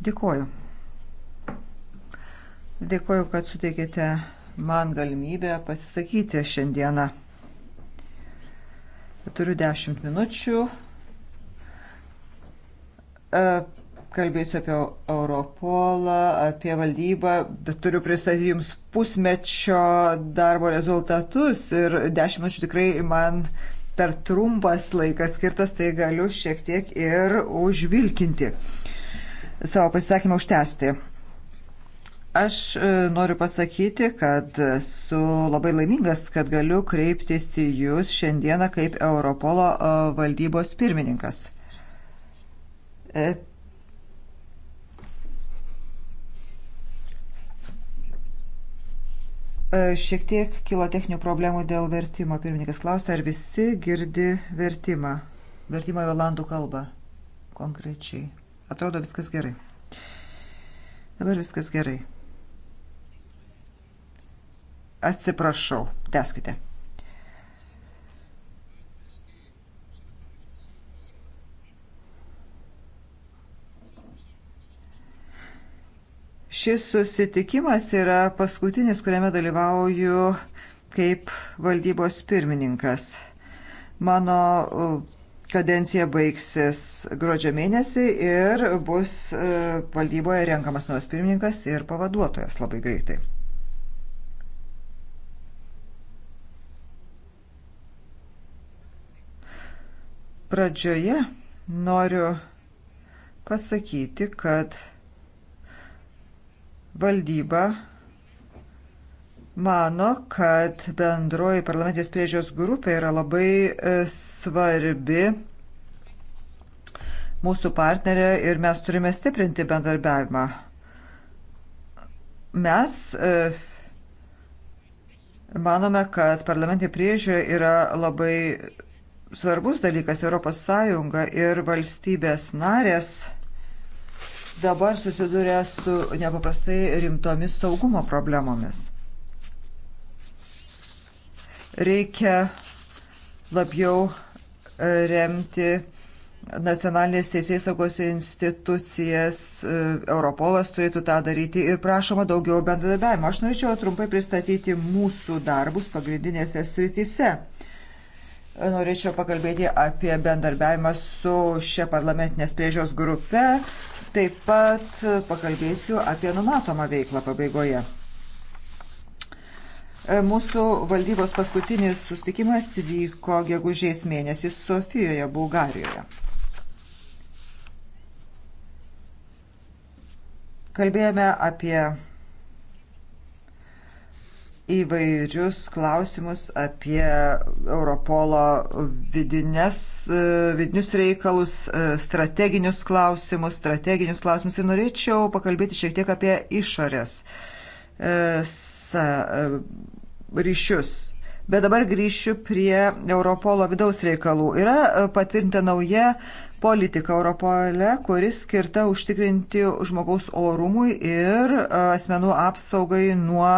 Dėkoju. Dėkoju, kad suteikėte man galimybę pasisakyti šiandieną. Turiu 10 minučių. E, kalbėsiu apie Europolą, apie valdybą, bet turiu pristatyti jums pusmečio darbo rezultatus ir dešimt minučių tikrai man per trumpas laikas skirtas, tai galiu šiek tiek ir užvilkinti savo pasisakymą užtęsti. Aš e, noriu pasakyti, kad esu labai laimingas, kad galiu kreiptis į Jūs šiandieną kaip Europolo e, valdybos pirmininkas. E, E, šiek tiek kilo techninių problemų dėl vertimo. Pirmininkas klausė, ar visi girdi vertimą. Vertimą į olandų kalbą konkrečiai. Atrodo viskas gerai. Dabar viskas gerai. Atsiprašau. Teskite. Šis susitikimas yra paskutinis, kuriame dalyvauju kaip valdybos pirmininkas. Mano e, kadencija baigsis gruodžio mėnesį ir bus e, valdyboje renkamas naujas pirmininkas ir pavaduotojas labai greitai. Pradžioje noriu pasakyti, kad valdyba mano, kad bendroji parlamentės priežios grupė yra labai e, svarbi mūsų partnerė ir mes turime stiprinti bendarbiavimą. Mes e, manome, kad parlamentė priežiūra yra labai svarbus dalykas Europos Sąjunga ir valstybės narės dabar susiduria su nepaprastai rimtomis saugumo problemomis. Reikia labiau e, remti nacionalinės teisės saugos institucijas, e, Europolas turėtų tą daryti ir prašoma daugiau bendradarbiavimo. Aš norėčiau trumpai pristatyti mūsų darbus pagrindinėse srityse. Norėčiau pakalbėti apie bendarbiavimą su šia parlamentinės priežios grupe, Taip pat pakalbėsiu apie numatomą veiklą pabaigoje. E, mūsų valdybos paskutinis susitikimas vyko gegužės mėnesį Sofijoje, Bulgarijoje. Kalbėjome apie įvairius klausimus apie Europolo vidines, e, vidinius reikalus, e, strateginius klausimus, strateginius klausimus ir norėčiau pakalbėti šiek tiek apie išorės e, sa, ryšius. Bet dabar grįšiu prie Europolo vidaus reikalų. Yra patvirtinta nauja politiką Europole, kuris skirta užtikrinti žmogaus orumui ir e, asmenų apsaugai nuo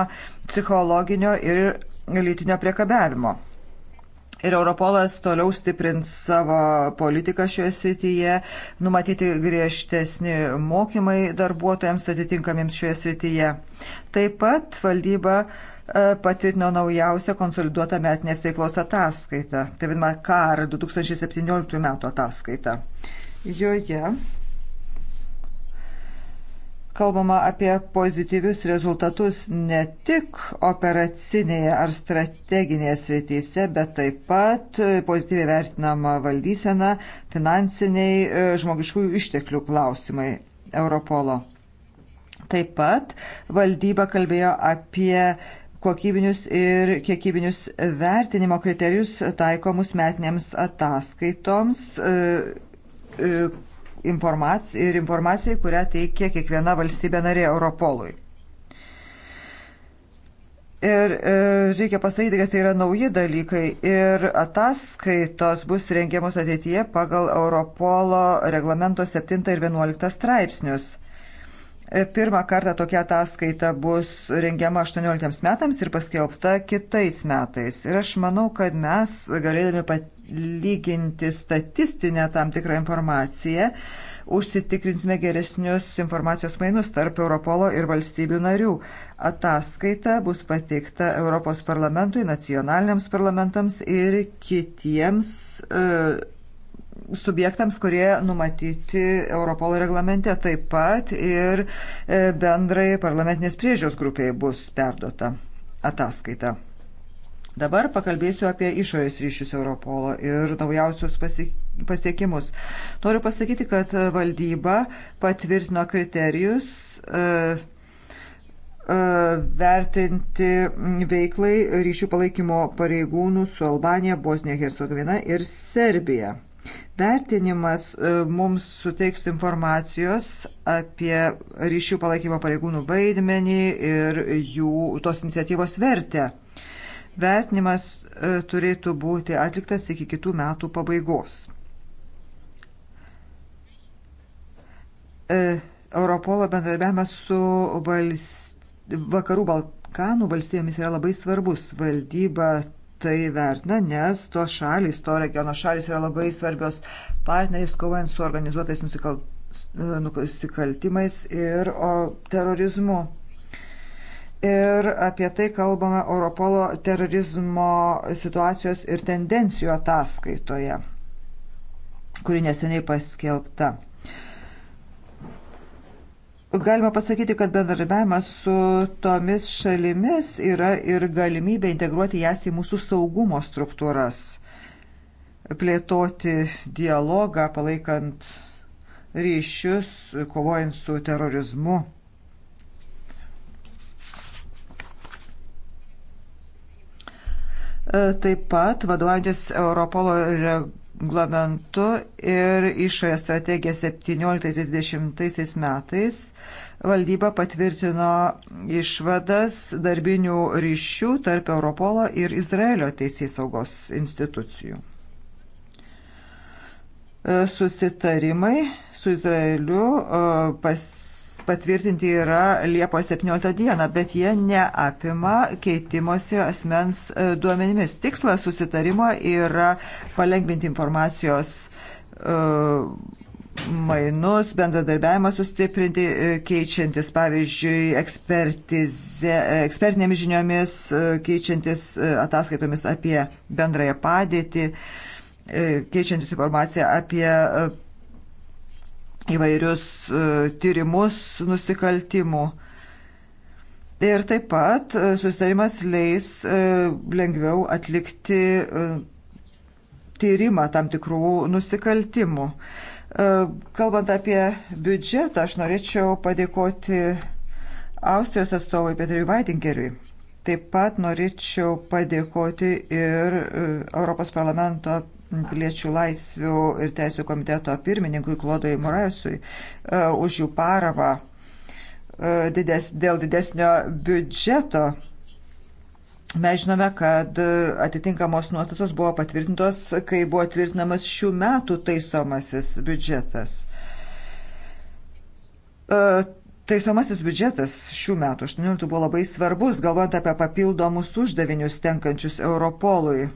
psichologinio ir lytinio priekabiavimo. Ir Europolas toliau stiprins savo politiką šioje srityje, numatyti griežtesni mokymai darbuotojams atitinkamiems šioje srityje. Taip pat valdyba uh, E, patvirtino naujausią konsoliduotą metinės veiklos ataskaitą, tai vadinama KAR 2017 metų ataskaitą. Joje kalbama apie pozityvius rezultatus ne tik operacinėje ar strateginėje srityse, bet taip pat pozityviai vertinama valdysena, finansiniai e, žmogiškųjų išteklių klausimai Europolo. Taip pat valdyba kalbėjo apie kokybinius ir kiekybinius vertinimo kriterijus taikomus metinėms ataskaitoms e, e, informacijai, ir informacijai, kurią teikia kiekviena valstybė narė Europolui. Ir e, reikia pasakyti, kad tai yra nauji dalykai ir ataskaitos bus rengiamos ateityje pagal Europolo reglamento 7 ir 11 straipsnius. Pirmą kartą tokia ataskaita bus rengiama 18 metams ir paskelbta kitais metais. Ir aš manau, kad mes, galėdami palyginti statistinę tam tikrą informaciją, užsitikrinsime geresnius informacijos mainus tarp Europolo ir valstybių narių. Ataskaita bus pateikta Europos parlamentui, nacionaliniams parlamentams ir kitiems e, subjektams, kurie numatyti Europolo reglamente. Taip pat ir e, bendrai parlamentinės priežios grupiai bus perduota ataskaita. Dabar pakalbėsiu apie išorės ryšius Europolo ir naujausius pasiekimus pasiekimus. Noriu pasakyti, kad valdyba patvirtino kriterijus e, e, vertinti veiklai ryšių palaikymo pareigūnų su Albanija, Bosnija, Hercegovina ir Serbija. Vertinimas e, mums suteiks informacijos apie ryšių palaikymo pareigūnų vaidmenį ir jų tos iniciatyvos vertę. Vertinimas e, turėtų būti atliktas iki kitų metų pabaigos. E, Europolo bendarbiavimas su valst... vakarų Balkanų valstybėmis yra labai svarbus. Valdyba tai vertina, nes tos šalys, to regiono šalys yra labai svarbios partneriais kovojant su organizuotais nusikal... nusikaltimais ir o, terorizmu. Ir apie tai kalbame Europolo terorizmo situacijos ir tendencijų ataskaitoje, kuri neseniai paskelbta. Galima pasakyti, kad bendradarbiavimas su tomis šalimis yra ir galimybė integruoti jas į mūsų saugumo struktūras, plėtoti dialogą, palaikant ryšius, kovojant su terorizmu. Taip pat vadovantis Europolo reglamentu ir išorės strategija 17-20 metais valdyba patvirtino išvadas darbinių ryšių tarp Europolo ir Izraelio teisėsaugos institucijų. E, susitarimai su Izraeliu e, pas patvirtinti yra Liepos 17 dieną, bet jie neapima keitimosi asmens e, duomenimis. Tikslas susitarimo yra palengvinti informacijos e, mainus, bendradarbiavimą sustiprinti, e, keičiantis, pavyzdžiui, ekspertinėmis žiniomis, keičiantis ataskaitomis apie bendrąją padėtį, keičiantis informaciją apie įvairius e, tyrimus nusikaltimų. Ir taip pat e, susitarimas leis e, lengviau atlikti tyrimą tam tikrų nusikaltimų. Kalbant apie biudžetą, aš norėčiau padėkoti Austrijos atstovui Petriui Vaitingeriui. Taip pat norėčiau padėkoti ir Europos parlamento piliečių laisvių ir teisų komiteto pirmininkui Klodui Morasui e, už jų paramą e, dides, dėl didesnio biudžeto. Mes žinome, kad atitinkamos nuostatos buvo patvirtintos, kai buvo tvirtinamas šių metų taisomasis biudžetas. E, taisomasis biudžetas šių metų 18 buvo labai svarbus, galvant apie papildomus uždavinius tenkančius Europolui.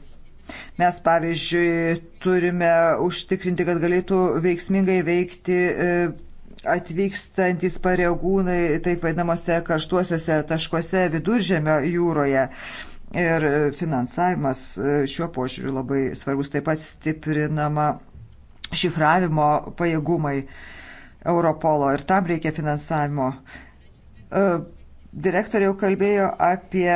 Mes, pavyzdžiui, turime užtikrinti, kad galėtų veiksmingai veikti e, atvykstantis pareigūnai taip vadinamosi karštuosiuose taškuose viduržėmio jūroje. Ir finansavimas e, šiuo požiūriu labai svarbus, taip pat stiprinama šifravimo pajėgumai Europolo ir tam reikia finansavimo. E, Direktoriau kalbėjo apie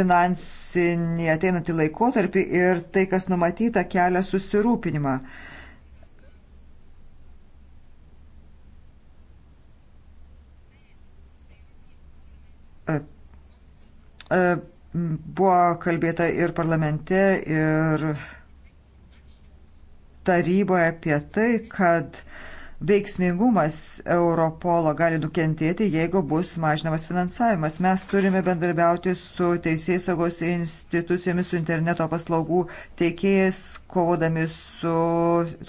finansinį ateinantį laikotarpį ir tai, kas numatyta, kelia susirūpinimą. E, e, buvo kalbėta ir parlamente, ir taryboje apie tai, kad uh, veiksmingumas Europolo gali nukentėti, jeigu bus mažinamas finansavimas. Mes turime bendarbiauti su teisės saugos institucijomis, su interneto paslaugų teikėjais, kovodami su,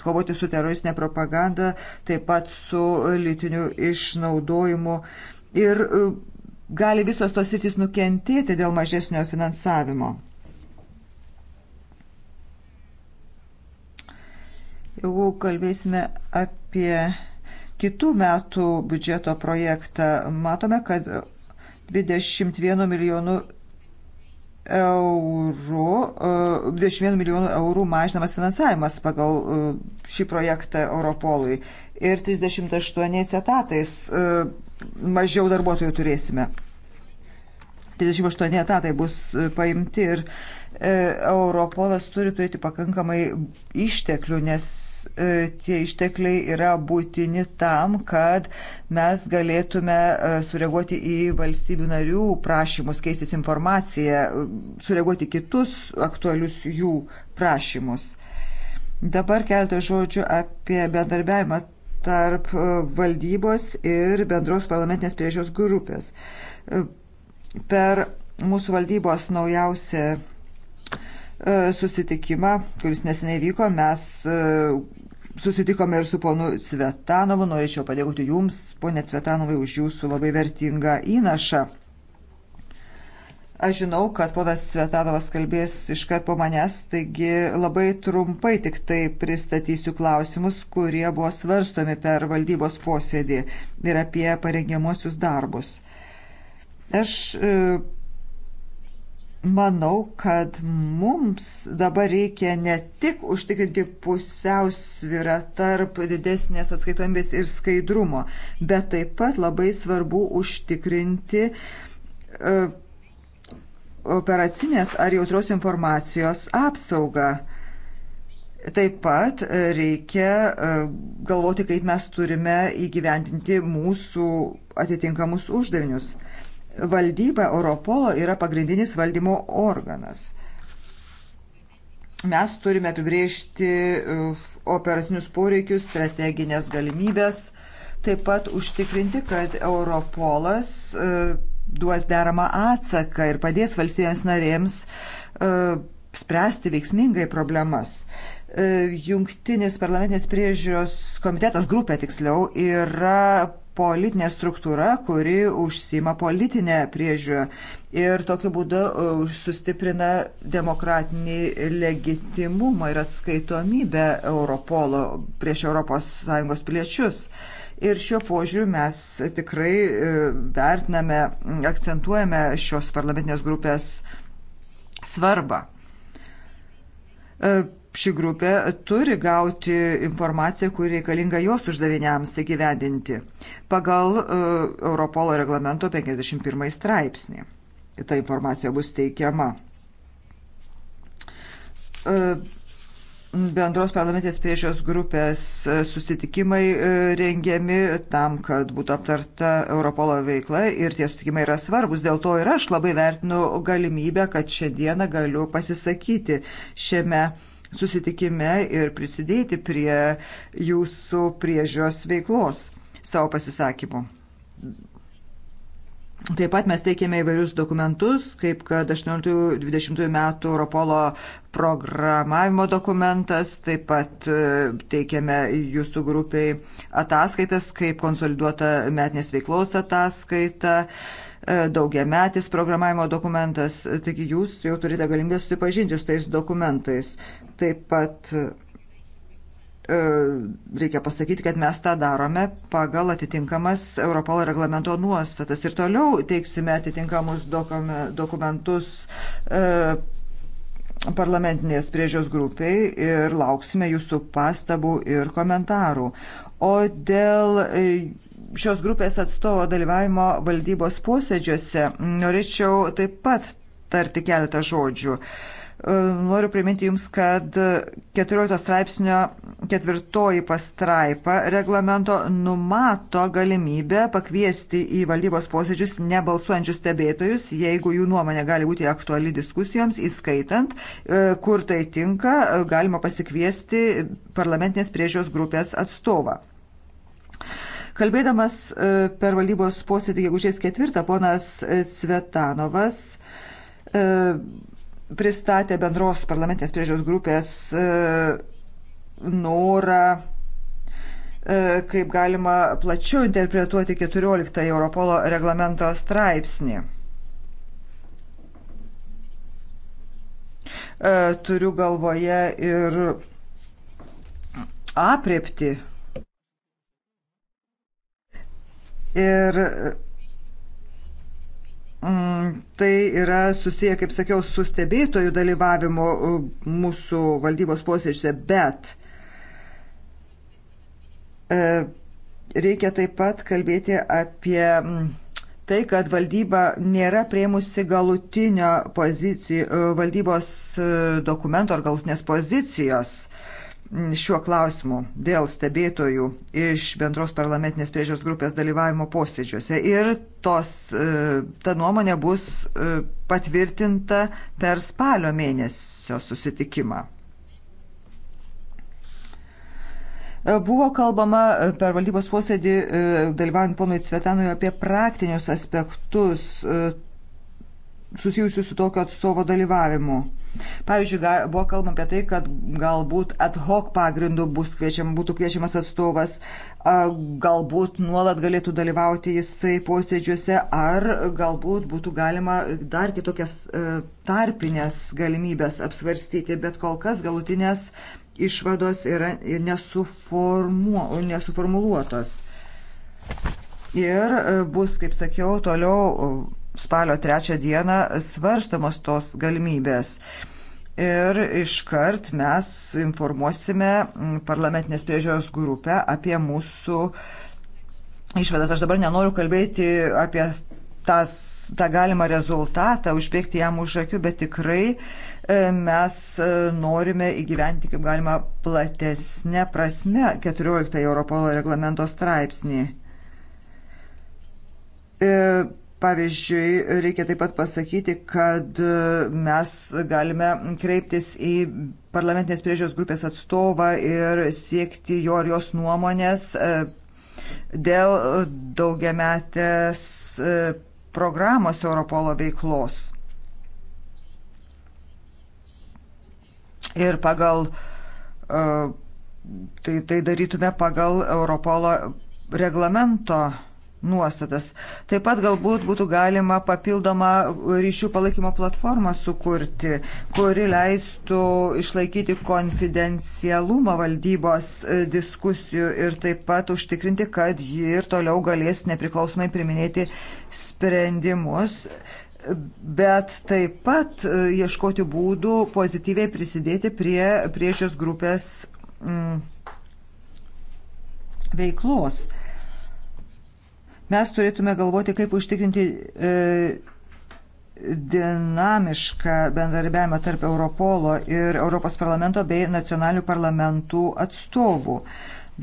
kovoti su teroristinė propaganda, taip pat su lytiniu išnaudojimu. Ir e, gali visos tos sritys nukentėti dėl mažesnio finansavimo. Jeigu kalbėsime apie apie kitų metų biudžeto projektą, matome, kad 21 milijonų eurų, 21 e, milijonų eurų mažinamas finansavimas pagal e, šį projektą Europolui ir 38 etatais e, mažiau darbuotojų turėsime. 38 etatai bus paimti ir Europolas turi turėti pakankamai išteklių, nes E, tie ištekliai yra būtini tam, kad mes galėtume e, sureaguoti į valstybių narių prašymus, keistis informaciją, sureaguoti kitus aktualius jų prašymus. Dabar keletą žodžių apie bendarbiavimą tarp e, valdybos ir bendros parlamentinės priežios grupės. Per mūsų valdybos naujausią E, susitikimą, kuris neseniai vyko. Mes e, susitikome ir su ponu Cvetanovu. Norėčiau padėkoti Jums, ponė Cvetanovai, už Jūsų labai vertingą įnašą. Aš žinau, kad ponas Svetanovas kalbės iškart po manęs, taigi labai trumpai tik tai pristatysiu klausimus, kurie buvo svarstomi per valdybos posėdį ir apie parengiamuosius darbus. Aš e, manau, kad mums dabar reikia ne tik užtikrinti pusiausvyrą tarp didesnės atskaitomybės ir skaidrumo, bet taip pat labai svarbu užtikrinti e, operacinės ar jautros informacijos apsaugą. Taip pat e, reikia e, galvoti, kaip mes turime įgyventinti mūsų atitinkamus uždavinius valdyba Europolo yra pagrindinis valdymo organas. Mes turime apibriežti e, operacinius poreikius, strateginės galimybės, taip pat užtikrinti, kad Europolas e, duos deramą atsaką ir padės valstybėms narėms e, spręsti veiksmingai problemas. Jungtinis parlamentinės priežiūros komitetas, grupė tiksliau, yra politinė struktūra, kuri užsima politinę priežiūrą ir tokiu būdu e, sustiprina demokratinį legitimumą ir atskaitomybę Europolo prieš ES piliečius. Ir šiuo požiūriu mes tikrai e, vertiname, akcentuojame šios parlamentinės grupės svarbą e, ši grupė turi gauti informaciją, kuri reikalinga jos uždaviniams įgyvendinti pagal e, Europolo reglamento 51 straipsnį. Ta informacija bus teikiama. E, bendros parlamentės priežios grupės e, susitikimai rengiami tam, kad būtų aptarta Europolo veikla ir tie susitikimai yra svarbus. Dėl to ir aš labai vertinu galimybę, kad šiandieną galiu pasisakyti šiame uh, susitikime ir prisidėti prie jūsų priežios veiklos savo pasisakymu. Taip pat mes teikėme įvairius dokumentus, kaip kad 18-20 metų Europolo programavimo dokumentas, taip pat e, teikėme jūsų grupiai ataskaitas, kaip konsoliduota metinės veiklos ataskaita, e, daugiametis programavimo dokumentas, taigi jūs jau turite galimybę susipažinti su tais dokumentais. Taip pat e, reikia pasakyti, kad mes tą darome pagal atitinkamas Europolo reglamento nuostatas ir toliau teiksime atitinkamus dokumentus e, parlamentinės priežios grupiai ir lauksime jūsų pastabų ir komentarų. O dėl e, šios grupės atstovo dalyvavimo valdybos posėdžiuose norėčiau taip pat tarti keletą žodžių. Uh, Noriu priminti Jums, kad 14 straipsnio ketvirtoji pastraipa reglamento numato galimybę pakviesti į valdybos posėdžius nebalsuojančius stebėtojus, jeigu jų nuomonė gali būti aktuali diskusijoms, įskaitant, e, kur tai tinka, e, galima pasikviesti parlamentinės priežios grupės atstovą. Kalbėdamas e, per valdybos posėdį gegužės ketvirtą, ponas Svetanovas pristatė bendros parlamentinės priežiūros grupės e, norą e, kaip galima plačiau interpretuoti 14 Europolo reglamento straipsnį. E, turiu galvoje ir apriepti. Ir Mm, tai yra susiję, kaip sakiau, su stebėtojų dalyvavimu mm, mūsų valdybos posėdžiuose, bet e, reikia taip pat kalbėti apie mm, tai, kad valdyba nėra prieimusi galutinio pozicijų, e, valdybos e, dokumento ar galutinės pozicijos šiuo klausimu dėl stebėtojų iš bendros parlamentinės priežios grupės dalyvavimo posėdžiuose. Ir tos, e, ta nuomonė bus e, patvirtinta per spalio mėnesio susitikimą. E, buvo kalbama per valdybos posėdį, dalyvaujant ponui Cvetanui, apie praktinius aspektus susijusius su tokio atstovo dalyvavimu Pavyzdžiui, buvo kalbama apie tai, kad galbūt ad hoc pagrindu bus kviečiam, būtų kviečiamas atstovas, galbūt nuolat galėtų dalyvauti jisai posėdžiuose, ar galbūt būtų galima dar kitokias e, tarpinės galimybės apsvarstyti, bet kol kas galutinės išvados yra nesuformu, nesuformuluotos. Ir e, bus, kaip sakiau, toliau spalio trečią dieną svarstamos tos galimybės. Ir iškart mes informuosime parlamentinės priežiūros grupę apie mūsų išvadas. Aš dabar nenoriu kalbėti apie tas, tą galimą rezultatą, užbėgti jam už akių, bet tikrai e, mes e, norime įgyventi kaip galima platesnę prasme 14 Europolo reglamento straipsnį. E, Pavyzdžiui, reikia taip pat pasakyti, kad e, mes galime kreiptis į parlamentinės priežios grupės atstovą ir siekti jo ar jos nuomonės e, dėl daugiametės e, programos Europolo veiklos. Ir pagal tai, tai darytume pagal Europolo reglamento nuostatas. Taip pat galbūt būtų galima papildomą ryšių palaikymo platformą sukurti, kuri leistų išlaikyti konfidencialumą valdybos e, diskusijų ir taip pat užtikrinti, kad ji ir toliau galės nepriklausomai priminėti sprendimus bet taip pat e, ieškoti būdų pozityviai prisidėti prie, prie šios grupės mm, veiklos. Mes turėtume galvoti, kaip užtikrinti e, dinamišką bendarbiavimą tarp Europolo ir Europos parlamento bei nacionalinių parlamentų atstovų.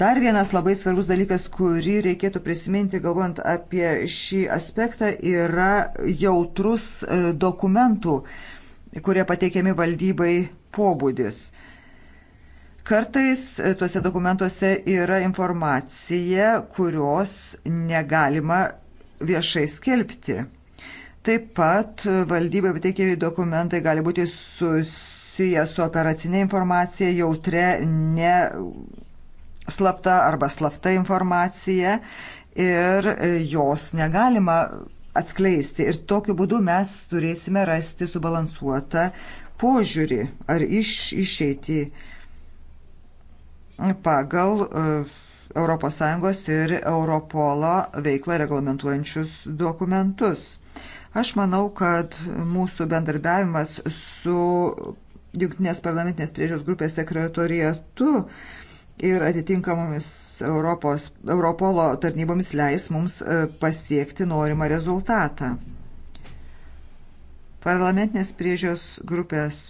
Dar vienas labai svarbus dalykas, kurį reikėtų prisiminti, galvojant apie šį aspektą, yra jautrus e, dokumentų, kurie pateikiami valdybai pobūdis. E, Kartais e, tuose dokumentuose yra informacija, kurios negalima viešai skelbti. Taip pat e, valdybė pateikiami dokumentai gali būti susiję su operacinė informacija, jautre, ne slapta arba slapta informacija ir e, jos negalima atskleisti. Ir tokiu būdu mes turėsime rasti subalansuotą požiūrį ar iš, išeitį pagal ES ir Europolo veiklą reglamentuojančius dokumentus. Aš manau, kad mūsų bendarbiavimas su Junktinės parlamentinės priežios grupės sekretorijatu ir atitinkamomis Europos, Europolo tarnybomis leis mums e, pasiekti norimą rezultatą. Parlamentinės priežios grupės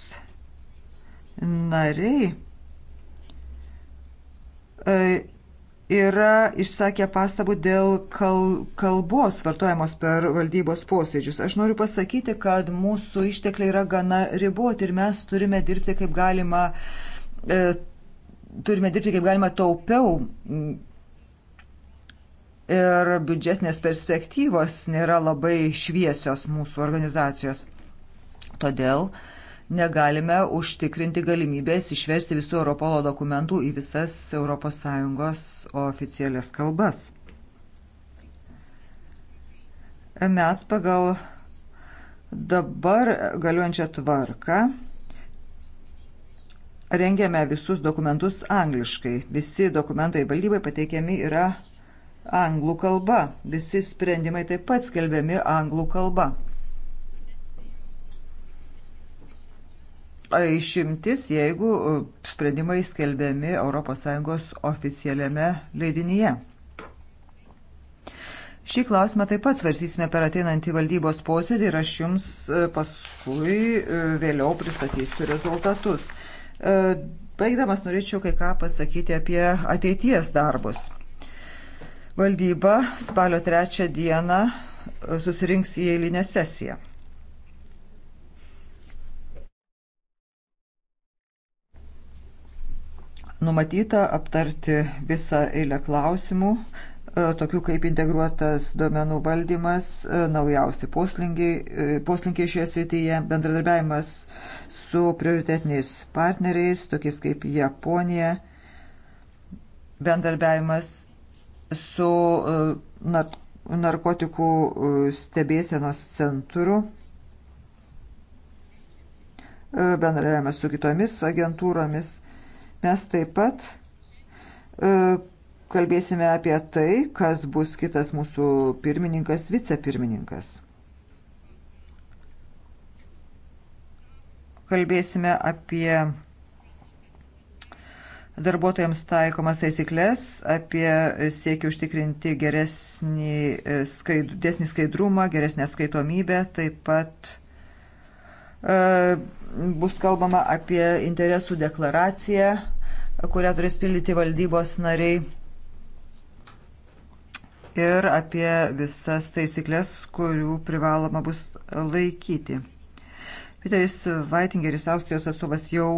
nariai E, yra išsakę pastabų dėl kal kalbos vartojamos per valdybos posėdžius. Aš noriu pasakyti, kad mūsų ištekliai yra gana riboti ir mes turime dirbti kaip galima, e, turime dirbti kaip galima taupiau. Ir biudžetinės perspektyvos nėra labai šviesios mūsų organizacijos. Todėl uh, negalime užtikrinti galimybės išversti visų Europolo dokumentų į visas ES oficialias kalbas. Mes pagal dabar galiuojančią tvarką rengiame visus dokumentus angliškai. Visi dokumentai valdybai pateikiami yra anglų kalba. Visi sprendimai taip pat skelbiami anglų kalba. išimtis, jeigu e, sprendimai skelbiami ES oficialiame leidinyje. Šį klausimą taip pat svarsysime per ateinantį valdybos posėdį ir aš jums e, paskui e, vėliau pristatysiu rezultatus. Baigdamas norėčiau kai ką pasakyti apie ateities darbus. Valdyba spalio trečią dieną susirinks į eilinę sesiją. numatyta aptarti visą eilę klausimų, e, tokių kaip integruotas duomenų valdymas, e, naujausi poslinkiai, e, poslinkiai šioje srityje, bendradarbiavimas su prioritetiniais partneriais, tokiais kaip Japonija, bendradarbiavimas su narkotikų stebėsenos centru, bendradarbiavimas su kitomis agentūromis Mes taip pat e, kalbėsime apie tai, kas bus kitas mūsų pirmininkas, vicepirmininkas. Kalbėsime apie darbuotojams taikomas taisyklės apie siekį užtikrinti geresnį, e, skaid, didesnį skaidrumą, geresnę skaitomybę, taip pat e, bus kalbama apie interesų deklaraciją, kurią turės pildyti valdybos nariai ir apie visas taisyklės, kurių privaloma bus laikyti. Piteris Vaitingeris, Austrijos atstovas, jau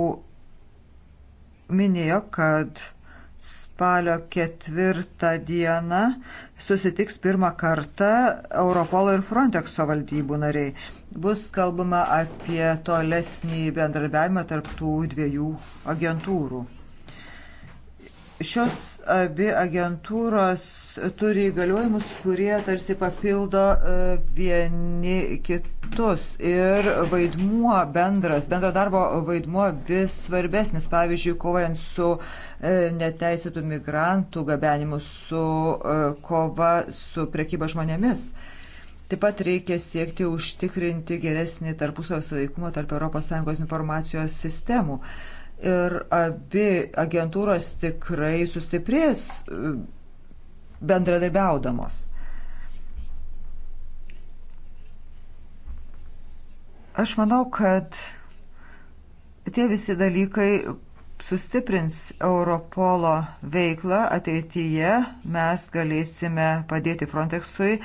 minėjo, kad spalio ketvirtą dieną susitiks pirmą kartą Europolo ir Frontexo valdybų nariai. Bus kalbama apie tolesnį bendradarbiavimą tarptų dviejų agentūrų. Šios abi agentūros turi įgaliojimus, kurie tarsi papildo e, vieni kitus ir vaidmuo bendras, bendro darbo vaidmuo vis svarbesnis, pavyzdžiui, kovojant su e, neteisėtų migrantų gabenimu, su e, kova su prekyba žmonėmis. Taip pat reikia siekti užtikrinti geresnį tarpusavio saveikumą tarp ES informacijos sistemų. Uh, ir abi agentūros tikrai sustiprės e, bendradarbiaudamos. Aš manau, kad tie visi dalykai sustiprins Europolo veiklą ateityje, mes galėsime padėti Frontexui,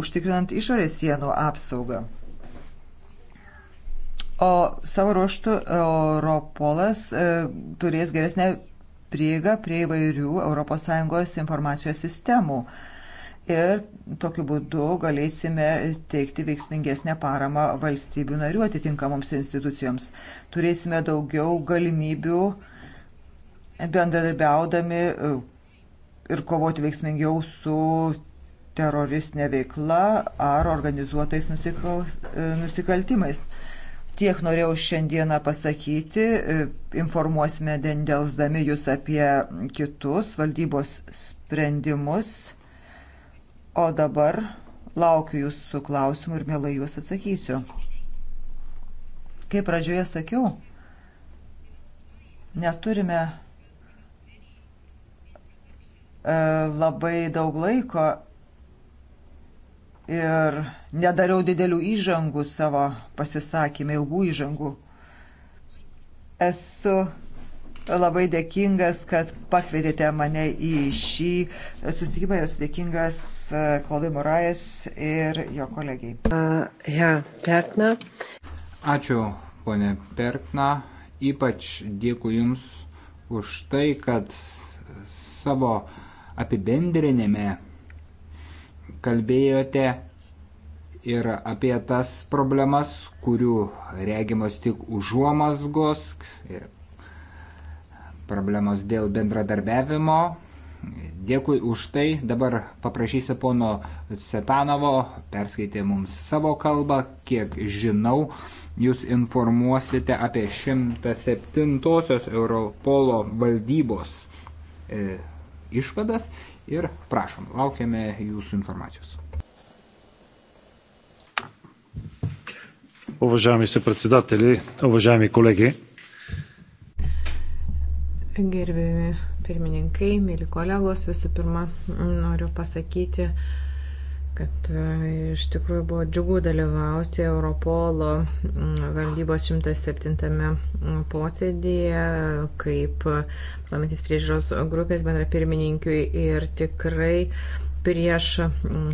užtikrinant išorės sienų apsaugą. O savo ruoštų e, Europolas e, turės geresnę prieigą prie įvairių ES informacijos sistemų. Ir tokiu būdu galėsime teikti veiksmingesnę paramą valstybių narių atitinkamoms institucijoms. Turėsime daugiau galimybių bendradarbiaudami e, ir kovoti veiksmingiau su teroristinė veikla ar organizuotais nusikal, nusikaltimais. Tiek norėjau šiandieną pasakyti, e, informuosime dendelsdami jūs apie kitus valdybos sprendimus. O dabar laukiu jūsų klausimų ir mielai juos atsakysiu. Kaip pradžioje sakiau, neturime e, labai daug laiko ir nedariau didelių įžangų savo pasisakymę, ilgų įžangų. Esu labai dėkingas, kad pakvietėte mane į šį susitikimą ir esu dėkingas e, Klaudui Morais ir jo kolegiai. Uh, ja, Perkna. Ačiū, ponė Perkna. Ypač dėkui Jums už tai, kad savo apibendrinėme kalbėjote ir apie tas problemas, kurių regimos tik užuomasgos, problemos dėl bendradarbiavimo. Dėkui už tai. Dabar paprašysiu pono Setanovo perskaityti mums savo kalbą. Kiek žinau, jūs informuosite apie 107-osios Europolo valdybos e, išvadas ir prašom, laukiame jūsų informacijos. Уважаеми се председатели, уважаеми колеги. Gerbėjami pirmininkai, mėly kolegos, visų pirma, noriu pasakyti, kad e, iš tikrųjų buvo džiugu dalyvauti Europolo valdybos 107 posėdėje kaip parlamentys priežiūros grupės bendra pirmininkiui ir tikrai prieš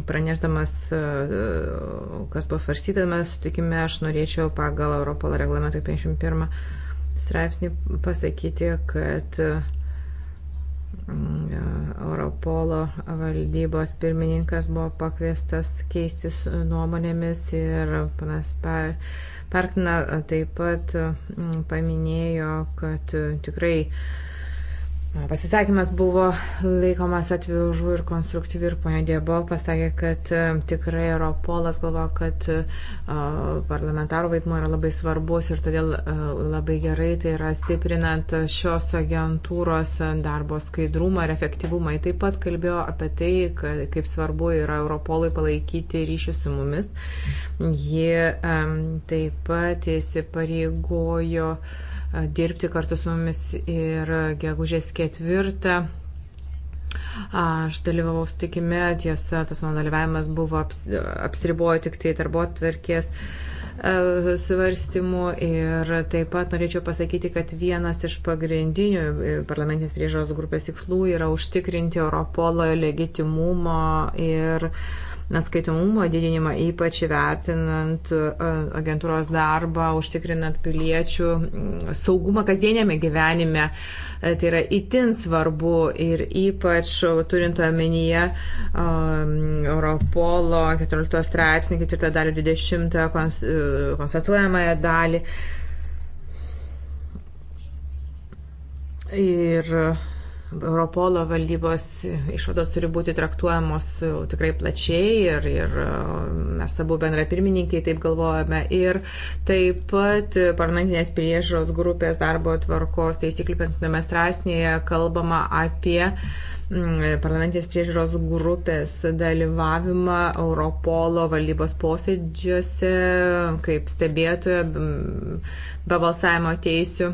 pranešdamas, e, kas buvo svarstytame, sutikime, aš norėčiau pagal Europolo reglamentą 51 straipsnį pasakyti, kad Mm, Europolo valdybos pirmininkas buvo pakviestas keistis nuomonėmis ir panas Parkna taip pat mm, paminėjo, kad mm, tikrai Pasisakymas buvo laikomas atvirų ir konstruktyvių ir ponia Diebol pasakė, kad e, tikrai Europolas galvoja, kad e, parlamentarų vaidmuo yra labai svarbus ir todėl e, labai gerai tai yra stiprinant šios agentūros darbo skaidrumą ir efektyvumą. Jis taip pat kalbėjo apie tai, kad, kaip svarbu yra Europolui palaikyti ryšį su mumis. Ji taip pat įsipareigojo. Um, dirbti kartu su mumis ir gegužės ketvirtą. Aš dalyvavau sutikime, tiesa, tas mano dalyvavimas buvo aps, apsiribojo tik tai darbo atverkės svarstymų ir taip pat norėčiau pasakyti, kad vienas iš pagrindinių e, parlamentinės priežos grupės tikslų yra užtikrinti Europolo legitimumo ir uh, atskaitomumo didinimą, ypač vertinant e, agentūros darbą, užtikrinant piliečių mm, saugumą kasdienėme gyvenime. E, tai yra itin svarbu ir ypač turint omenyje e, Europolo 14 straipsnį, 4 dalį 20 konstatuojamąją dalį. Ir Europolo valdybos išvados turi būti traktuojamos e, tikrai plačiai ir, ir e, mes abu bendra pirmininkai taip galvojame. Ir taip pat parlamentinės priežos grupės darbo tvarkos taisyklių penktame straipsnėje kalbama apie parlamentinės priežiūros grupės dalyvavimą Europolo valdybos posėdžiuose kaip stebėtojo be balsavimo teisių.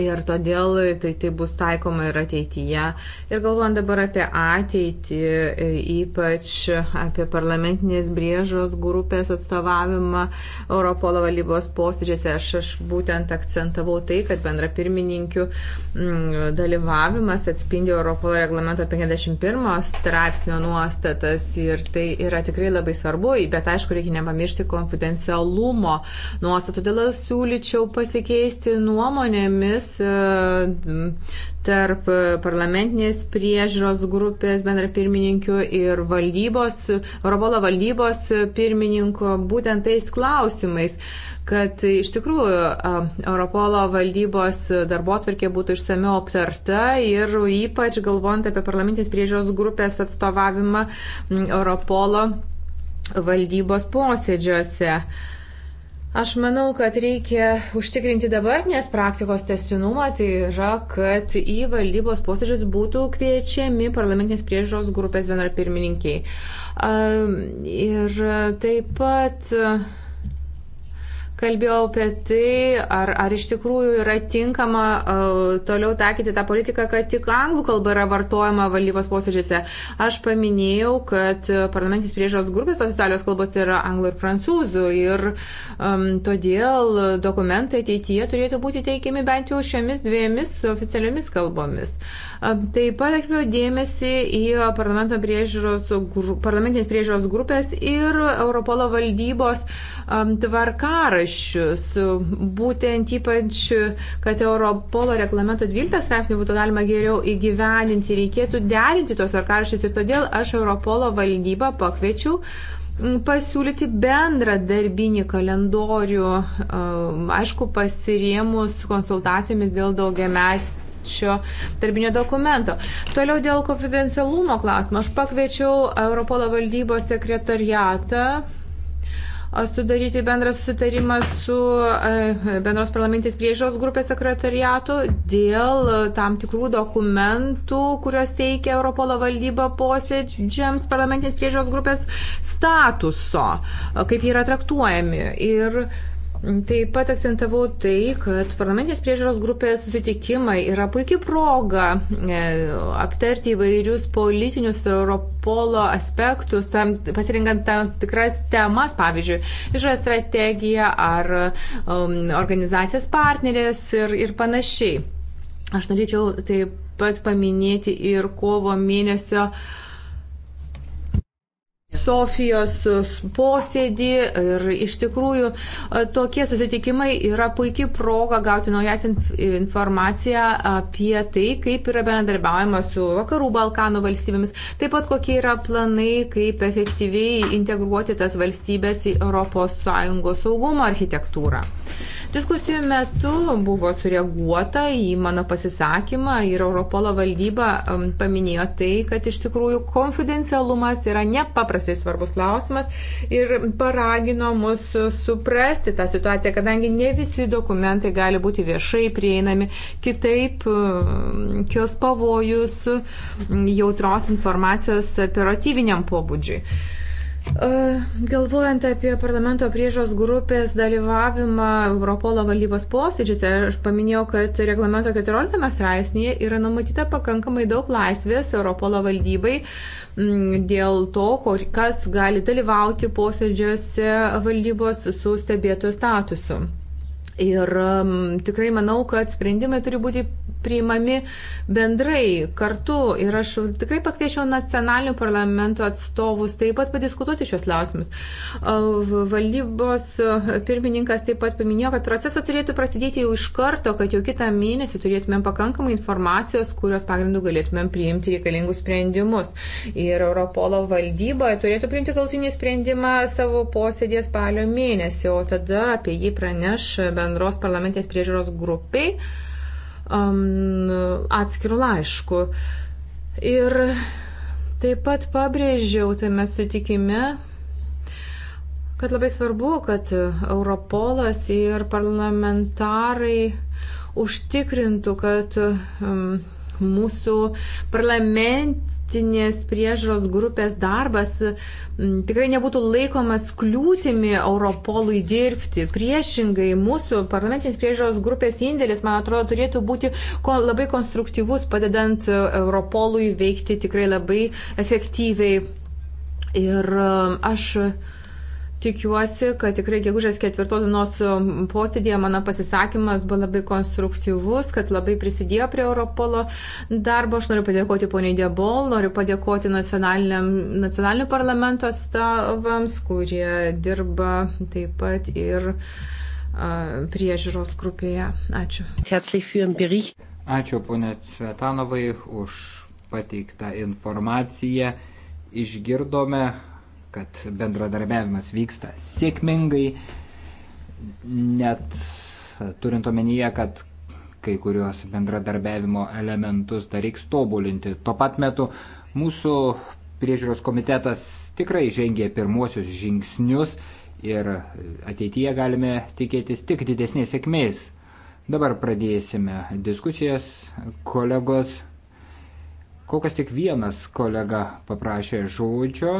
Ir todėl tai, tai bus taikoma ir ateityje. Ir galvojant dabar apie ateitį, e, ypač apie parlamentinės brėžos grupės atstovavimą Europolo valybos posėdžiuose, aš, aš būtent akcentavau tai, kad bendra pirmininkių mm, dalyvavimas atspindi Europolo reglamento 51 straipsnio nuostatas ir tai yra tikrai labai svarbu, bet aišku, reikia nepamiršti konfidencialumo nuostatų. Todėl siūlyčiau pasikeisti nuomonėmis ryšys e, tarp parlamentinės priežiūros grupės bendrapirmininkių ir valdybos, Europolo valdybos pirmininko būtent tais klausimais kad iš tikrųjų e, Europolo valdybos darbotvarkė būtų išsameu aptarta ir ypač galvojant apie parlamentinės priežiūros grupės atstovavimą Europolo valdybos posėdžiuose. Uh, Aš manau, kad reikia užtikrinti dabartinės praktikos testinumą, tai yra, kad į valdybos posėdžius būtų kviečiami parlamentinės priežiūros grupės vienar pirmininkiai. Ir taip pat kalbėjau apie tai, ar, ar iš tikrųjų yra tinkama uh, toliau taikyti tą politiką, kad tik anglų kalba yra vartojama valdybos posėdžiuose. Aš paminėjau, kad parlamentinis priežos grupės oficialios kalbos yra anglų ir prancūzų ir um, todėl dokumentai ateityje turėtų būti teikiami bent jau šiomis dviejomis oficialiomis kalbomis. Uh, Taip pat atkreipiau dėmesį į priežiūros, parlamentinės priežiūros grupės ir Europolo valdybos tvarkarašius. Būtent ypač, kad Europolo reglamento 12 straipsnį būtų galima geriau įgyvendinti, reikėtų derinti tos tvarkarašius ir todėl aš Europolo valdybą pakviečiau pasiūlyti bendrą darbinį kalendorių, aišku, pasiriemus konsultacijomis dėl daugiametį šio darbinio dokumento. Toliau dėl konfidencialumo klausimo. Aš pakviečiau Europolo valdybos sekretariatą sudaryti bendrą sutarimą su bendros parlamentės priežiūros grupės sekretariatu dėl tam tikrų dokumentų, kuriuos teikia Europolo valdyba posėdžiams parlamentės priežiūros grupės statuso, kaip jie yra traktuojami. Ir Taip pat akcentavau tai, kad parlamentės priežiūros grupės susitikimai yra puikia proga e, aptarti įvairius politinius Europolo aspektus, tam, pasirinkant tam tikras temas, pavyzdžiui, išorės strategiją ar um, organizacijas partnerės ir, ir panašiai. Aš norėčiau taip pat paminėti ir kovo mėnesio uh, Sofijos posėdį ir iš tikrųjų e, tokie susitikimai yra puikia proga gauti naujas informaciją apie tai, kaip yra bendarbiaujama su Vakarų Balkanų valstybėmis, taip pat kokie yra planai, kaip efektyviai integruoti tas valstybės į ES saugumo architektūrą. Diskusijų metu buvo sureaguota į mano pasisakymą ir Europolo valdyba um, paminėjo tai, kad iš tikrųjų konfidencialumas yra nepaprastai svarbus klausimas ir paragino mus suprasti tą situaciją, kadangi ne visi dokumentai gali būti viešai prieinami, kitaip um, kils pavojus jautros informacijos operatyviniam pobūdžiui. E, galvojant apie parlamento priežos grupės dalyvavimą Europolo valdybos posėdžiuose, aš paminėjau, kad reglamento 14 straipsnėje yra numatyta pakankamai daug laisvės Europolo valdybai dėl to, kas gali dalyvauti posėdžiuose valdybos su stebėtojų statusu. Ir tikrai manau, kad sprendimai turi būti priimami bendrai kartu. Ir aš tikrai pakviešiau nacionalinių parlamentų atstovus taip pat padiskutuoti šios klausimus. Valdybos pirmininkas taip pat paminėjo, kad procesas turėtų prasidėti jau iš karto, kad jau kitą mėnesį turėtumėm pakankamai informacijos, kurios pagrindų galėtumėm priimti reikalingus sprendimus. Ir Europolo valdyba turėtų priimti galtinį sprendimą savo posėdės spalio mėnesį, o tada apie jį praneš bendros parlamentės priežiūros grupiai um, atskirų laiškų. Ir taip pat pabrėžiau tame sutikime, kad labai svarbu, kad Europolas ir parlamentarai užtikrintų, kad um, mūsų parlamentinės priežos grupės darbas tikrai nebūtų laikomas kliūtimi Europolui dirbti. Priešingai, mūsų parlamentinės priežos grupės indėlis, man atrodo, turėtų būti labai konstruktyvus, padedant Europolui veikti tikrai labai efektyviai. Ir aš Tikiuosi, kad tikrai gegužės ketvirtos dienos um, posėdėje mano pasisakymas buvo labai konstruktyvus, kad labai prisidėjo prie Europolo darbo. Aš noriu padėkoti poniai Diebol, noriu padėkoti nacionaliniu parlamento atstovams, kurie dirba taip pat ir priežiūros grupėje. Ačiū. Ačiū ponė Svetanovai už pateiktą informaciją. Išgirdome kad bendradarbiavimas vyksta sėkmingai, net turint omenyje, kad kai kurios bendradarbiavimo elementus dar reiks tobulinti. Tuo pat metu mūsų priežiūros komitetas tikrai žengė pirmuosius žingsnius ir ateityje galime tikėtis tik didesnės sėkmės. Dabar pradėsime diskusijas, kolegos. Kol kas tik vienas kolega paprašė žodžio.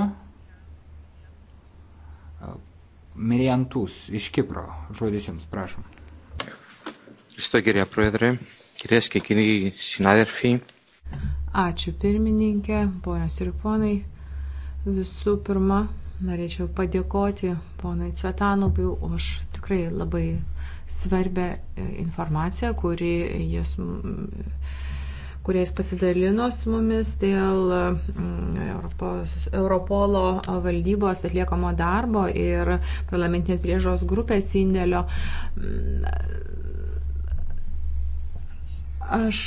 Μυριαντούς iš Κύπρο. Žodis jums, prašom. Ευχαριστώ κυρία Πρόεδρε, κυρίες και κύριοι συνάδελφοι. Ačiū pirmininkė, ponios ir ponai. Visų pirma, norėčiau padėkoti ponai Cvetanovui už tikrai labai svarbę e, informaciją, kuri jis kuriais pasidalino su mumis dėl mm, Europos, Europolo valdybos atliekamo darbo ir parlamentinės griežos grupės indėlio. Mm, aš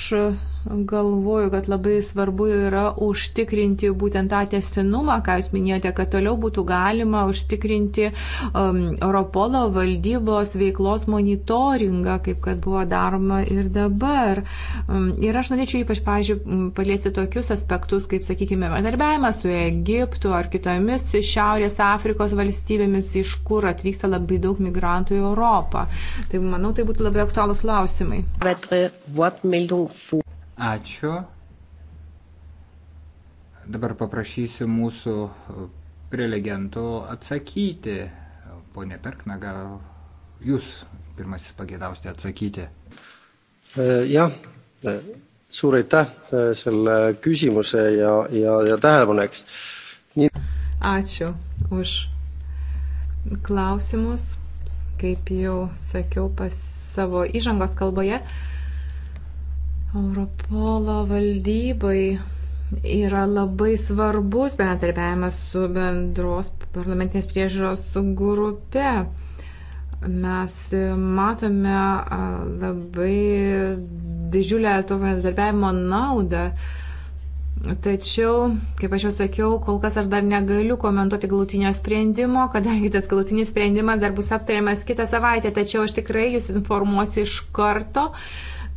galvoju, kad labai svarbu yra užtikrinti būtent tą tesinumą, ką jūs minėjote, kad toliau būtų galima užtikrinti um, Europolo valdybos veiklos monitoringą, kaip kad buvo daroma ir dabar. Um, ir aš norėčiau ypač, pažiūrėjau, paliesti tokius aspektus, kaip, sakykime, bendarbiavimas su Egiptu ar kitomis Šiaurės Afrikos valstybėmis, iš kur atvyksta labai daug migrantų į Europą. Tai manau, tai būtų labai aktualūs klausimai. Weitere Wortmeldung vor. Ačiū. Dabar paprašysiu mūsų prelegentų atsakyti. Pone Perkna, gal jūs pirmasis pagėdausite atsakyti? E, Jah, e, suur aitäh e, selle küsimuse ja, ja, ja tähelepanu eest Nii.... ačiū už klausimus. Kaip jau sakiau pas savo įžangos kalboje, uh, Europolo valdybai yra labai svarbus bendarbiavimas su bendros parlamentinės priežiūros grupe. Mes matome labai didžiulę to bendarbiavimo naudą. Tačiau, kaip aš jau sakiau, kol kas aš dar negaliu komentuoti galutinio sprendimo, kadangi tas galutinis sprendimas dar bus aptariamas kitą savaitę, tačiau aš tikrai jūs informuosiu iš karto. Uh,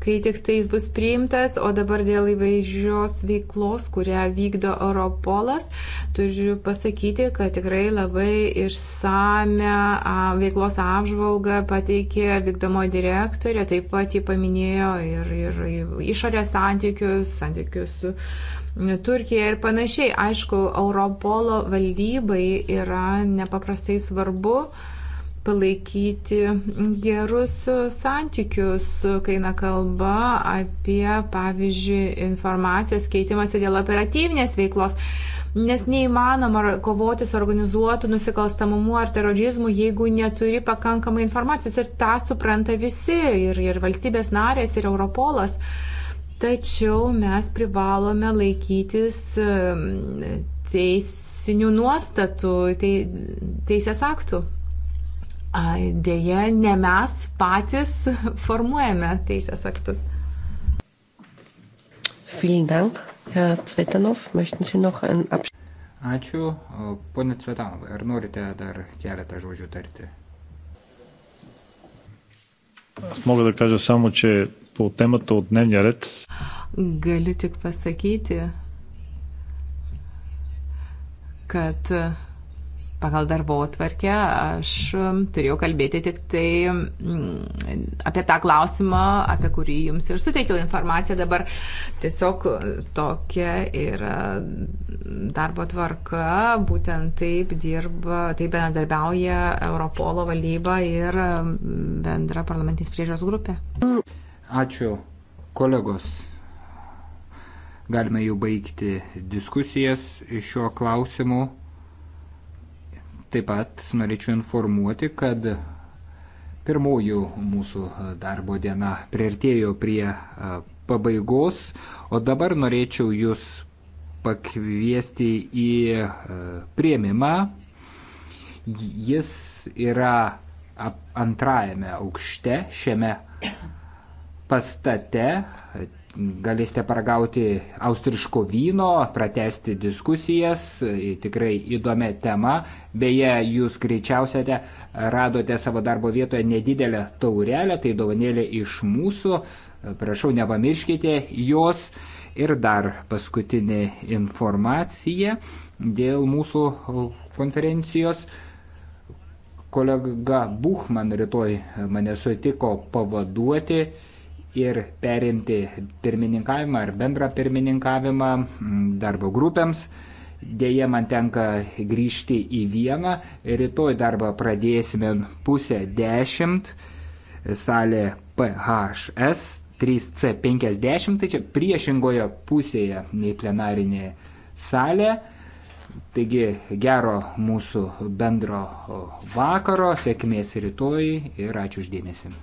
kai tik tai jis bus priimtas, o dabar dėl įvairios veiklos, kurią vykdo Europolas, turiu pasakyti, kad tikrai labai išsame veiklos apžvalgą pateikė vykdomo direktorė, taip pat jį paminėjo ir, ir, ir išorės santykius, santykius su nu, Turkija ir panašiai. Aišku, Europolo valdybai yra nepaprastai svarbu, palaikyti gerus santykius, kai eina kalba apie, pavyzdžiui, informacijos keitimąsi dėl operatyvinės veiklos. Nes neįmanoma kovoti su organizuotu nusikalstamumu ar terorizmu, jeigu neturi pakankamai informacijos. Ir tą supranta visi, ir, ir valstybės narės, ir Europolas. Tačiau mes privalome laikytis ehm, teisinių nuostatų, teisės aktų dėje ne mes patys formuojame teisės aktus. Vielen Dank, Herr Cvetanov. Möchten Sie noch einen Abschluss? Ačiū. Pone Cvetanovai, ar norite dar keletą žodžių tarti? Аз мога да кажа само, че по темата от дневния ред. Гали тик пасакити, кад kad pagal darbo atvarkę aš um, turėjau kalbėti tik tai mm, apie tą klausimą, apie kurį jums ir suteikiau informaciją. Dabar tiesiog uh, tokia yra darbo tvarka, būtent taip dirba, taip bendradarbiauja Europolo valdyba ir um, bendra parlamentinės priežiūros grupė. Ačiū, kolegos galime jau baigti diskusijas šiuo klausimu. Taip pat norėčiau informuoti, kad pirmoji mūsų darbo diena prieartėjo prie pabaigos, o dabar norėčiau jūs pakviesti į prieimimą. Jis yra antrajame aukšte šiame pastate galėsite paragauti austriško vyno, pratesti diskusijas, e, tikrai įdomi tema. Beje, jūs greičiausiai radote savo darbo vietoje nedidelę taurelę, tai dovanėlė iš mūsų. E, prašau, nepamirškite jos. Ir dar paskutinė informacija dėl mūsų konferencijos. Kolega Buchman rytoj mane sutiko pavaduoti ir perimti pirmininkavimą ar bendrą pirmininkavimą mm, darbo grupėms. Deja, man tenka grįžti į vieną. Rytoj darbą pradėsime pusę dešimt. Salė PHS 3C50, tai čia priešingoje pusėje nei plenarinė salė. Taigi gero mūsų bendro vakaro, sėkmės rytoj ir ačiū uždėmesi.